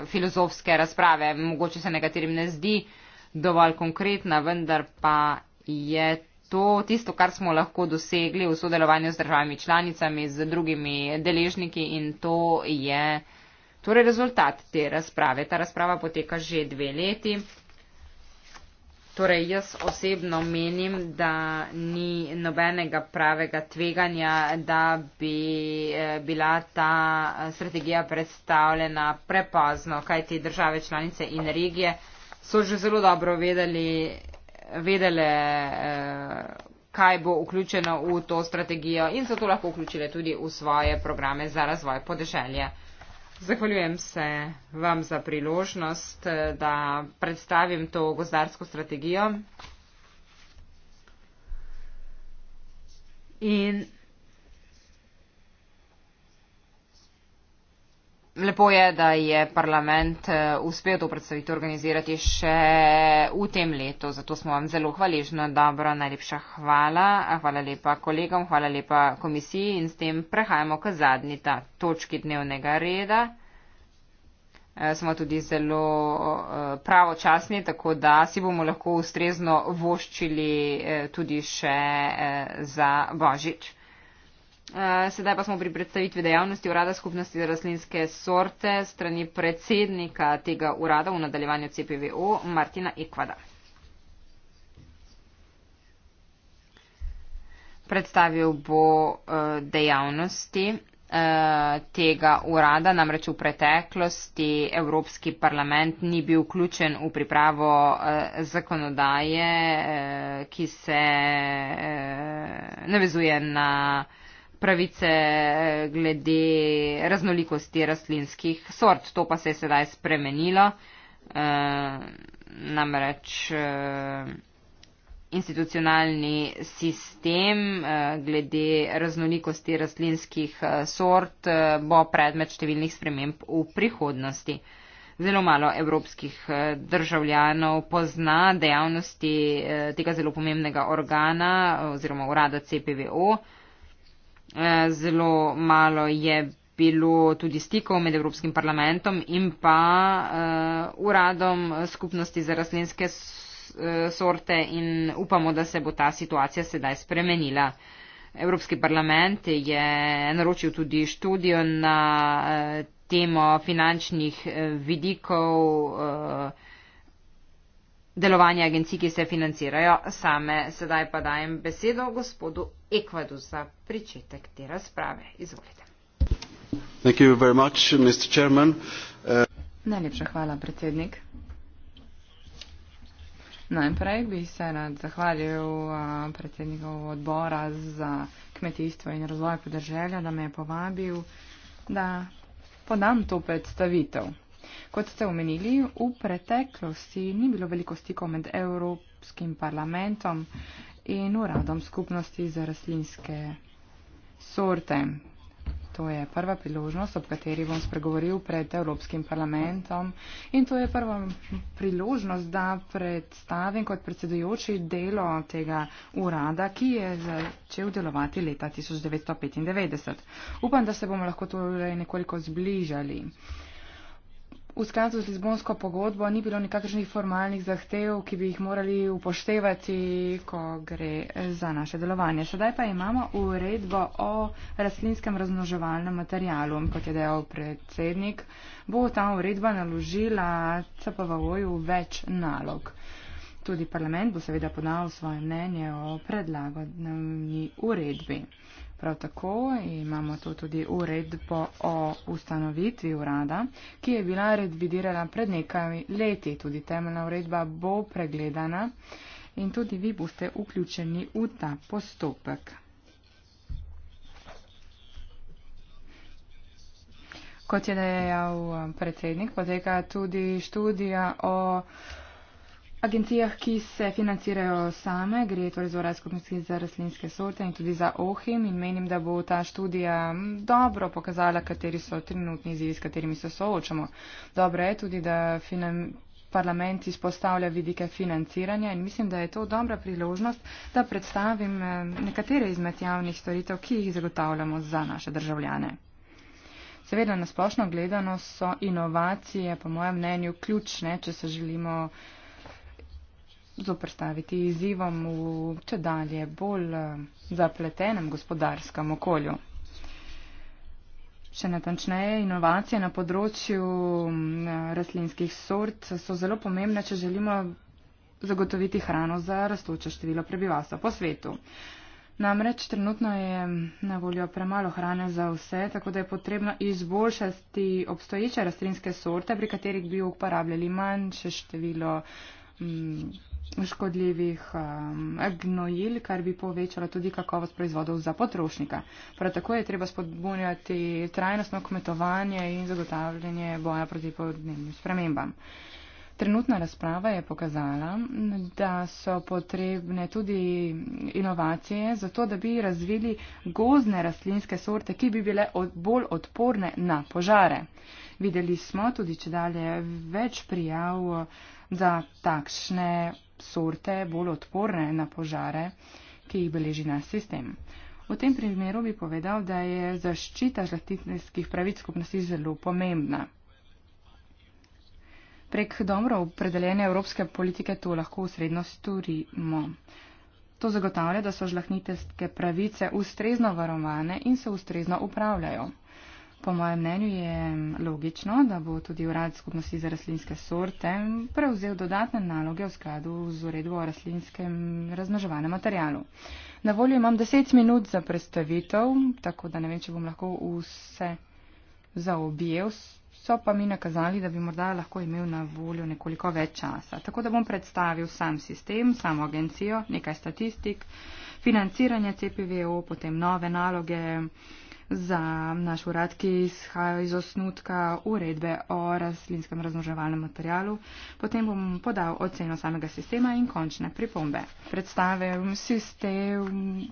filozofske razprave. Mogoče se nekaterim ne zdi dovolj konkretna, vendar pa je to, tisto, kar smo lahko dosegli v sodelovanju z državami članicami, z drugimi deležniki in to je torej rezultat te razprave. Ta razprava poteka že dve leti. Torej, jaz osebno menim, da ni nobenega pravega tveganja, da bi eh, bila ta eh, strategija predstavljena prepozno, kaj te države članice in regije so že zelo dobro vedeli, vedele, eh, kaj bo vključeno v to strategijo in so to lahko vključile tudi v svoje programe za razvoj podeželja. Zahvaljujem se vam za priložnost, eh, da predstavim to gozdarsko strategijo. In Lepo je, da je parlament eh, uspel to predstavitev organizirati še v tem letu, zato smo vam zelo hvaležni. Dobro, najlepša hvala. Hvala lepa kolegom, hvala lepa komisiji in s tem prehajamo k zadnji ta točki dnevnega reda. Eh, smo tudi zelo eh, pravočasni, tako da si bomo lahko ustrezno voščili tudi še za božič. Eh, sedaj pa smo pri predstavitvi dejavnosti Urada skupnosti za rastlinske sorte strani predsednika tega urada v nadaljevanju CPVO Martina Ekvada. Predstavil bo eh, dejavnosti eh, tega urada, namreč v preteklosti Evropski parlament ni bil vključen v pripravo zakonodaje, ki se navezuje na pravice eh, glede raznolikosti rastlinskih sort. To pa se je sedaj spremenilo. Uh, namreč uh, institucionalni sistem uh, glede raznolikosti rastlinskih uh, sort uh, bo predmet številnih sprememb v prihodnosti. Zelo malo evropskih uh, državljanov pozna dejavnosti uh, tega zelo pomembnega organa uh, oziroma urada CPVO. Uh, Eh, zelo malo je bilo tudi stikov med Evropskim parlamentom in pa eh, uradom skupnosti za rastlinske eh, sorte in upamo, da se bo ta situacija sedaj spremenila. Evropski parlament je naročil tudi študijo na temo finančnih vidikov delovanje agencij, ki se financirajo same. Sedaj pa dajem besedo gospodu Ekvadu za pričetek te razprave. Izvolite. Much, uh... Najlepša hvala, predsednik. Najprej bi se rad zahvalil uh, predsedniku odbora za kmetijstvo in razvoj podrželja, da me je povabil, da podam to predstavitev. Kot ste omenili, v preteklosti ni bilo veliko stikov med Evropskim parlamentom in uradom skupnosti za rastlinske sorte. To je prva priložnost, ob kateri bom spregovoril pred Evropskim parlamentom in to je prva priložnost, da predstavim kot predsedujoči delo tega urada, ki je začel delovati leta 1995. Upam, da se bomo lahko torej nekoliko zbližali. V skladu z Lizbonsko pogodbo ni bilo nikakršnih formalnih zahtev, ki bi jih morali upoštevati, ko gre za naše delovanje. Sedaj pa imamo uredbo o rastlinskem razmnoževalnem materialu, kot je dejal predsednik. Bo ta uredba naložila CPVO-ju več nalog. Tudi parlament bo seveda podal svoje mnenje o predlagodnemni uredbi. Prav tako imamo tu tudi uredbo o ustanovitvi urada, ki je bila redvidirana pred nekaj leti. Tudi temeljna uredba bo pregledana in tudi vi boste vključeni v ta postopek. Kot je dejal eh, predsednik, poteka tudi študija o agencijah, ki se financirajo same, gre torej za Urad skupnosti za rastlinske sorte in tudi za OHIM in menim, da bo ta študija dobro pokazala, kateri so trenutni izzivi, s katerimi se soočamo. Dobro je tudi, da finan... parlament izpostavlja vidike financiranja in mislim, da je to dobra priložnost, da predstavim eh, nekatere izmed javnih storitev, ki jih zagotavljamo za naše državljane. Seveda, nasplošno gledano so inovacije, po mojem mnenju, ključne, če se želimo zoprstaviti izzivom v če dalje bolj eh, zapletenem gospodarskem okolju. Še natančneje, inovacije na področju mm, rastlinskih sort so zelo pomembne, če želimo zagotoviti hrano za rastoče število prebivalstva po svetu. Namreč trenutno je na voljo premalo hrane za vse, tako da je potrebno izboljšati obstoječe rastlinske sorte, pri katerih bi uporabljali manjše število. Mm, škodljivih um, gnojil, kar bi povečalo tudi kakovost proizvodov za potrošnika. Prav tako je treba spodbujati trajnostno kmetovanje in zagotavljanje boja proti podnebnim spremembam. Trenutna razprava je pokazala, da so potrebne tudi inovacije za to, da bi razvili gozne rastlinske sorte, ki bi bile od, bolj odporne na požare. Videli smo tudi, če dalje, več prijav za takšne sorte bolj odporne na požare, ki jih beleži naš sistem. V tem primeru bi povedal, da je zaščita žlatitnijskih pravic skupnosti zelo pomembna. Prek dobro opredeljene evropske politike to lahko usredno storimo. To zagotavlja, da so žlahnitelske pravice ustrezno varovane in se ustrezno upravljajo. Po mojem mnenju je logično, da bo tudi Urad skupnosti za rastlinske sorte prevzel dodatne naloge v skladu z uredbo o rastlinskem raznoževanem materialu. Na voljo imam 10 minut za predstavitev, tako da ne vem, če bom lahko vse zaobjel. So pa mi nakazali, da bi morda lahko imel na voljo nekoliko več časa. Tako da bom predstavil sam sistem, samo agencijo, nekaj statistik, financiranje CPVO, potem nove naloge za naš urad, ki izhajajo iz osnutka uredbe o rastlinskem razmoževalnem materialu. Potem bom podal oceno samega sistema in končne pripombe. Predstavil sistem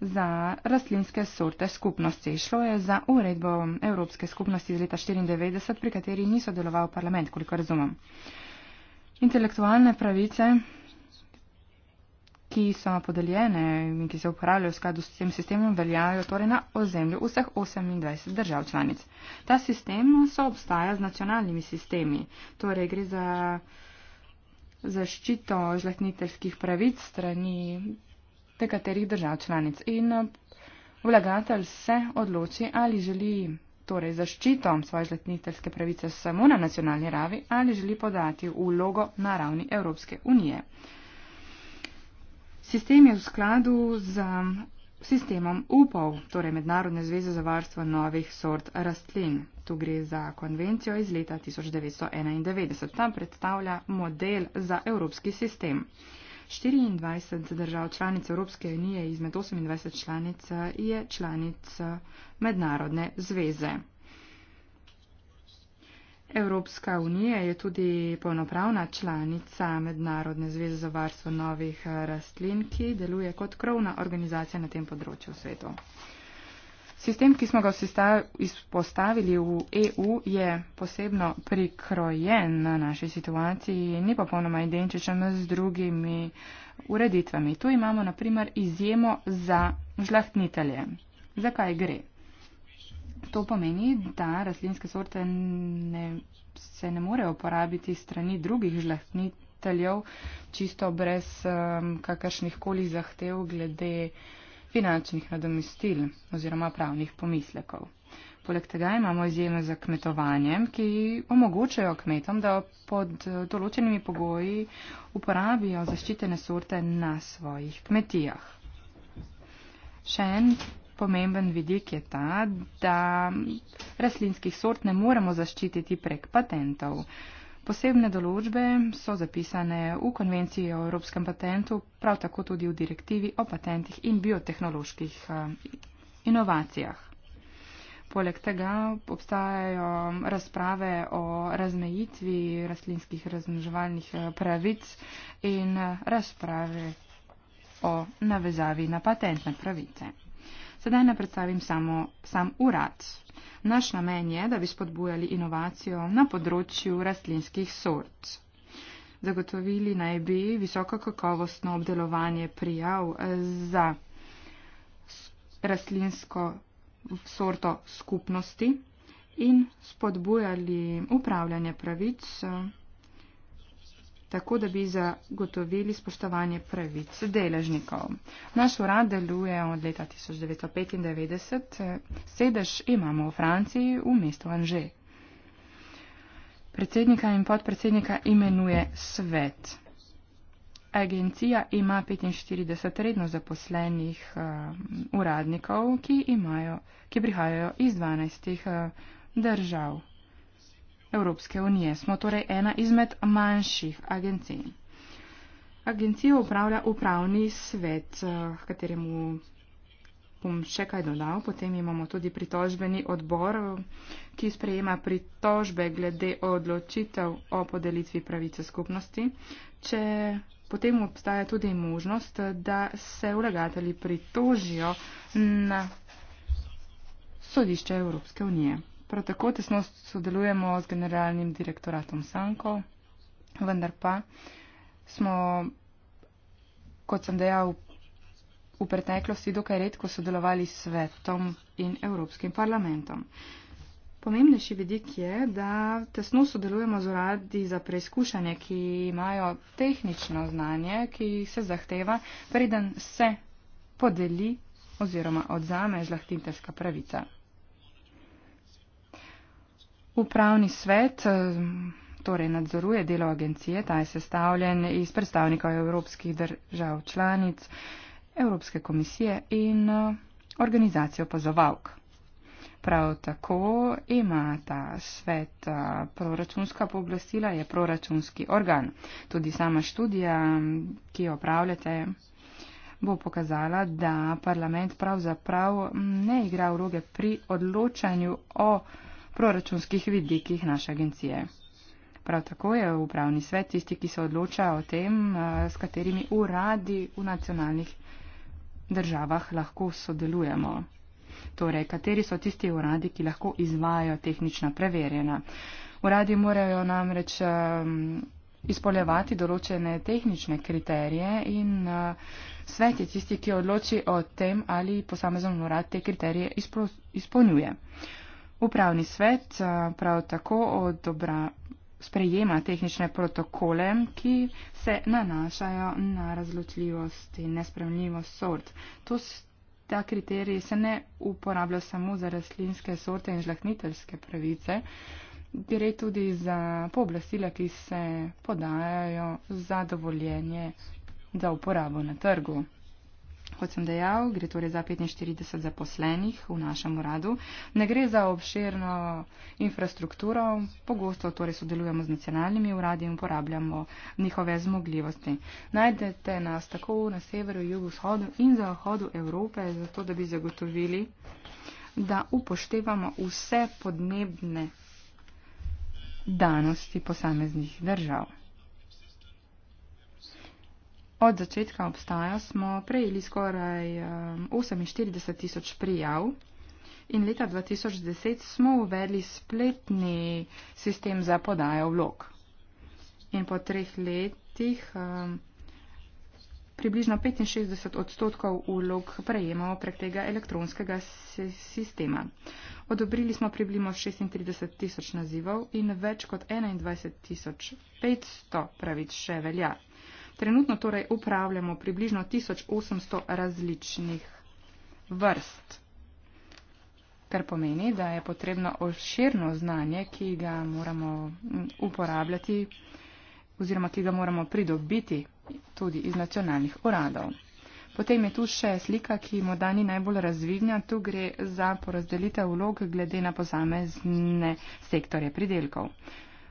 za rastlinske sorte skupnosti. Šlo je za uredbo Evropske skupnosti iz leta 1994, pri kateri ni sodeloval parlament, koliko razumem. Intelektualne pravice ki so podeljene in ki se upravljajo v skladu s tem sistemom, veljajo torej na ozemlju vseh 28 držav članic. Ta sistem so obstaja z nacionalnimi sistemi, torej gre za zaščito žlehniteljskih pravic strani nekaterih držav članic. In eh, vlagatelj se odloči, ali želi torej zaščito svoje žlehniteljske pravice samo na nacionalni ravi ali želi podati vlogo na ravni Evropske unije. Sistem je v skladu z sistemom UPOV, torej Mednarodne zveze za varstvo novih sort rastlin. Tu gre za konvencijo iz leta 1991. Tam predstavlja model za evropski sistem. 24 držav članic Evropske unije izmed 28 članic je članic Mednarodne zveze. Evropska unija je tudi polnopravna članica Mednarodne zveze za varstvo novih eh, rastlin, ki deluje kot krovna organizacija na tem področju v svetu. Sistem, ki smo ga izpostavili v EU, je posebno prikrojen na naši situaciji in ni popolnoma identičen z drugimi ureditvami. Tu imamo naprimer izjemo za žlahtnitelje. Zakaj gre? To pomeni, da rastlinske sorte ne, se ne morejo uporabiti strani drugih žlehtniteljev, čisto brez um, kakršnih koli zahtev glede finančnih nadomestil oziroma pravnih pomislekov. Poleg tega imamo izjeme za kmetovanje, ki omogočajo kmetom, da pod določenimi pogoji uporabijo zaščitene sorte na svojih kmetijah. Še en pomemben vidik je ta, da rastlinskih sort ne moremo zaščititi prek patentov. Posebne določbe so zapisane v konvenciji o evropskem patentu, prav tako tudi v direktivi o patentih in biotehnoloških eh, inovacijah. Poleg tega obstajajo razprave o razmejitvi rastlinskih razmnoževalnih eh, pravic in eh, razprave o navezavi na patentne pravice. Sedaj ne predstavim samo sam urad. Naš namen je, da bi spodbujali inovacijo na področju rastlinskih sort. Zagotovili naj bi visoko kakovostno obdelovanje prijav za rastlinsko sorto skupnosti in spodbujali upravljanje pravic tako da bi zagotovili spoštovanje pravic deležnikov. Naš urad deluje od leta 1995, eh, sedež imamo v Franciji v mestu Anže. Predsednika in podpredsednika imenuje svet. Agencija ima 45 redno zaposlenih uh, uradnikov, ki, imajo, ki prihajajo iz 12 uh, eh, držav. Evropske unije. Smo torej ena izmed manjših agencij. Agencijo upravlja upravni svet, eh, kateremu bom še kaj dodal. Potem imamo tudi pritožbeni odbor, ki sprejema pritožbe glede odločitev o podelitvi pravice skupnosti. Če potem obstaja tudi možnost, da se vlagatelji pritožijo na sodišče Evropske unije. Prav tako tesno sodelujemo z generalnim direktoratom Sanko, vendar pa smo, kot sem dejal, v preteklosti dokaj redko sodelovali s svetom in Evropskim parlamentom. Pomembnejši vidik je, da tesno sodelujemo z uradi za preizkušanje, ki imajo tehnično znanje, ki se zahteva, preden se podeli oziroma odzame žlahtinteska pravica. Upravni svet eh, torej nadzoruje delo agencije, ta je sestavljen iz predstavnikov evropskih držav članic, Evropske komisije in eh, organizacije opazovalk. Prav tako ima ta svet eh, proračunska pooblastila, je proračunski organ. Tudi sama študija, ki jo opravljate, bo pokazala, da parlament pravzaprav mm, ne igra vloge pri odločanju o proračunskih vidikih naše agencije. Prav tako je upravni svet tisti, ki se odloča o tem, eh, s katerimi uradi v nacionalnih državah lahko sodelujemo. Torej, kateri so tisti uradi, ki lahko izvajo tehnična preverjena. Uradi morajo namreč um, ehm, izpolevati določene tehnične kriterije in uh, svet je tisti, ki odloči o tem, ali posamezen urad te kriterije izpolnjuje. Izpo Upravni svet eh, prav tako odobra sprejema tehnične protokole, ki se nanašajo na razločljivost in nespremljivost sort. To, ta kriterij se ne uporablja samo za rastlinske sorte in žlahniteljske pravice, gre tudi za pooblastila, ki se podajajo za dovoljenje za uporabo na trgu. Kot sem dejal, gre torej za 45 zaposlenih v našem uradu. Ne gre za obširno infrastrukturo, pogosto torej sodelujemo z nacionalnimi uradi in uporabljamo njihove zmogljivosti. Najdete nas tako na severu, jugu, vzhodu in zahodu Evrope, zato da bi zagotovili, da upoštevamo vse podnebne danosti posameznih držav. Od začetka obstaja smo prejeli skoraj 48 um, tisoč prijav in leta 2010 smo uvedli spletni sistem za podajo vlog. In po treh letih um, približno 65 odstotkov vlog prejemamo prek tega elektronskega sistema. Odobrili smo približno 36 tisoč nazivov in več kot 21 tisoč 500 pravic še velja. Trenutno torej upravljamo približno 1800 različnih vrst, kar pomeni, da je potrebno obširno znanje, ki ga moramo mm, uporabljati oziroma ki ga moramo pridobiti tudi iz nacionalnih uradov. Potem je tu še slika, ki morda ni najbolj razvidnja. Tu gre za porazdelitev vlog glede na posamezne sektorje pridelkov.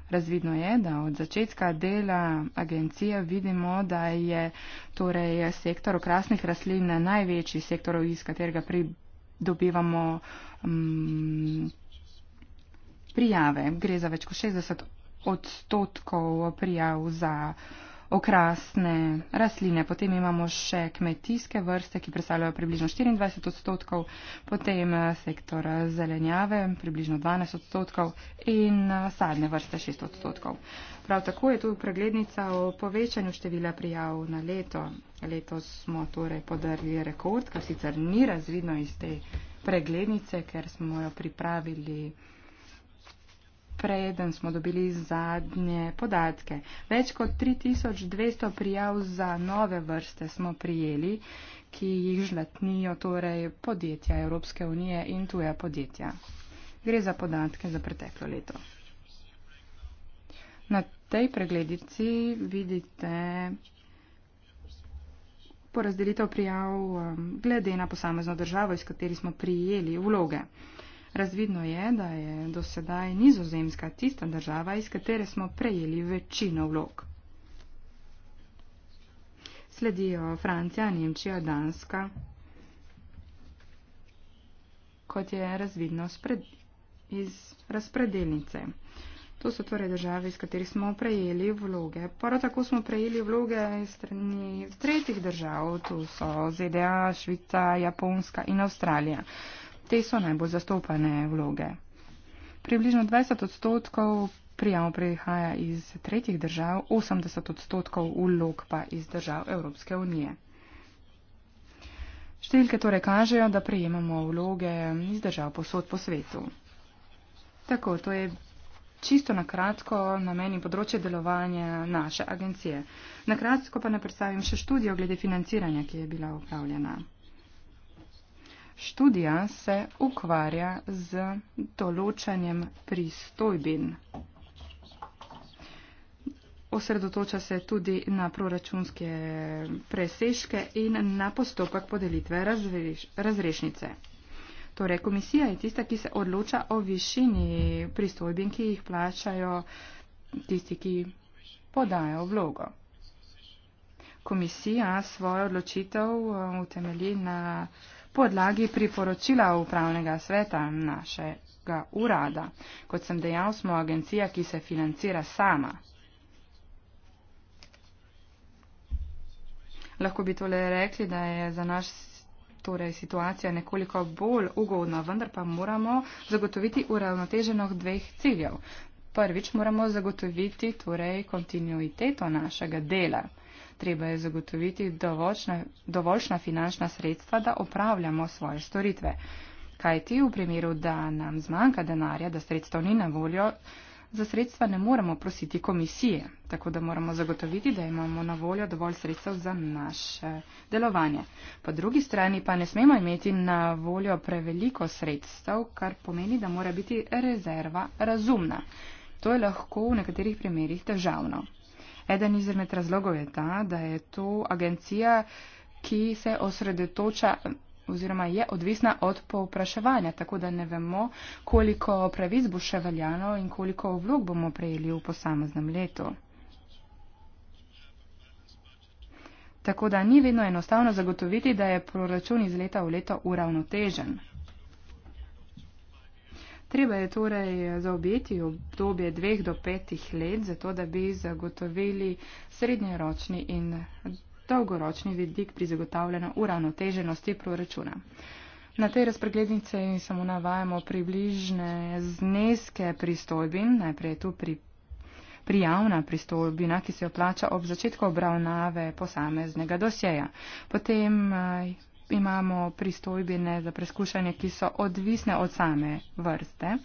Razvidno je, da od začetka dela agencije vidimo, da je torej sektor okrasnih rastlin največji sektor, iz katerega pridobivamo um, prijave. Gre za več kot 60 odstotkov prijav za uh, okrasne rastline, potem imamo še kmetijske vrste, ki predstavljajo približno 24 odstotkov, potem eh, sektor eh, zelenjave, približno 12 odstotkov in eh, sadne vrste 6 odstotkov. Prav tako je tu preglednica o povečanju števila prijav na leto. Letos smo torej podarili rekord, kar sicer ni razvidno iz te preglednice, ker smo jo pripravili preden smo dobili zadnje podatke. Več kot 3200 prijav za nove vrste smo prijeli, ki jih žlatnijo torej podjetja Evropske unije in tuja podjetja. Gre za podatke za preteklo leto. Na tej pregledici vidite porazdelitev prijav um, glede na posamezno državo, iz kateri smo prijeli vloge. Razvidno je, da je dosedaj nizozemska tista država, iz katere smo prejeli večino vlog. Sledijo Francija, Nemčija, Danska, kot je razvidno iz razpredelnice. To so torej države, iz katerih smo prejeli vloge. Prav tako smo prejeli vloge iz strani tretjih držav, tu so ZDA, Švica, Japonska in Avstralija. Te so najbolj zastopane vloge. Približno 20 odstotkov prijav prihaja iz tretjih držav, 80 odstotkov vlog pa iz držav Evropske unije. Številke torej kažejo, da prejemamo vloge iz držav posod po svetu. Tako, to je čisto na kratko namen in področje delovanja naše agencije. Na kratko pa ne predstavim še študijo glede financiranja, ki je bila upravljena študija se ukvarja z določanjem pristojbin. Osredotoča se tudi na proračunske presežke in na postopek podelitve razreš razrešnice. Torej, komisija je tista, ki se odloča o višini pristojbin, ki jih plačajo tisti, ki podajo vlogo. Komisija svojo odločitev uh, utemeli na podlagi priporočila upravnega sveta našega urada. Kot sem dejal, smo agencija, ki se financira sama. Lahko bi tole rekli, da je za naš torej, situacija nekoliko bolj ugodna, vendar pa moramo zagotoviti uravnoteženost dveh ciljev. Prvič moramo zagotoviti torej, kontinuiteto našega dela. Treba je zagotoviti dovoljšna finančna sredstva, da opravljamo svoje storitve. Kaj ti v primeru, da nam zmanjka denarja, da sredstva ni na voljo, za sredstva ne moremo prositi komisije, tako da moramo zagotoviti, da imamo na voljo dovolj sredstev za naše delovanje. Po drugi strani pa ne smemo imeti na voljo preveliko sredstev, kar pomeni, da mora biti rezerva razumna. To je lahko v nekaterih primerjih težavno. Eden izmed razlogov je ta, da je to agencija, ki se osredotoča oziroma je odvisna od povpraševanja, tako da ne vemo, koliko pravic bo še veljalo in koliko vlog bomo prejeli v posameznem letu. Tako da ni vedno enostavno zagotoviti, da je proračun iz leta v leto uravnotežen. Treba je torej zaobjeti obdobje dveh do petih let, zato da bi zagotovili srednjeročni in dolgoročni vidik pri zagotavljanju uravnoteženosti proračuna. Na tej razpreglednici samo navajamo približne zneske pristojbin, najprej tu pri, prijavna pristojbina, ki se jo plača ob začetku obravnave posameznega dosjeja. Potem eh, imamo pristojbine za preskušanje, ki so odvisne od same vrste.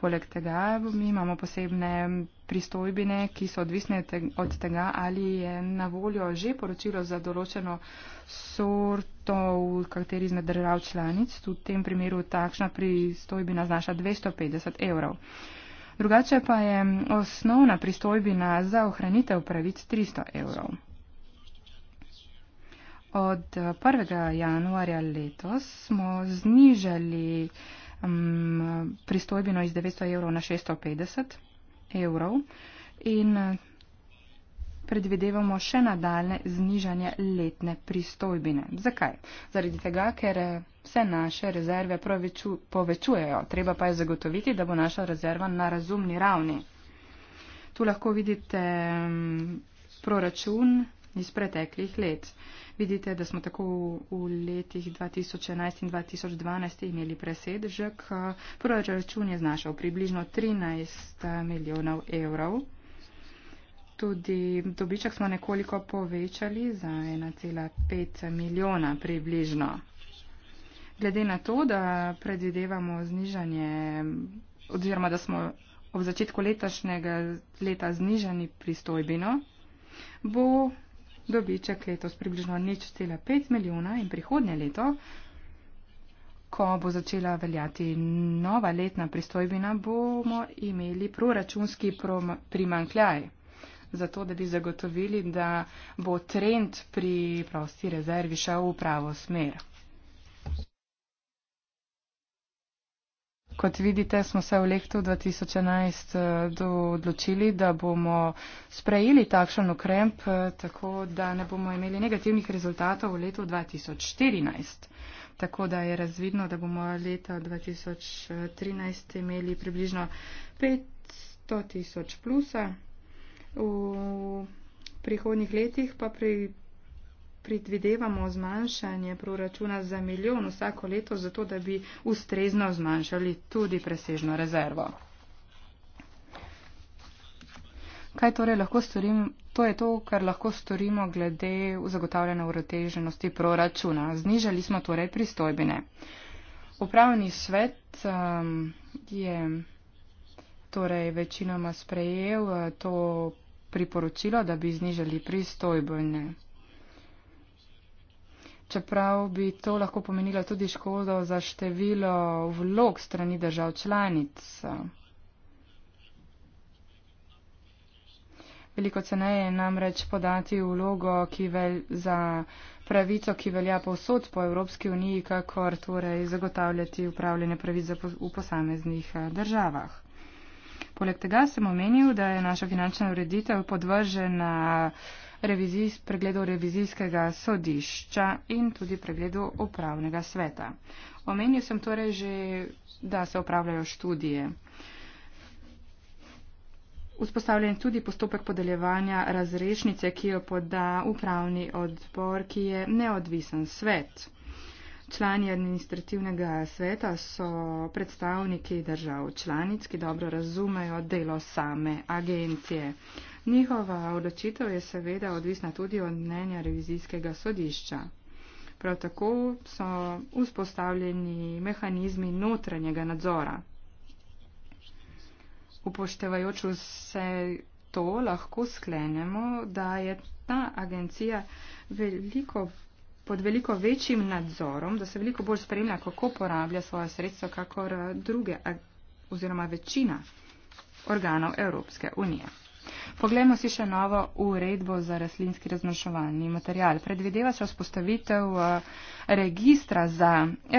Poleg tega mi imamo posebne pristojbine, ki so odvisne od tega, ali je na voljo že poročilo za določeno sorto v kateri izmed držav članic. V tem primeru takšna pristojbina znaša 250 evrov. Drugače pa je osnovna pristojbina za ohranitev pravic 300 evrov. Od 1. Eh, januarja letos smo znižali um, pristojbino iz 900 evrov na 650 evrov in eh, predvidevamo še nadaljne znižanje letne pristojbine. Zakaj? Zaradi tega, ker eh, se naše rezerve povečujejo. Treba pa je zagotoviti, da bo naša rezerva na razumni ravni. Tu lahko vidite mm, proračun iz preteklih let. Vidite, da smo tako v, v letih 2011 in 2012 imeli presedžek. Proračun je znašal približno 13 milijonov evrov. Tudi dobiček smo nekoliko povečali za 1,5 milijona približno. Glede na to, da predvidevamo znižanje oziroma da smo ob začetku letašnjega leta znižani pristojbino, bo dobiček letos približno nič cela pet milijona in prihodnje leto, ko bo začela veljati nova letna pristojbina, bomo imeli proračunski primankljaj. Zato, da bi zagotovili, da bo trend pri prosti rezervi šel v pravo smer. Kot vidite, smo se v letu 2011 eh, do odločili, da bomo sprejeli takšen ukrep, eh, tako da ne bomo imeli negativnih rezultatov v letu 2014. Tako da je razvidno, da bomo leta 2013 imeli približno 500 tisoč plusa, v prihodnjih letih pa pri predvidevamo zmanjšanje proračuna za milijon vsako leto, zato da bi ustrezno zmanjšali tudi presežno rezervo. Kaj torej lahko storim? To je to, kar lahko storimo glede zagotavljanja uroteženosti proračuna. Znižali smo torej pristojbine. Upravni svet um, je torej večinoma sprejel uh, to priporočilo, da bi znižali pristojbine čeprav bi to lahko pomenilo tudi škodo za število vlog strani držav članic. Veliko ceneje je namreč podati vlogo vel, za pravico, ki velja povsod po Evropski uniji, kakor torej zagotavljati upravljanje pravice v posameznih eh, državah. Poleg tega sem omenil, da je naša finančna ureditev podvržena reviziz, pregledu revizijskega sodišča in tudi pregledu upravnega sveta. Omenil sem torej že, da se upravljajo študije. Vzpostavljen je tudi postopek podeljevanja razrešnice, ki jo poda upravni odbor, ki je neodvisen svet. Člani administrativnega sveta so predstavniki držav članic, ki dobro razumejo delo same agencije. Njihova odločitev je seveda odvisna tudi od mnenja revizijskega sodišča. Prav tako so vzpostavljeni mehanizmi notranjega nadzora. Upoštevajoč vse to lahko sklenemo, da je ta agencija veliko pod veliko večjim nadzorom, da se veliko bolj spremlja, kako porablja svoja sredstva, kakor eh, druge oziroma večina organov Evropske unije. Poglejmo si še novo uredbo za rastlinski razmršovalni material. Predvideva se vzpostavitev eh, registra za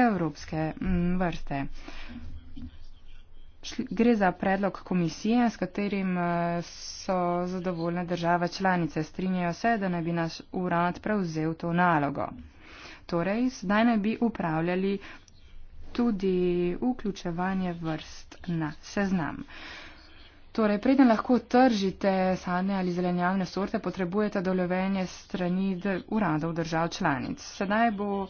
evropske mm, vrste. Gre za predlog komisije, s katerim eh, so zadovoljne države članice. Strinjajo se, da naj bi naš urad prevzel to nalogo. Torej, zdaj naj bi upravljali tudi vključevanje vrst na seznam. Torej, preden lahko tržite sadne ali zelenjavne sorte, potrebujete dolovenje strani uradov držav članic. Sedaj bo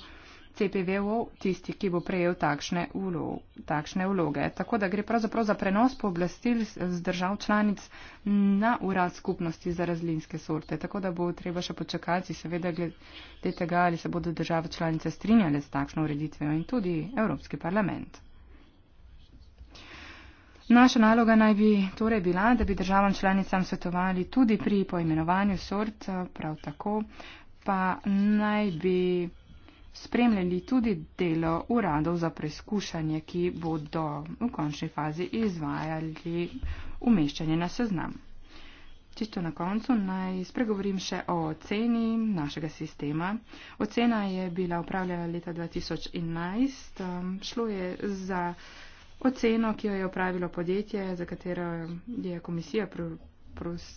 CPVO tisti, ki bo prejel takšne, ulo, takšne vloge. Tako da gre pravzaprav za prenos pooblastil z držav članic na urad skupnosti za razlinske sorte. Tako da bo treba še počakati, seveda, glede tega, ali se bodo države članice strinjale s takšno ureditvijo in tudi Evropski parlament. Naša naloga naj bi torej bila, da bi državam članicam svetovali tudi pri poimenovanju sort, prav tako pa naj bi spremljali tudi delo uradov za preizkušanje, ki bodo v končni fazi izvajali umeščanje na seznam. Čisto na koncu naj spregovorim še o oceni našega sistema. Ocena je bila upravljena leta 2011. Um, šlo je za oceno, ki jo je upravilo podjetje, za katero je komisija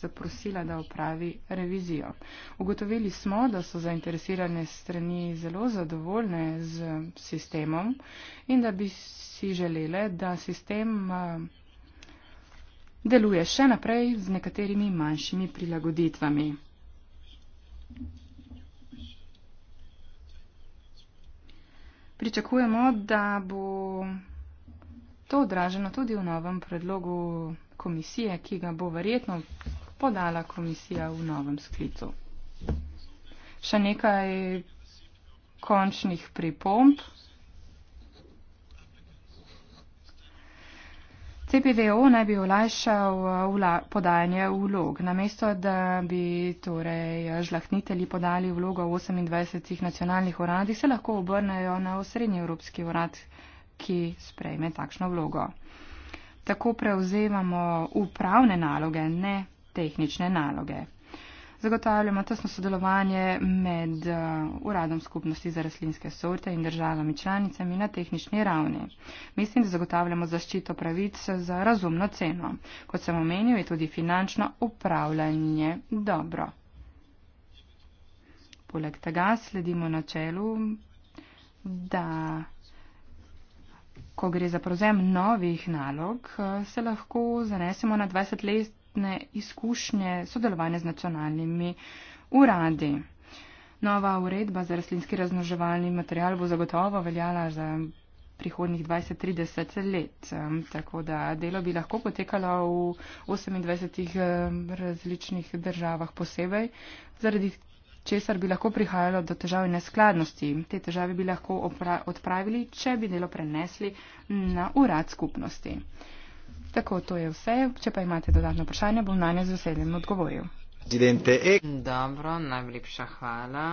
zaprosila, da upravi revizijo. Ugotovili smo, da so zainteresirane strani zelo zadovoljne z sistemom in da bi si želele, da sistem deluje še naprej z nekaterimi manjšimi prilagoditvami. Pričakujemo, da bo to odraženo tudi v novem predlogu komisije, ki ga bo verjetno podala komisija v novem sklicu. Še nekaj končnih pripomb. CPDO naj bi olajšal podajanje vlog. Namesto, da bi torej žlahnitelji podali vlogo v 28 nacionalnih uradih, se lahko obrnejo na osrednji Evropski urad, ki sprejme takšno vlogo tako prevzemamo upravne naloge, ne tehnične naloge. Zagotavljamo tesno sodelovanje med eh, Uradom skupnosti za rastlinske sorte in državami članicami na tehnični ravni. Mislim, da zagotavljamo zaščito pravic za razumno ceno. Kot sem omenil, je tudi finančno upravljanje dobro. Poleg tega sledimo načelu, da Ko gre za prevzem novih nalog, eh, se lahko zanesemo na 20-letne izkušnje sodelovanja z nacionalnimi uradi. Nova uredba za rastlinski raznoževalni material bo zagotovo veljala za prihodnih 20-30 let, eh, tako da delo bi lahko potekalo v 28 eh, različnih državah posebej, zaradi česar bi lahko prihajalo do težav in neskladnosti. Te težave bi lahko odpravili, če bi delo prenesli na urad skupnosti. Tako, to je vse. Če pa imate dodatno vprašanje, bom na ne z veseljem odgovoril. E- Dobro, najlepša hvala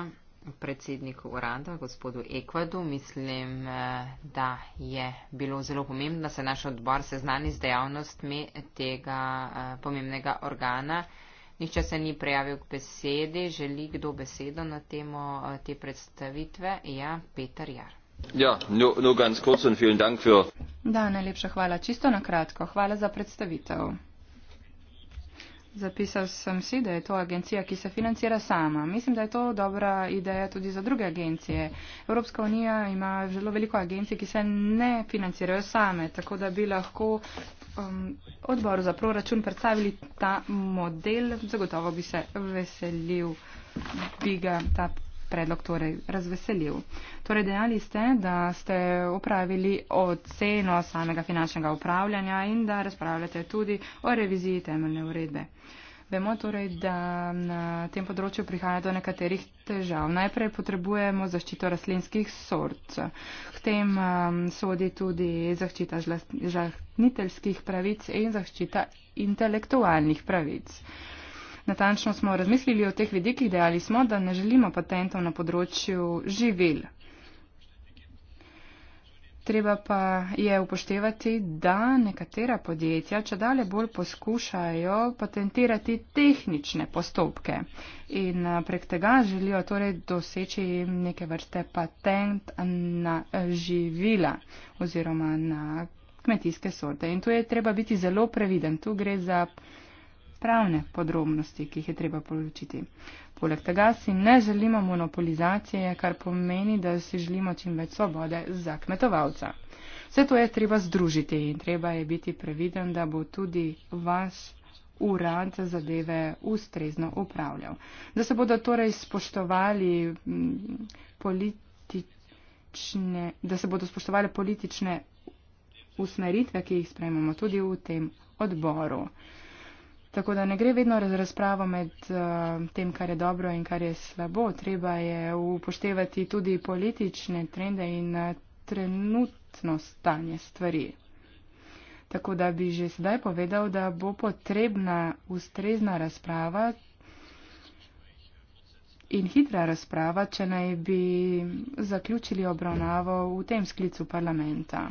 predsedniku urada, gospodu Ekvadu. Mislim, eh, da je bilo zelo pomembno, da se naš odbor seznani z dejavnostmi tega eh, pomembnega organa. Nihče se ni prijavil k besedi. Želi kdo besedo na temo eh, te predstavitve? Ja, Peter Jar. Ja, no, no, ganz kurz in vielen Dank für. Da, najlepša hvala. Čisto na kratko. Hvala za predstavitev. Zapisal sem si, da je to agencija, ki se financira sama. Mislim, da je to dobra ideja tudi za druge agencije. Evropska unija ima zelo veliko agencij, ki se ne financirajo same, tako da bi lahko um, odboru za proračun predstavili ta model, zagotovo bi se veselil, bi ga ta predlog torej razveselil. Torej dejali ste, da ste upravili oceno samega finančnega upravljanja in da razpravljate tudi o reviziji temeljne uredbe. Uh, Vemo torej, da na tem področju prihaja do nekaterih težav. Najprej potrebujemo zaščito rastlinskih sort. K tem um, sodi tudi zaščita žlahniteljskih pravic in zaščita intelektualnih pravic. Natančno smo razmislili o teh vidikih, dejali smo, da ne želimo patentov na področju živil. Treba pa je upoštevati, da nekatera podjetja če dalje bolj poskušajo patentirati tehnične postopke in eh, prek tega želijo torej doseči neke vrste patent na eh, živila oziroma na kmetijske sorte. In tu je treba biti zelo previden. Tu gre za pravne podrobnosti, ki jih je treba poločiti. Poleg tega si ne želimo monopolizacije, kar pomeni, da si želimo čim več svobode za kmetovalca. Vse to je treba združiti in treba je biti previden, da bo tudi vaš urad zadeve ustrezno upravljal. Da se bodo torej spoštovali politične, da se bodo spoštovali politične usmeritve, ki jih sprejmemo tudi v tem odboru. Tako da ne gre vedno za razpravo med uh, tem, kar je dobro in kar je slabo. Treba je upoštevati tudi politične trende in uh, trenutno stanje stvari. Tako da bi že sedaj povedal, da bo potrebna ustrezna razprava in hitra razprava, če naj bi zaključili obravnavo v tem sklicu parlamenta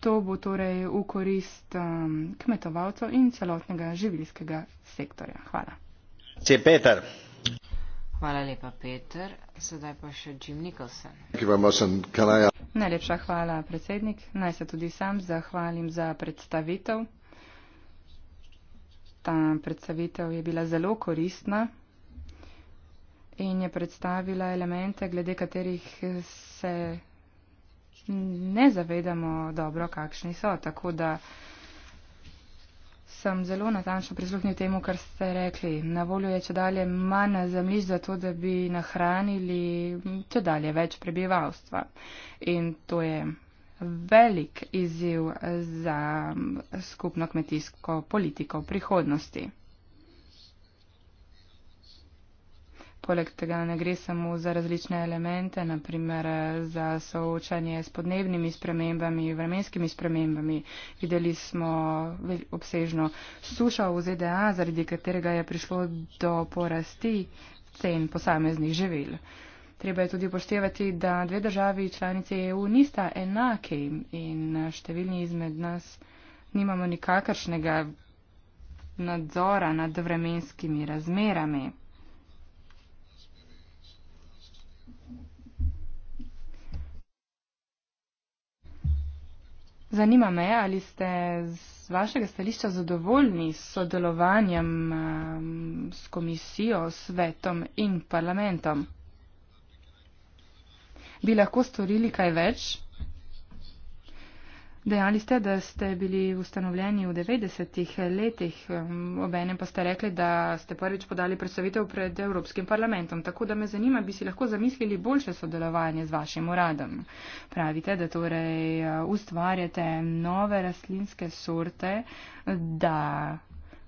to bo torej v korist um, kmetovalcev in celotnega živilskega sektorja. Hvala. Če je Peter. Hvala lepa, Peter. Sedaj pa še Jim Nicholson. Najlepša hvala, predsednik. Naj se tudi sam zahvalim za predstavitev. Ta predstavitev je bila zelo koristna in je predstavila elemente, glede katerih se ne zavedamo dobro, kakšni so. Tako da sem zelo natančno prisluhnil temu, kar ste rekli. Na voljo je če dalje manj zemljišč za to, da bi nahranili če dalje več prebivalstva. In to je velik izziv za skupno kmetijsko politiko v prihodnosti. poleg tega ne gre samo za različne elemente, naprimer za soočanje s podnebnimi spremembami, vremenskimi spremembami. Videli smo obsežno sušo v ZDA, zaradi katerega je prišlo do porasti cen posameznih živil. Treba je tudi upoštevati, da dve državi članice EU nista enake in številni izmed nas nimamo nikakršnega nadzora nad vremenskimi razmerami. Zanima me, ali ste z vašega stališča zadovoljni s sodelovanjem um, s komisijo, svetom in parlamentom? Bi lahko storili kaj več? Dejali ste, da ste bili ustanovljeni v 90-ih letih, obenem pa ste rekli, da ste prvič podali predstavitev pred Evropskim parlamentom, tako da me zanima, bi si lahko zamislili boljše sodelovanje z vašim uradom. Pravite, da torej uh, ustvarjate nove rastlinske sorte, da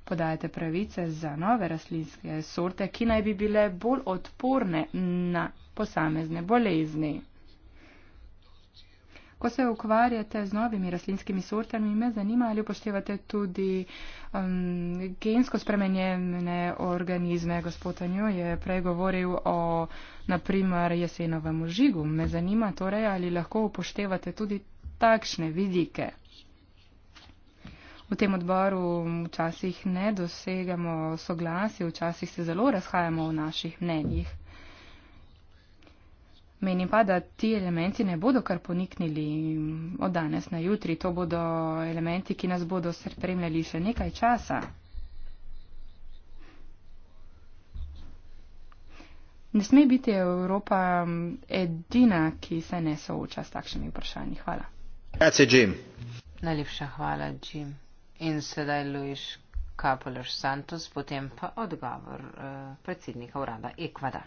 podajate pravice za nove rastlinske sorte, ki naj bi bile bolj odporne na posamezne bolezni. Ko se ukvarjate z novimi rastlinskimi sortami, me zanima, ali upoštevate tudi um, gensko spremenjene organizme. Gospod Anjo je prej govoril o, naprimer, jesenovem žigu. Me zanima torej, ali lahko upoštevate tudi takšne vidike. V tem odboru včasih ne dosegamo soglasi, včasih se zelo razhajamo v naših mnenjih. Menim pa, da ti elementi ne bodo kar poniknili od danes na jutri, to bodo elementi, ki nas bodo spremljali še nekaj časa. Ne sme biti Evropa edina, ki se ne sooča s takšnimi vprašanji. Hvala. Najlepša hvala, Jim. In sedaj, Luiš, Capolos Santos, potem pa odgovor eh, predsednika urada Ekvada.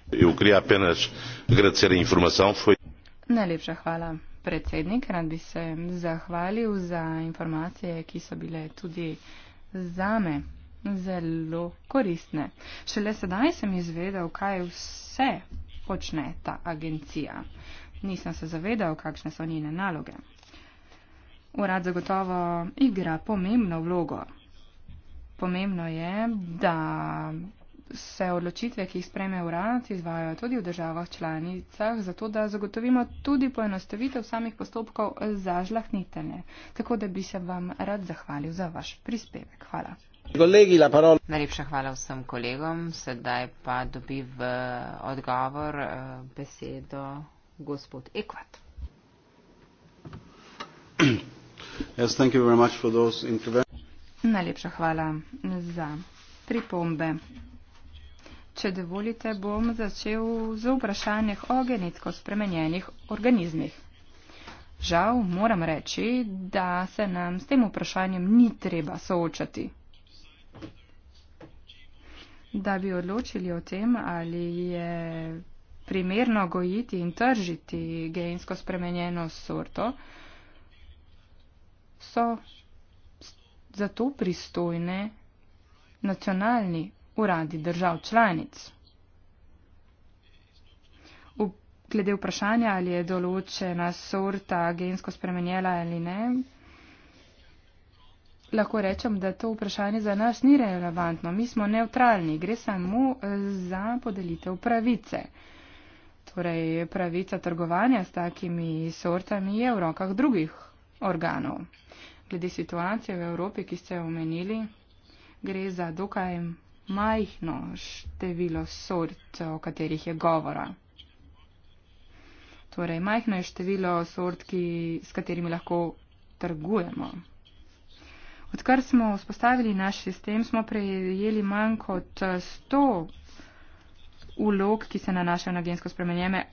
Najlepša hvala, predsednik. Rad bi se zahvalil za informacije, ki so bile tudi zame zelo koristne. Šele sedaj sem izvedel, kaj vse počne ta agencija. Nisem se zavedal, kakšne so njene naloge. Urad zagotovo igra pomembno vlogo pomembno je, da se odločitve, ki jih spreme urad, izvajo tudi v državah članicah, zato da zagotovimo tudi poenostavitev samih postopkov za žlahnitelje. Tako da bi se vam rad zahvalil za vaš prispevek. Hvala. Kolegi, Najlepša hvala vsem kolegom. Sedaj pa dobi v odgovor eh, besedo gospod Ekvat. Yes, thank you very much for those interventions. Najlepša hvala za pripombe. Če dovolite, bom začel z vprašanjem o genetsko spremenjenih organizmih. Žal moram reči, da se nam s tem vprašanjem ni treba soočati. Da bi odločili o tem, ali je primerno gojiti in tržiti gensko spremenjeno sorto, so za to pristojne nacionalni uradi držav članic. Glede vprašanja, ali je določena sorta gensko spremenjena ali ne, lahko rečem, da to vprašanje za nas ni relevantno. Mi smo neutralni, gre samo za podelitev pravice. Torej, pravica trgovanja s takimi sortami je v rokah drugih organov glede situacije v Evropi, ki ste jo omenili, gre za dokaj majhno število sort, o katerih je govora. Torej, majhno je število sort, ki, s katerimi lahko trgujemo. Odkar smo vzpostavili naš sistem, smo prejeli manj kot 100 ulog, ki se nanašajo na gensko spremenjene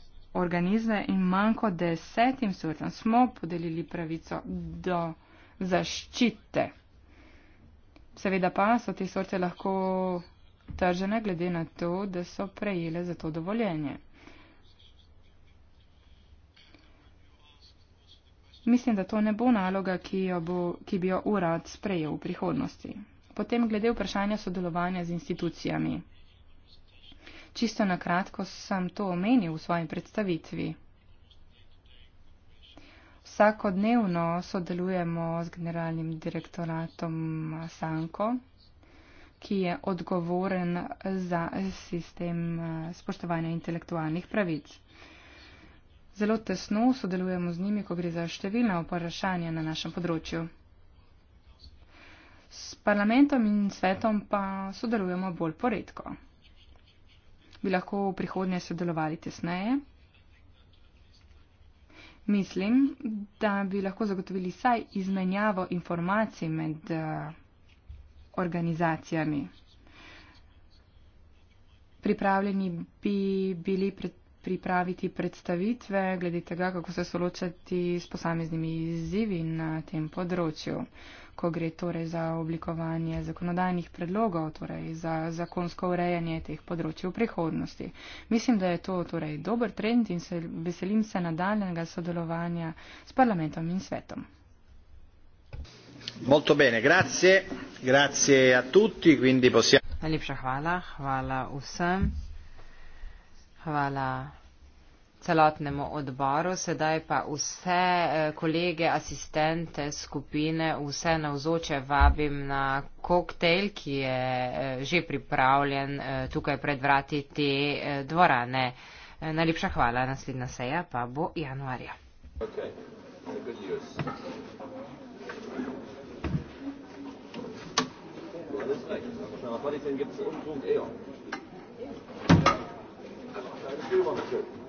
organizme in manj kot desetim sortam smo podelili pravico do zaščite. Seveda pa so te sorte lahko tržene glede na to, da so prejele za to dovoljenje. Mislim, da to ne bo naloga, ki, jo bo, ki bi jo urad sprejel v prihodnosti. Potem glede vprašanja sodelovanja z institucijami. Čisto na kratko sem to omenil v svoji predstavitvi. Vsakodnevno sodelujemo z generalnim direktoratom Sanko, ki je odgovoren za sistem eh, spoštovanja intelektualnih pravic. Zelo tesno sodelujemo z njimi, ko gre za številna vprašanja na našem področju. S parlamentom in svetom pa sodelujemo bolj poredko. Bi lahko v prihodnje sodelovali tesneje? Mislim, da bi lahko zagotovili saj izmenjavo informacij med uh, organizacijami. Pripravljeni bi bili pred, pripraviti predstavitve glede tega, kako se soločati s posameznimi izzivi na tem področju. Uh, ko gre torej za oblikovanje zakonodajnih predlogov, torej za zakonsko urejanje teh področji v prihodnosti. Mislim, da je to torej dober trend in se, veselim se nadaljnega sodelovanja s parlamentom in svetom. Molto bene, grazie. Grazie a tutti, quindi possiamo. Najlepša hvala, hvala vsem. Hvala celotnemu odboru, sedaj pa vse eh, kolege, asistente, skupine, vse navzoče vabim na koktejl, ki je eh, že pripravljen eh, tukaj pred vrati te dvorane. Najlepša hvala, naslednja seja pa bo januarja. Okay. Na Paris gibt es unten eher. Ja. Ja. Ja. Ja. Ja. Ja.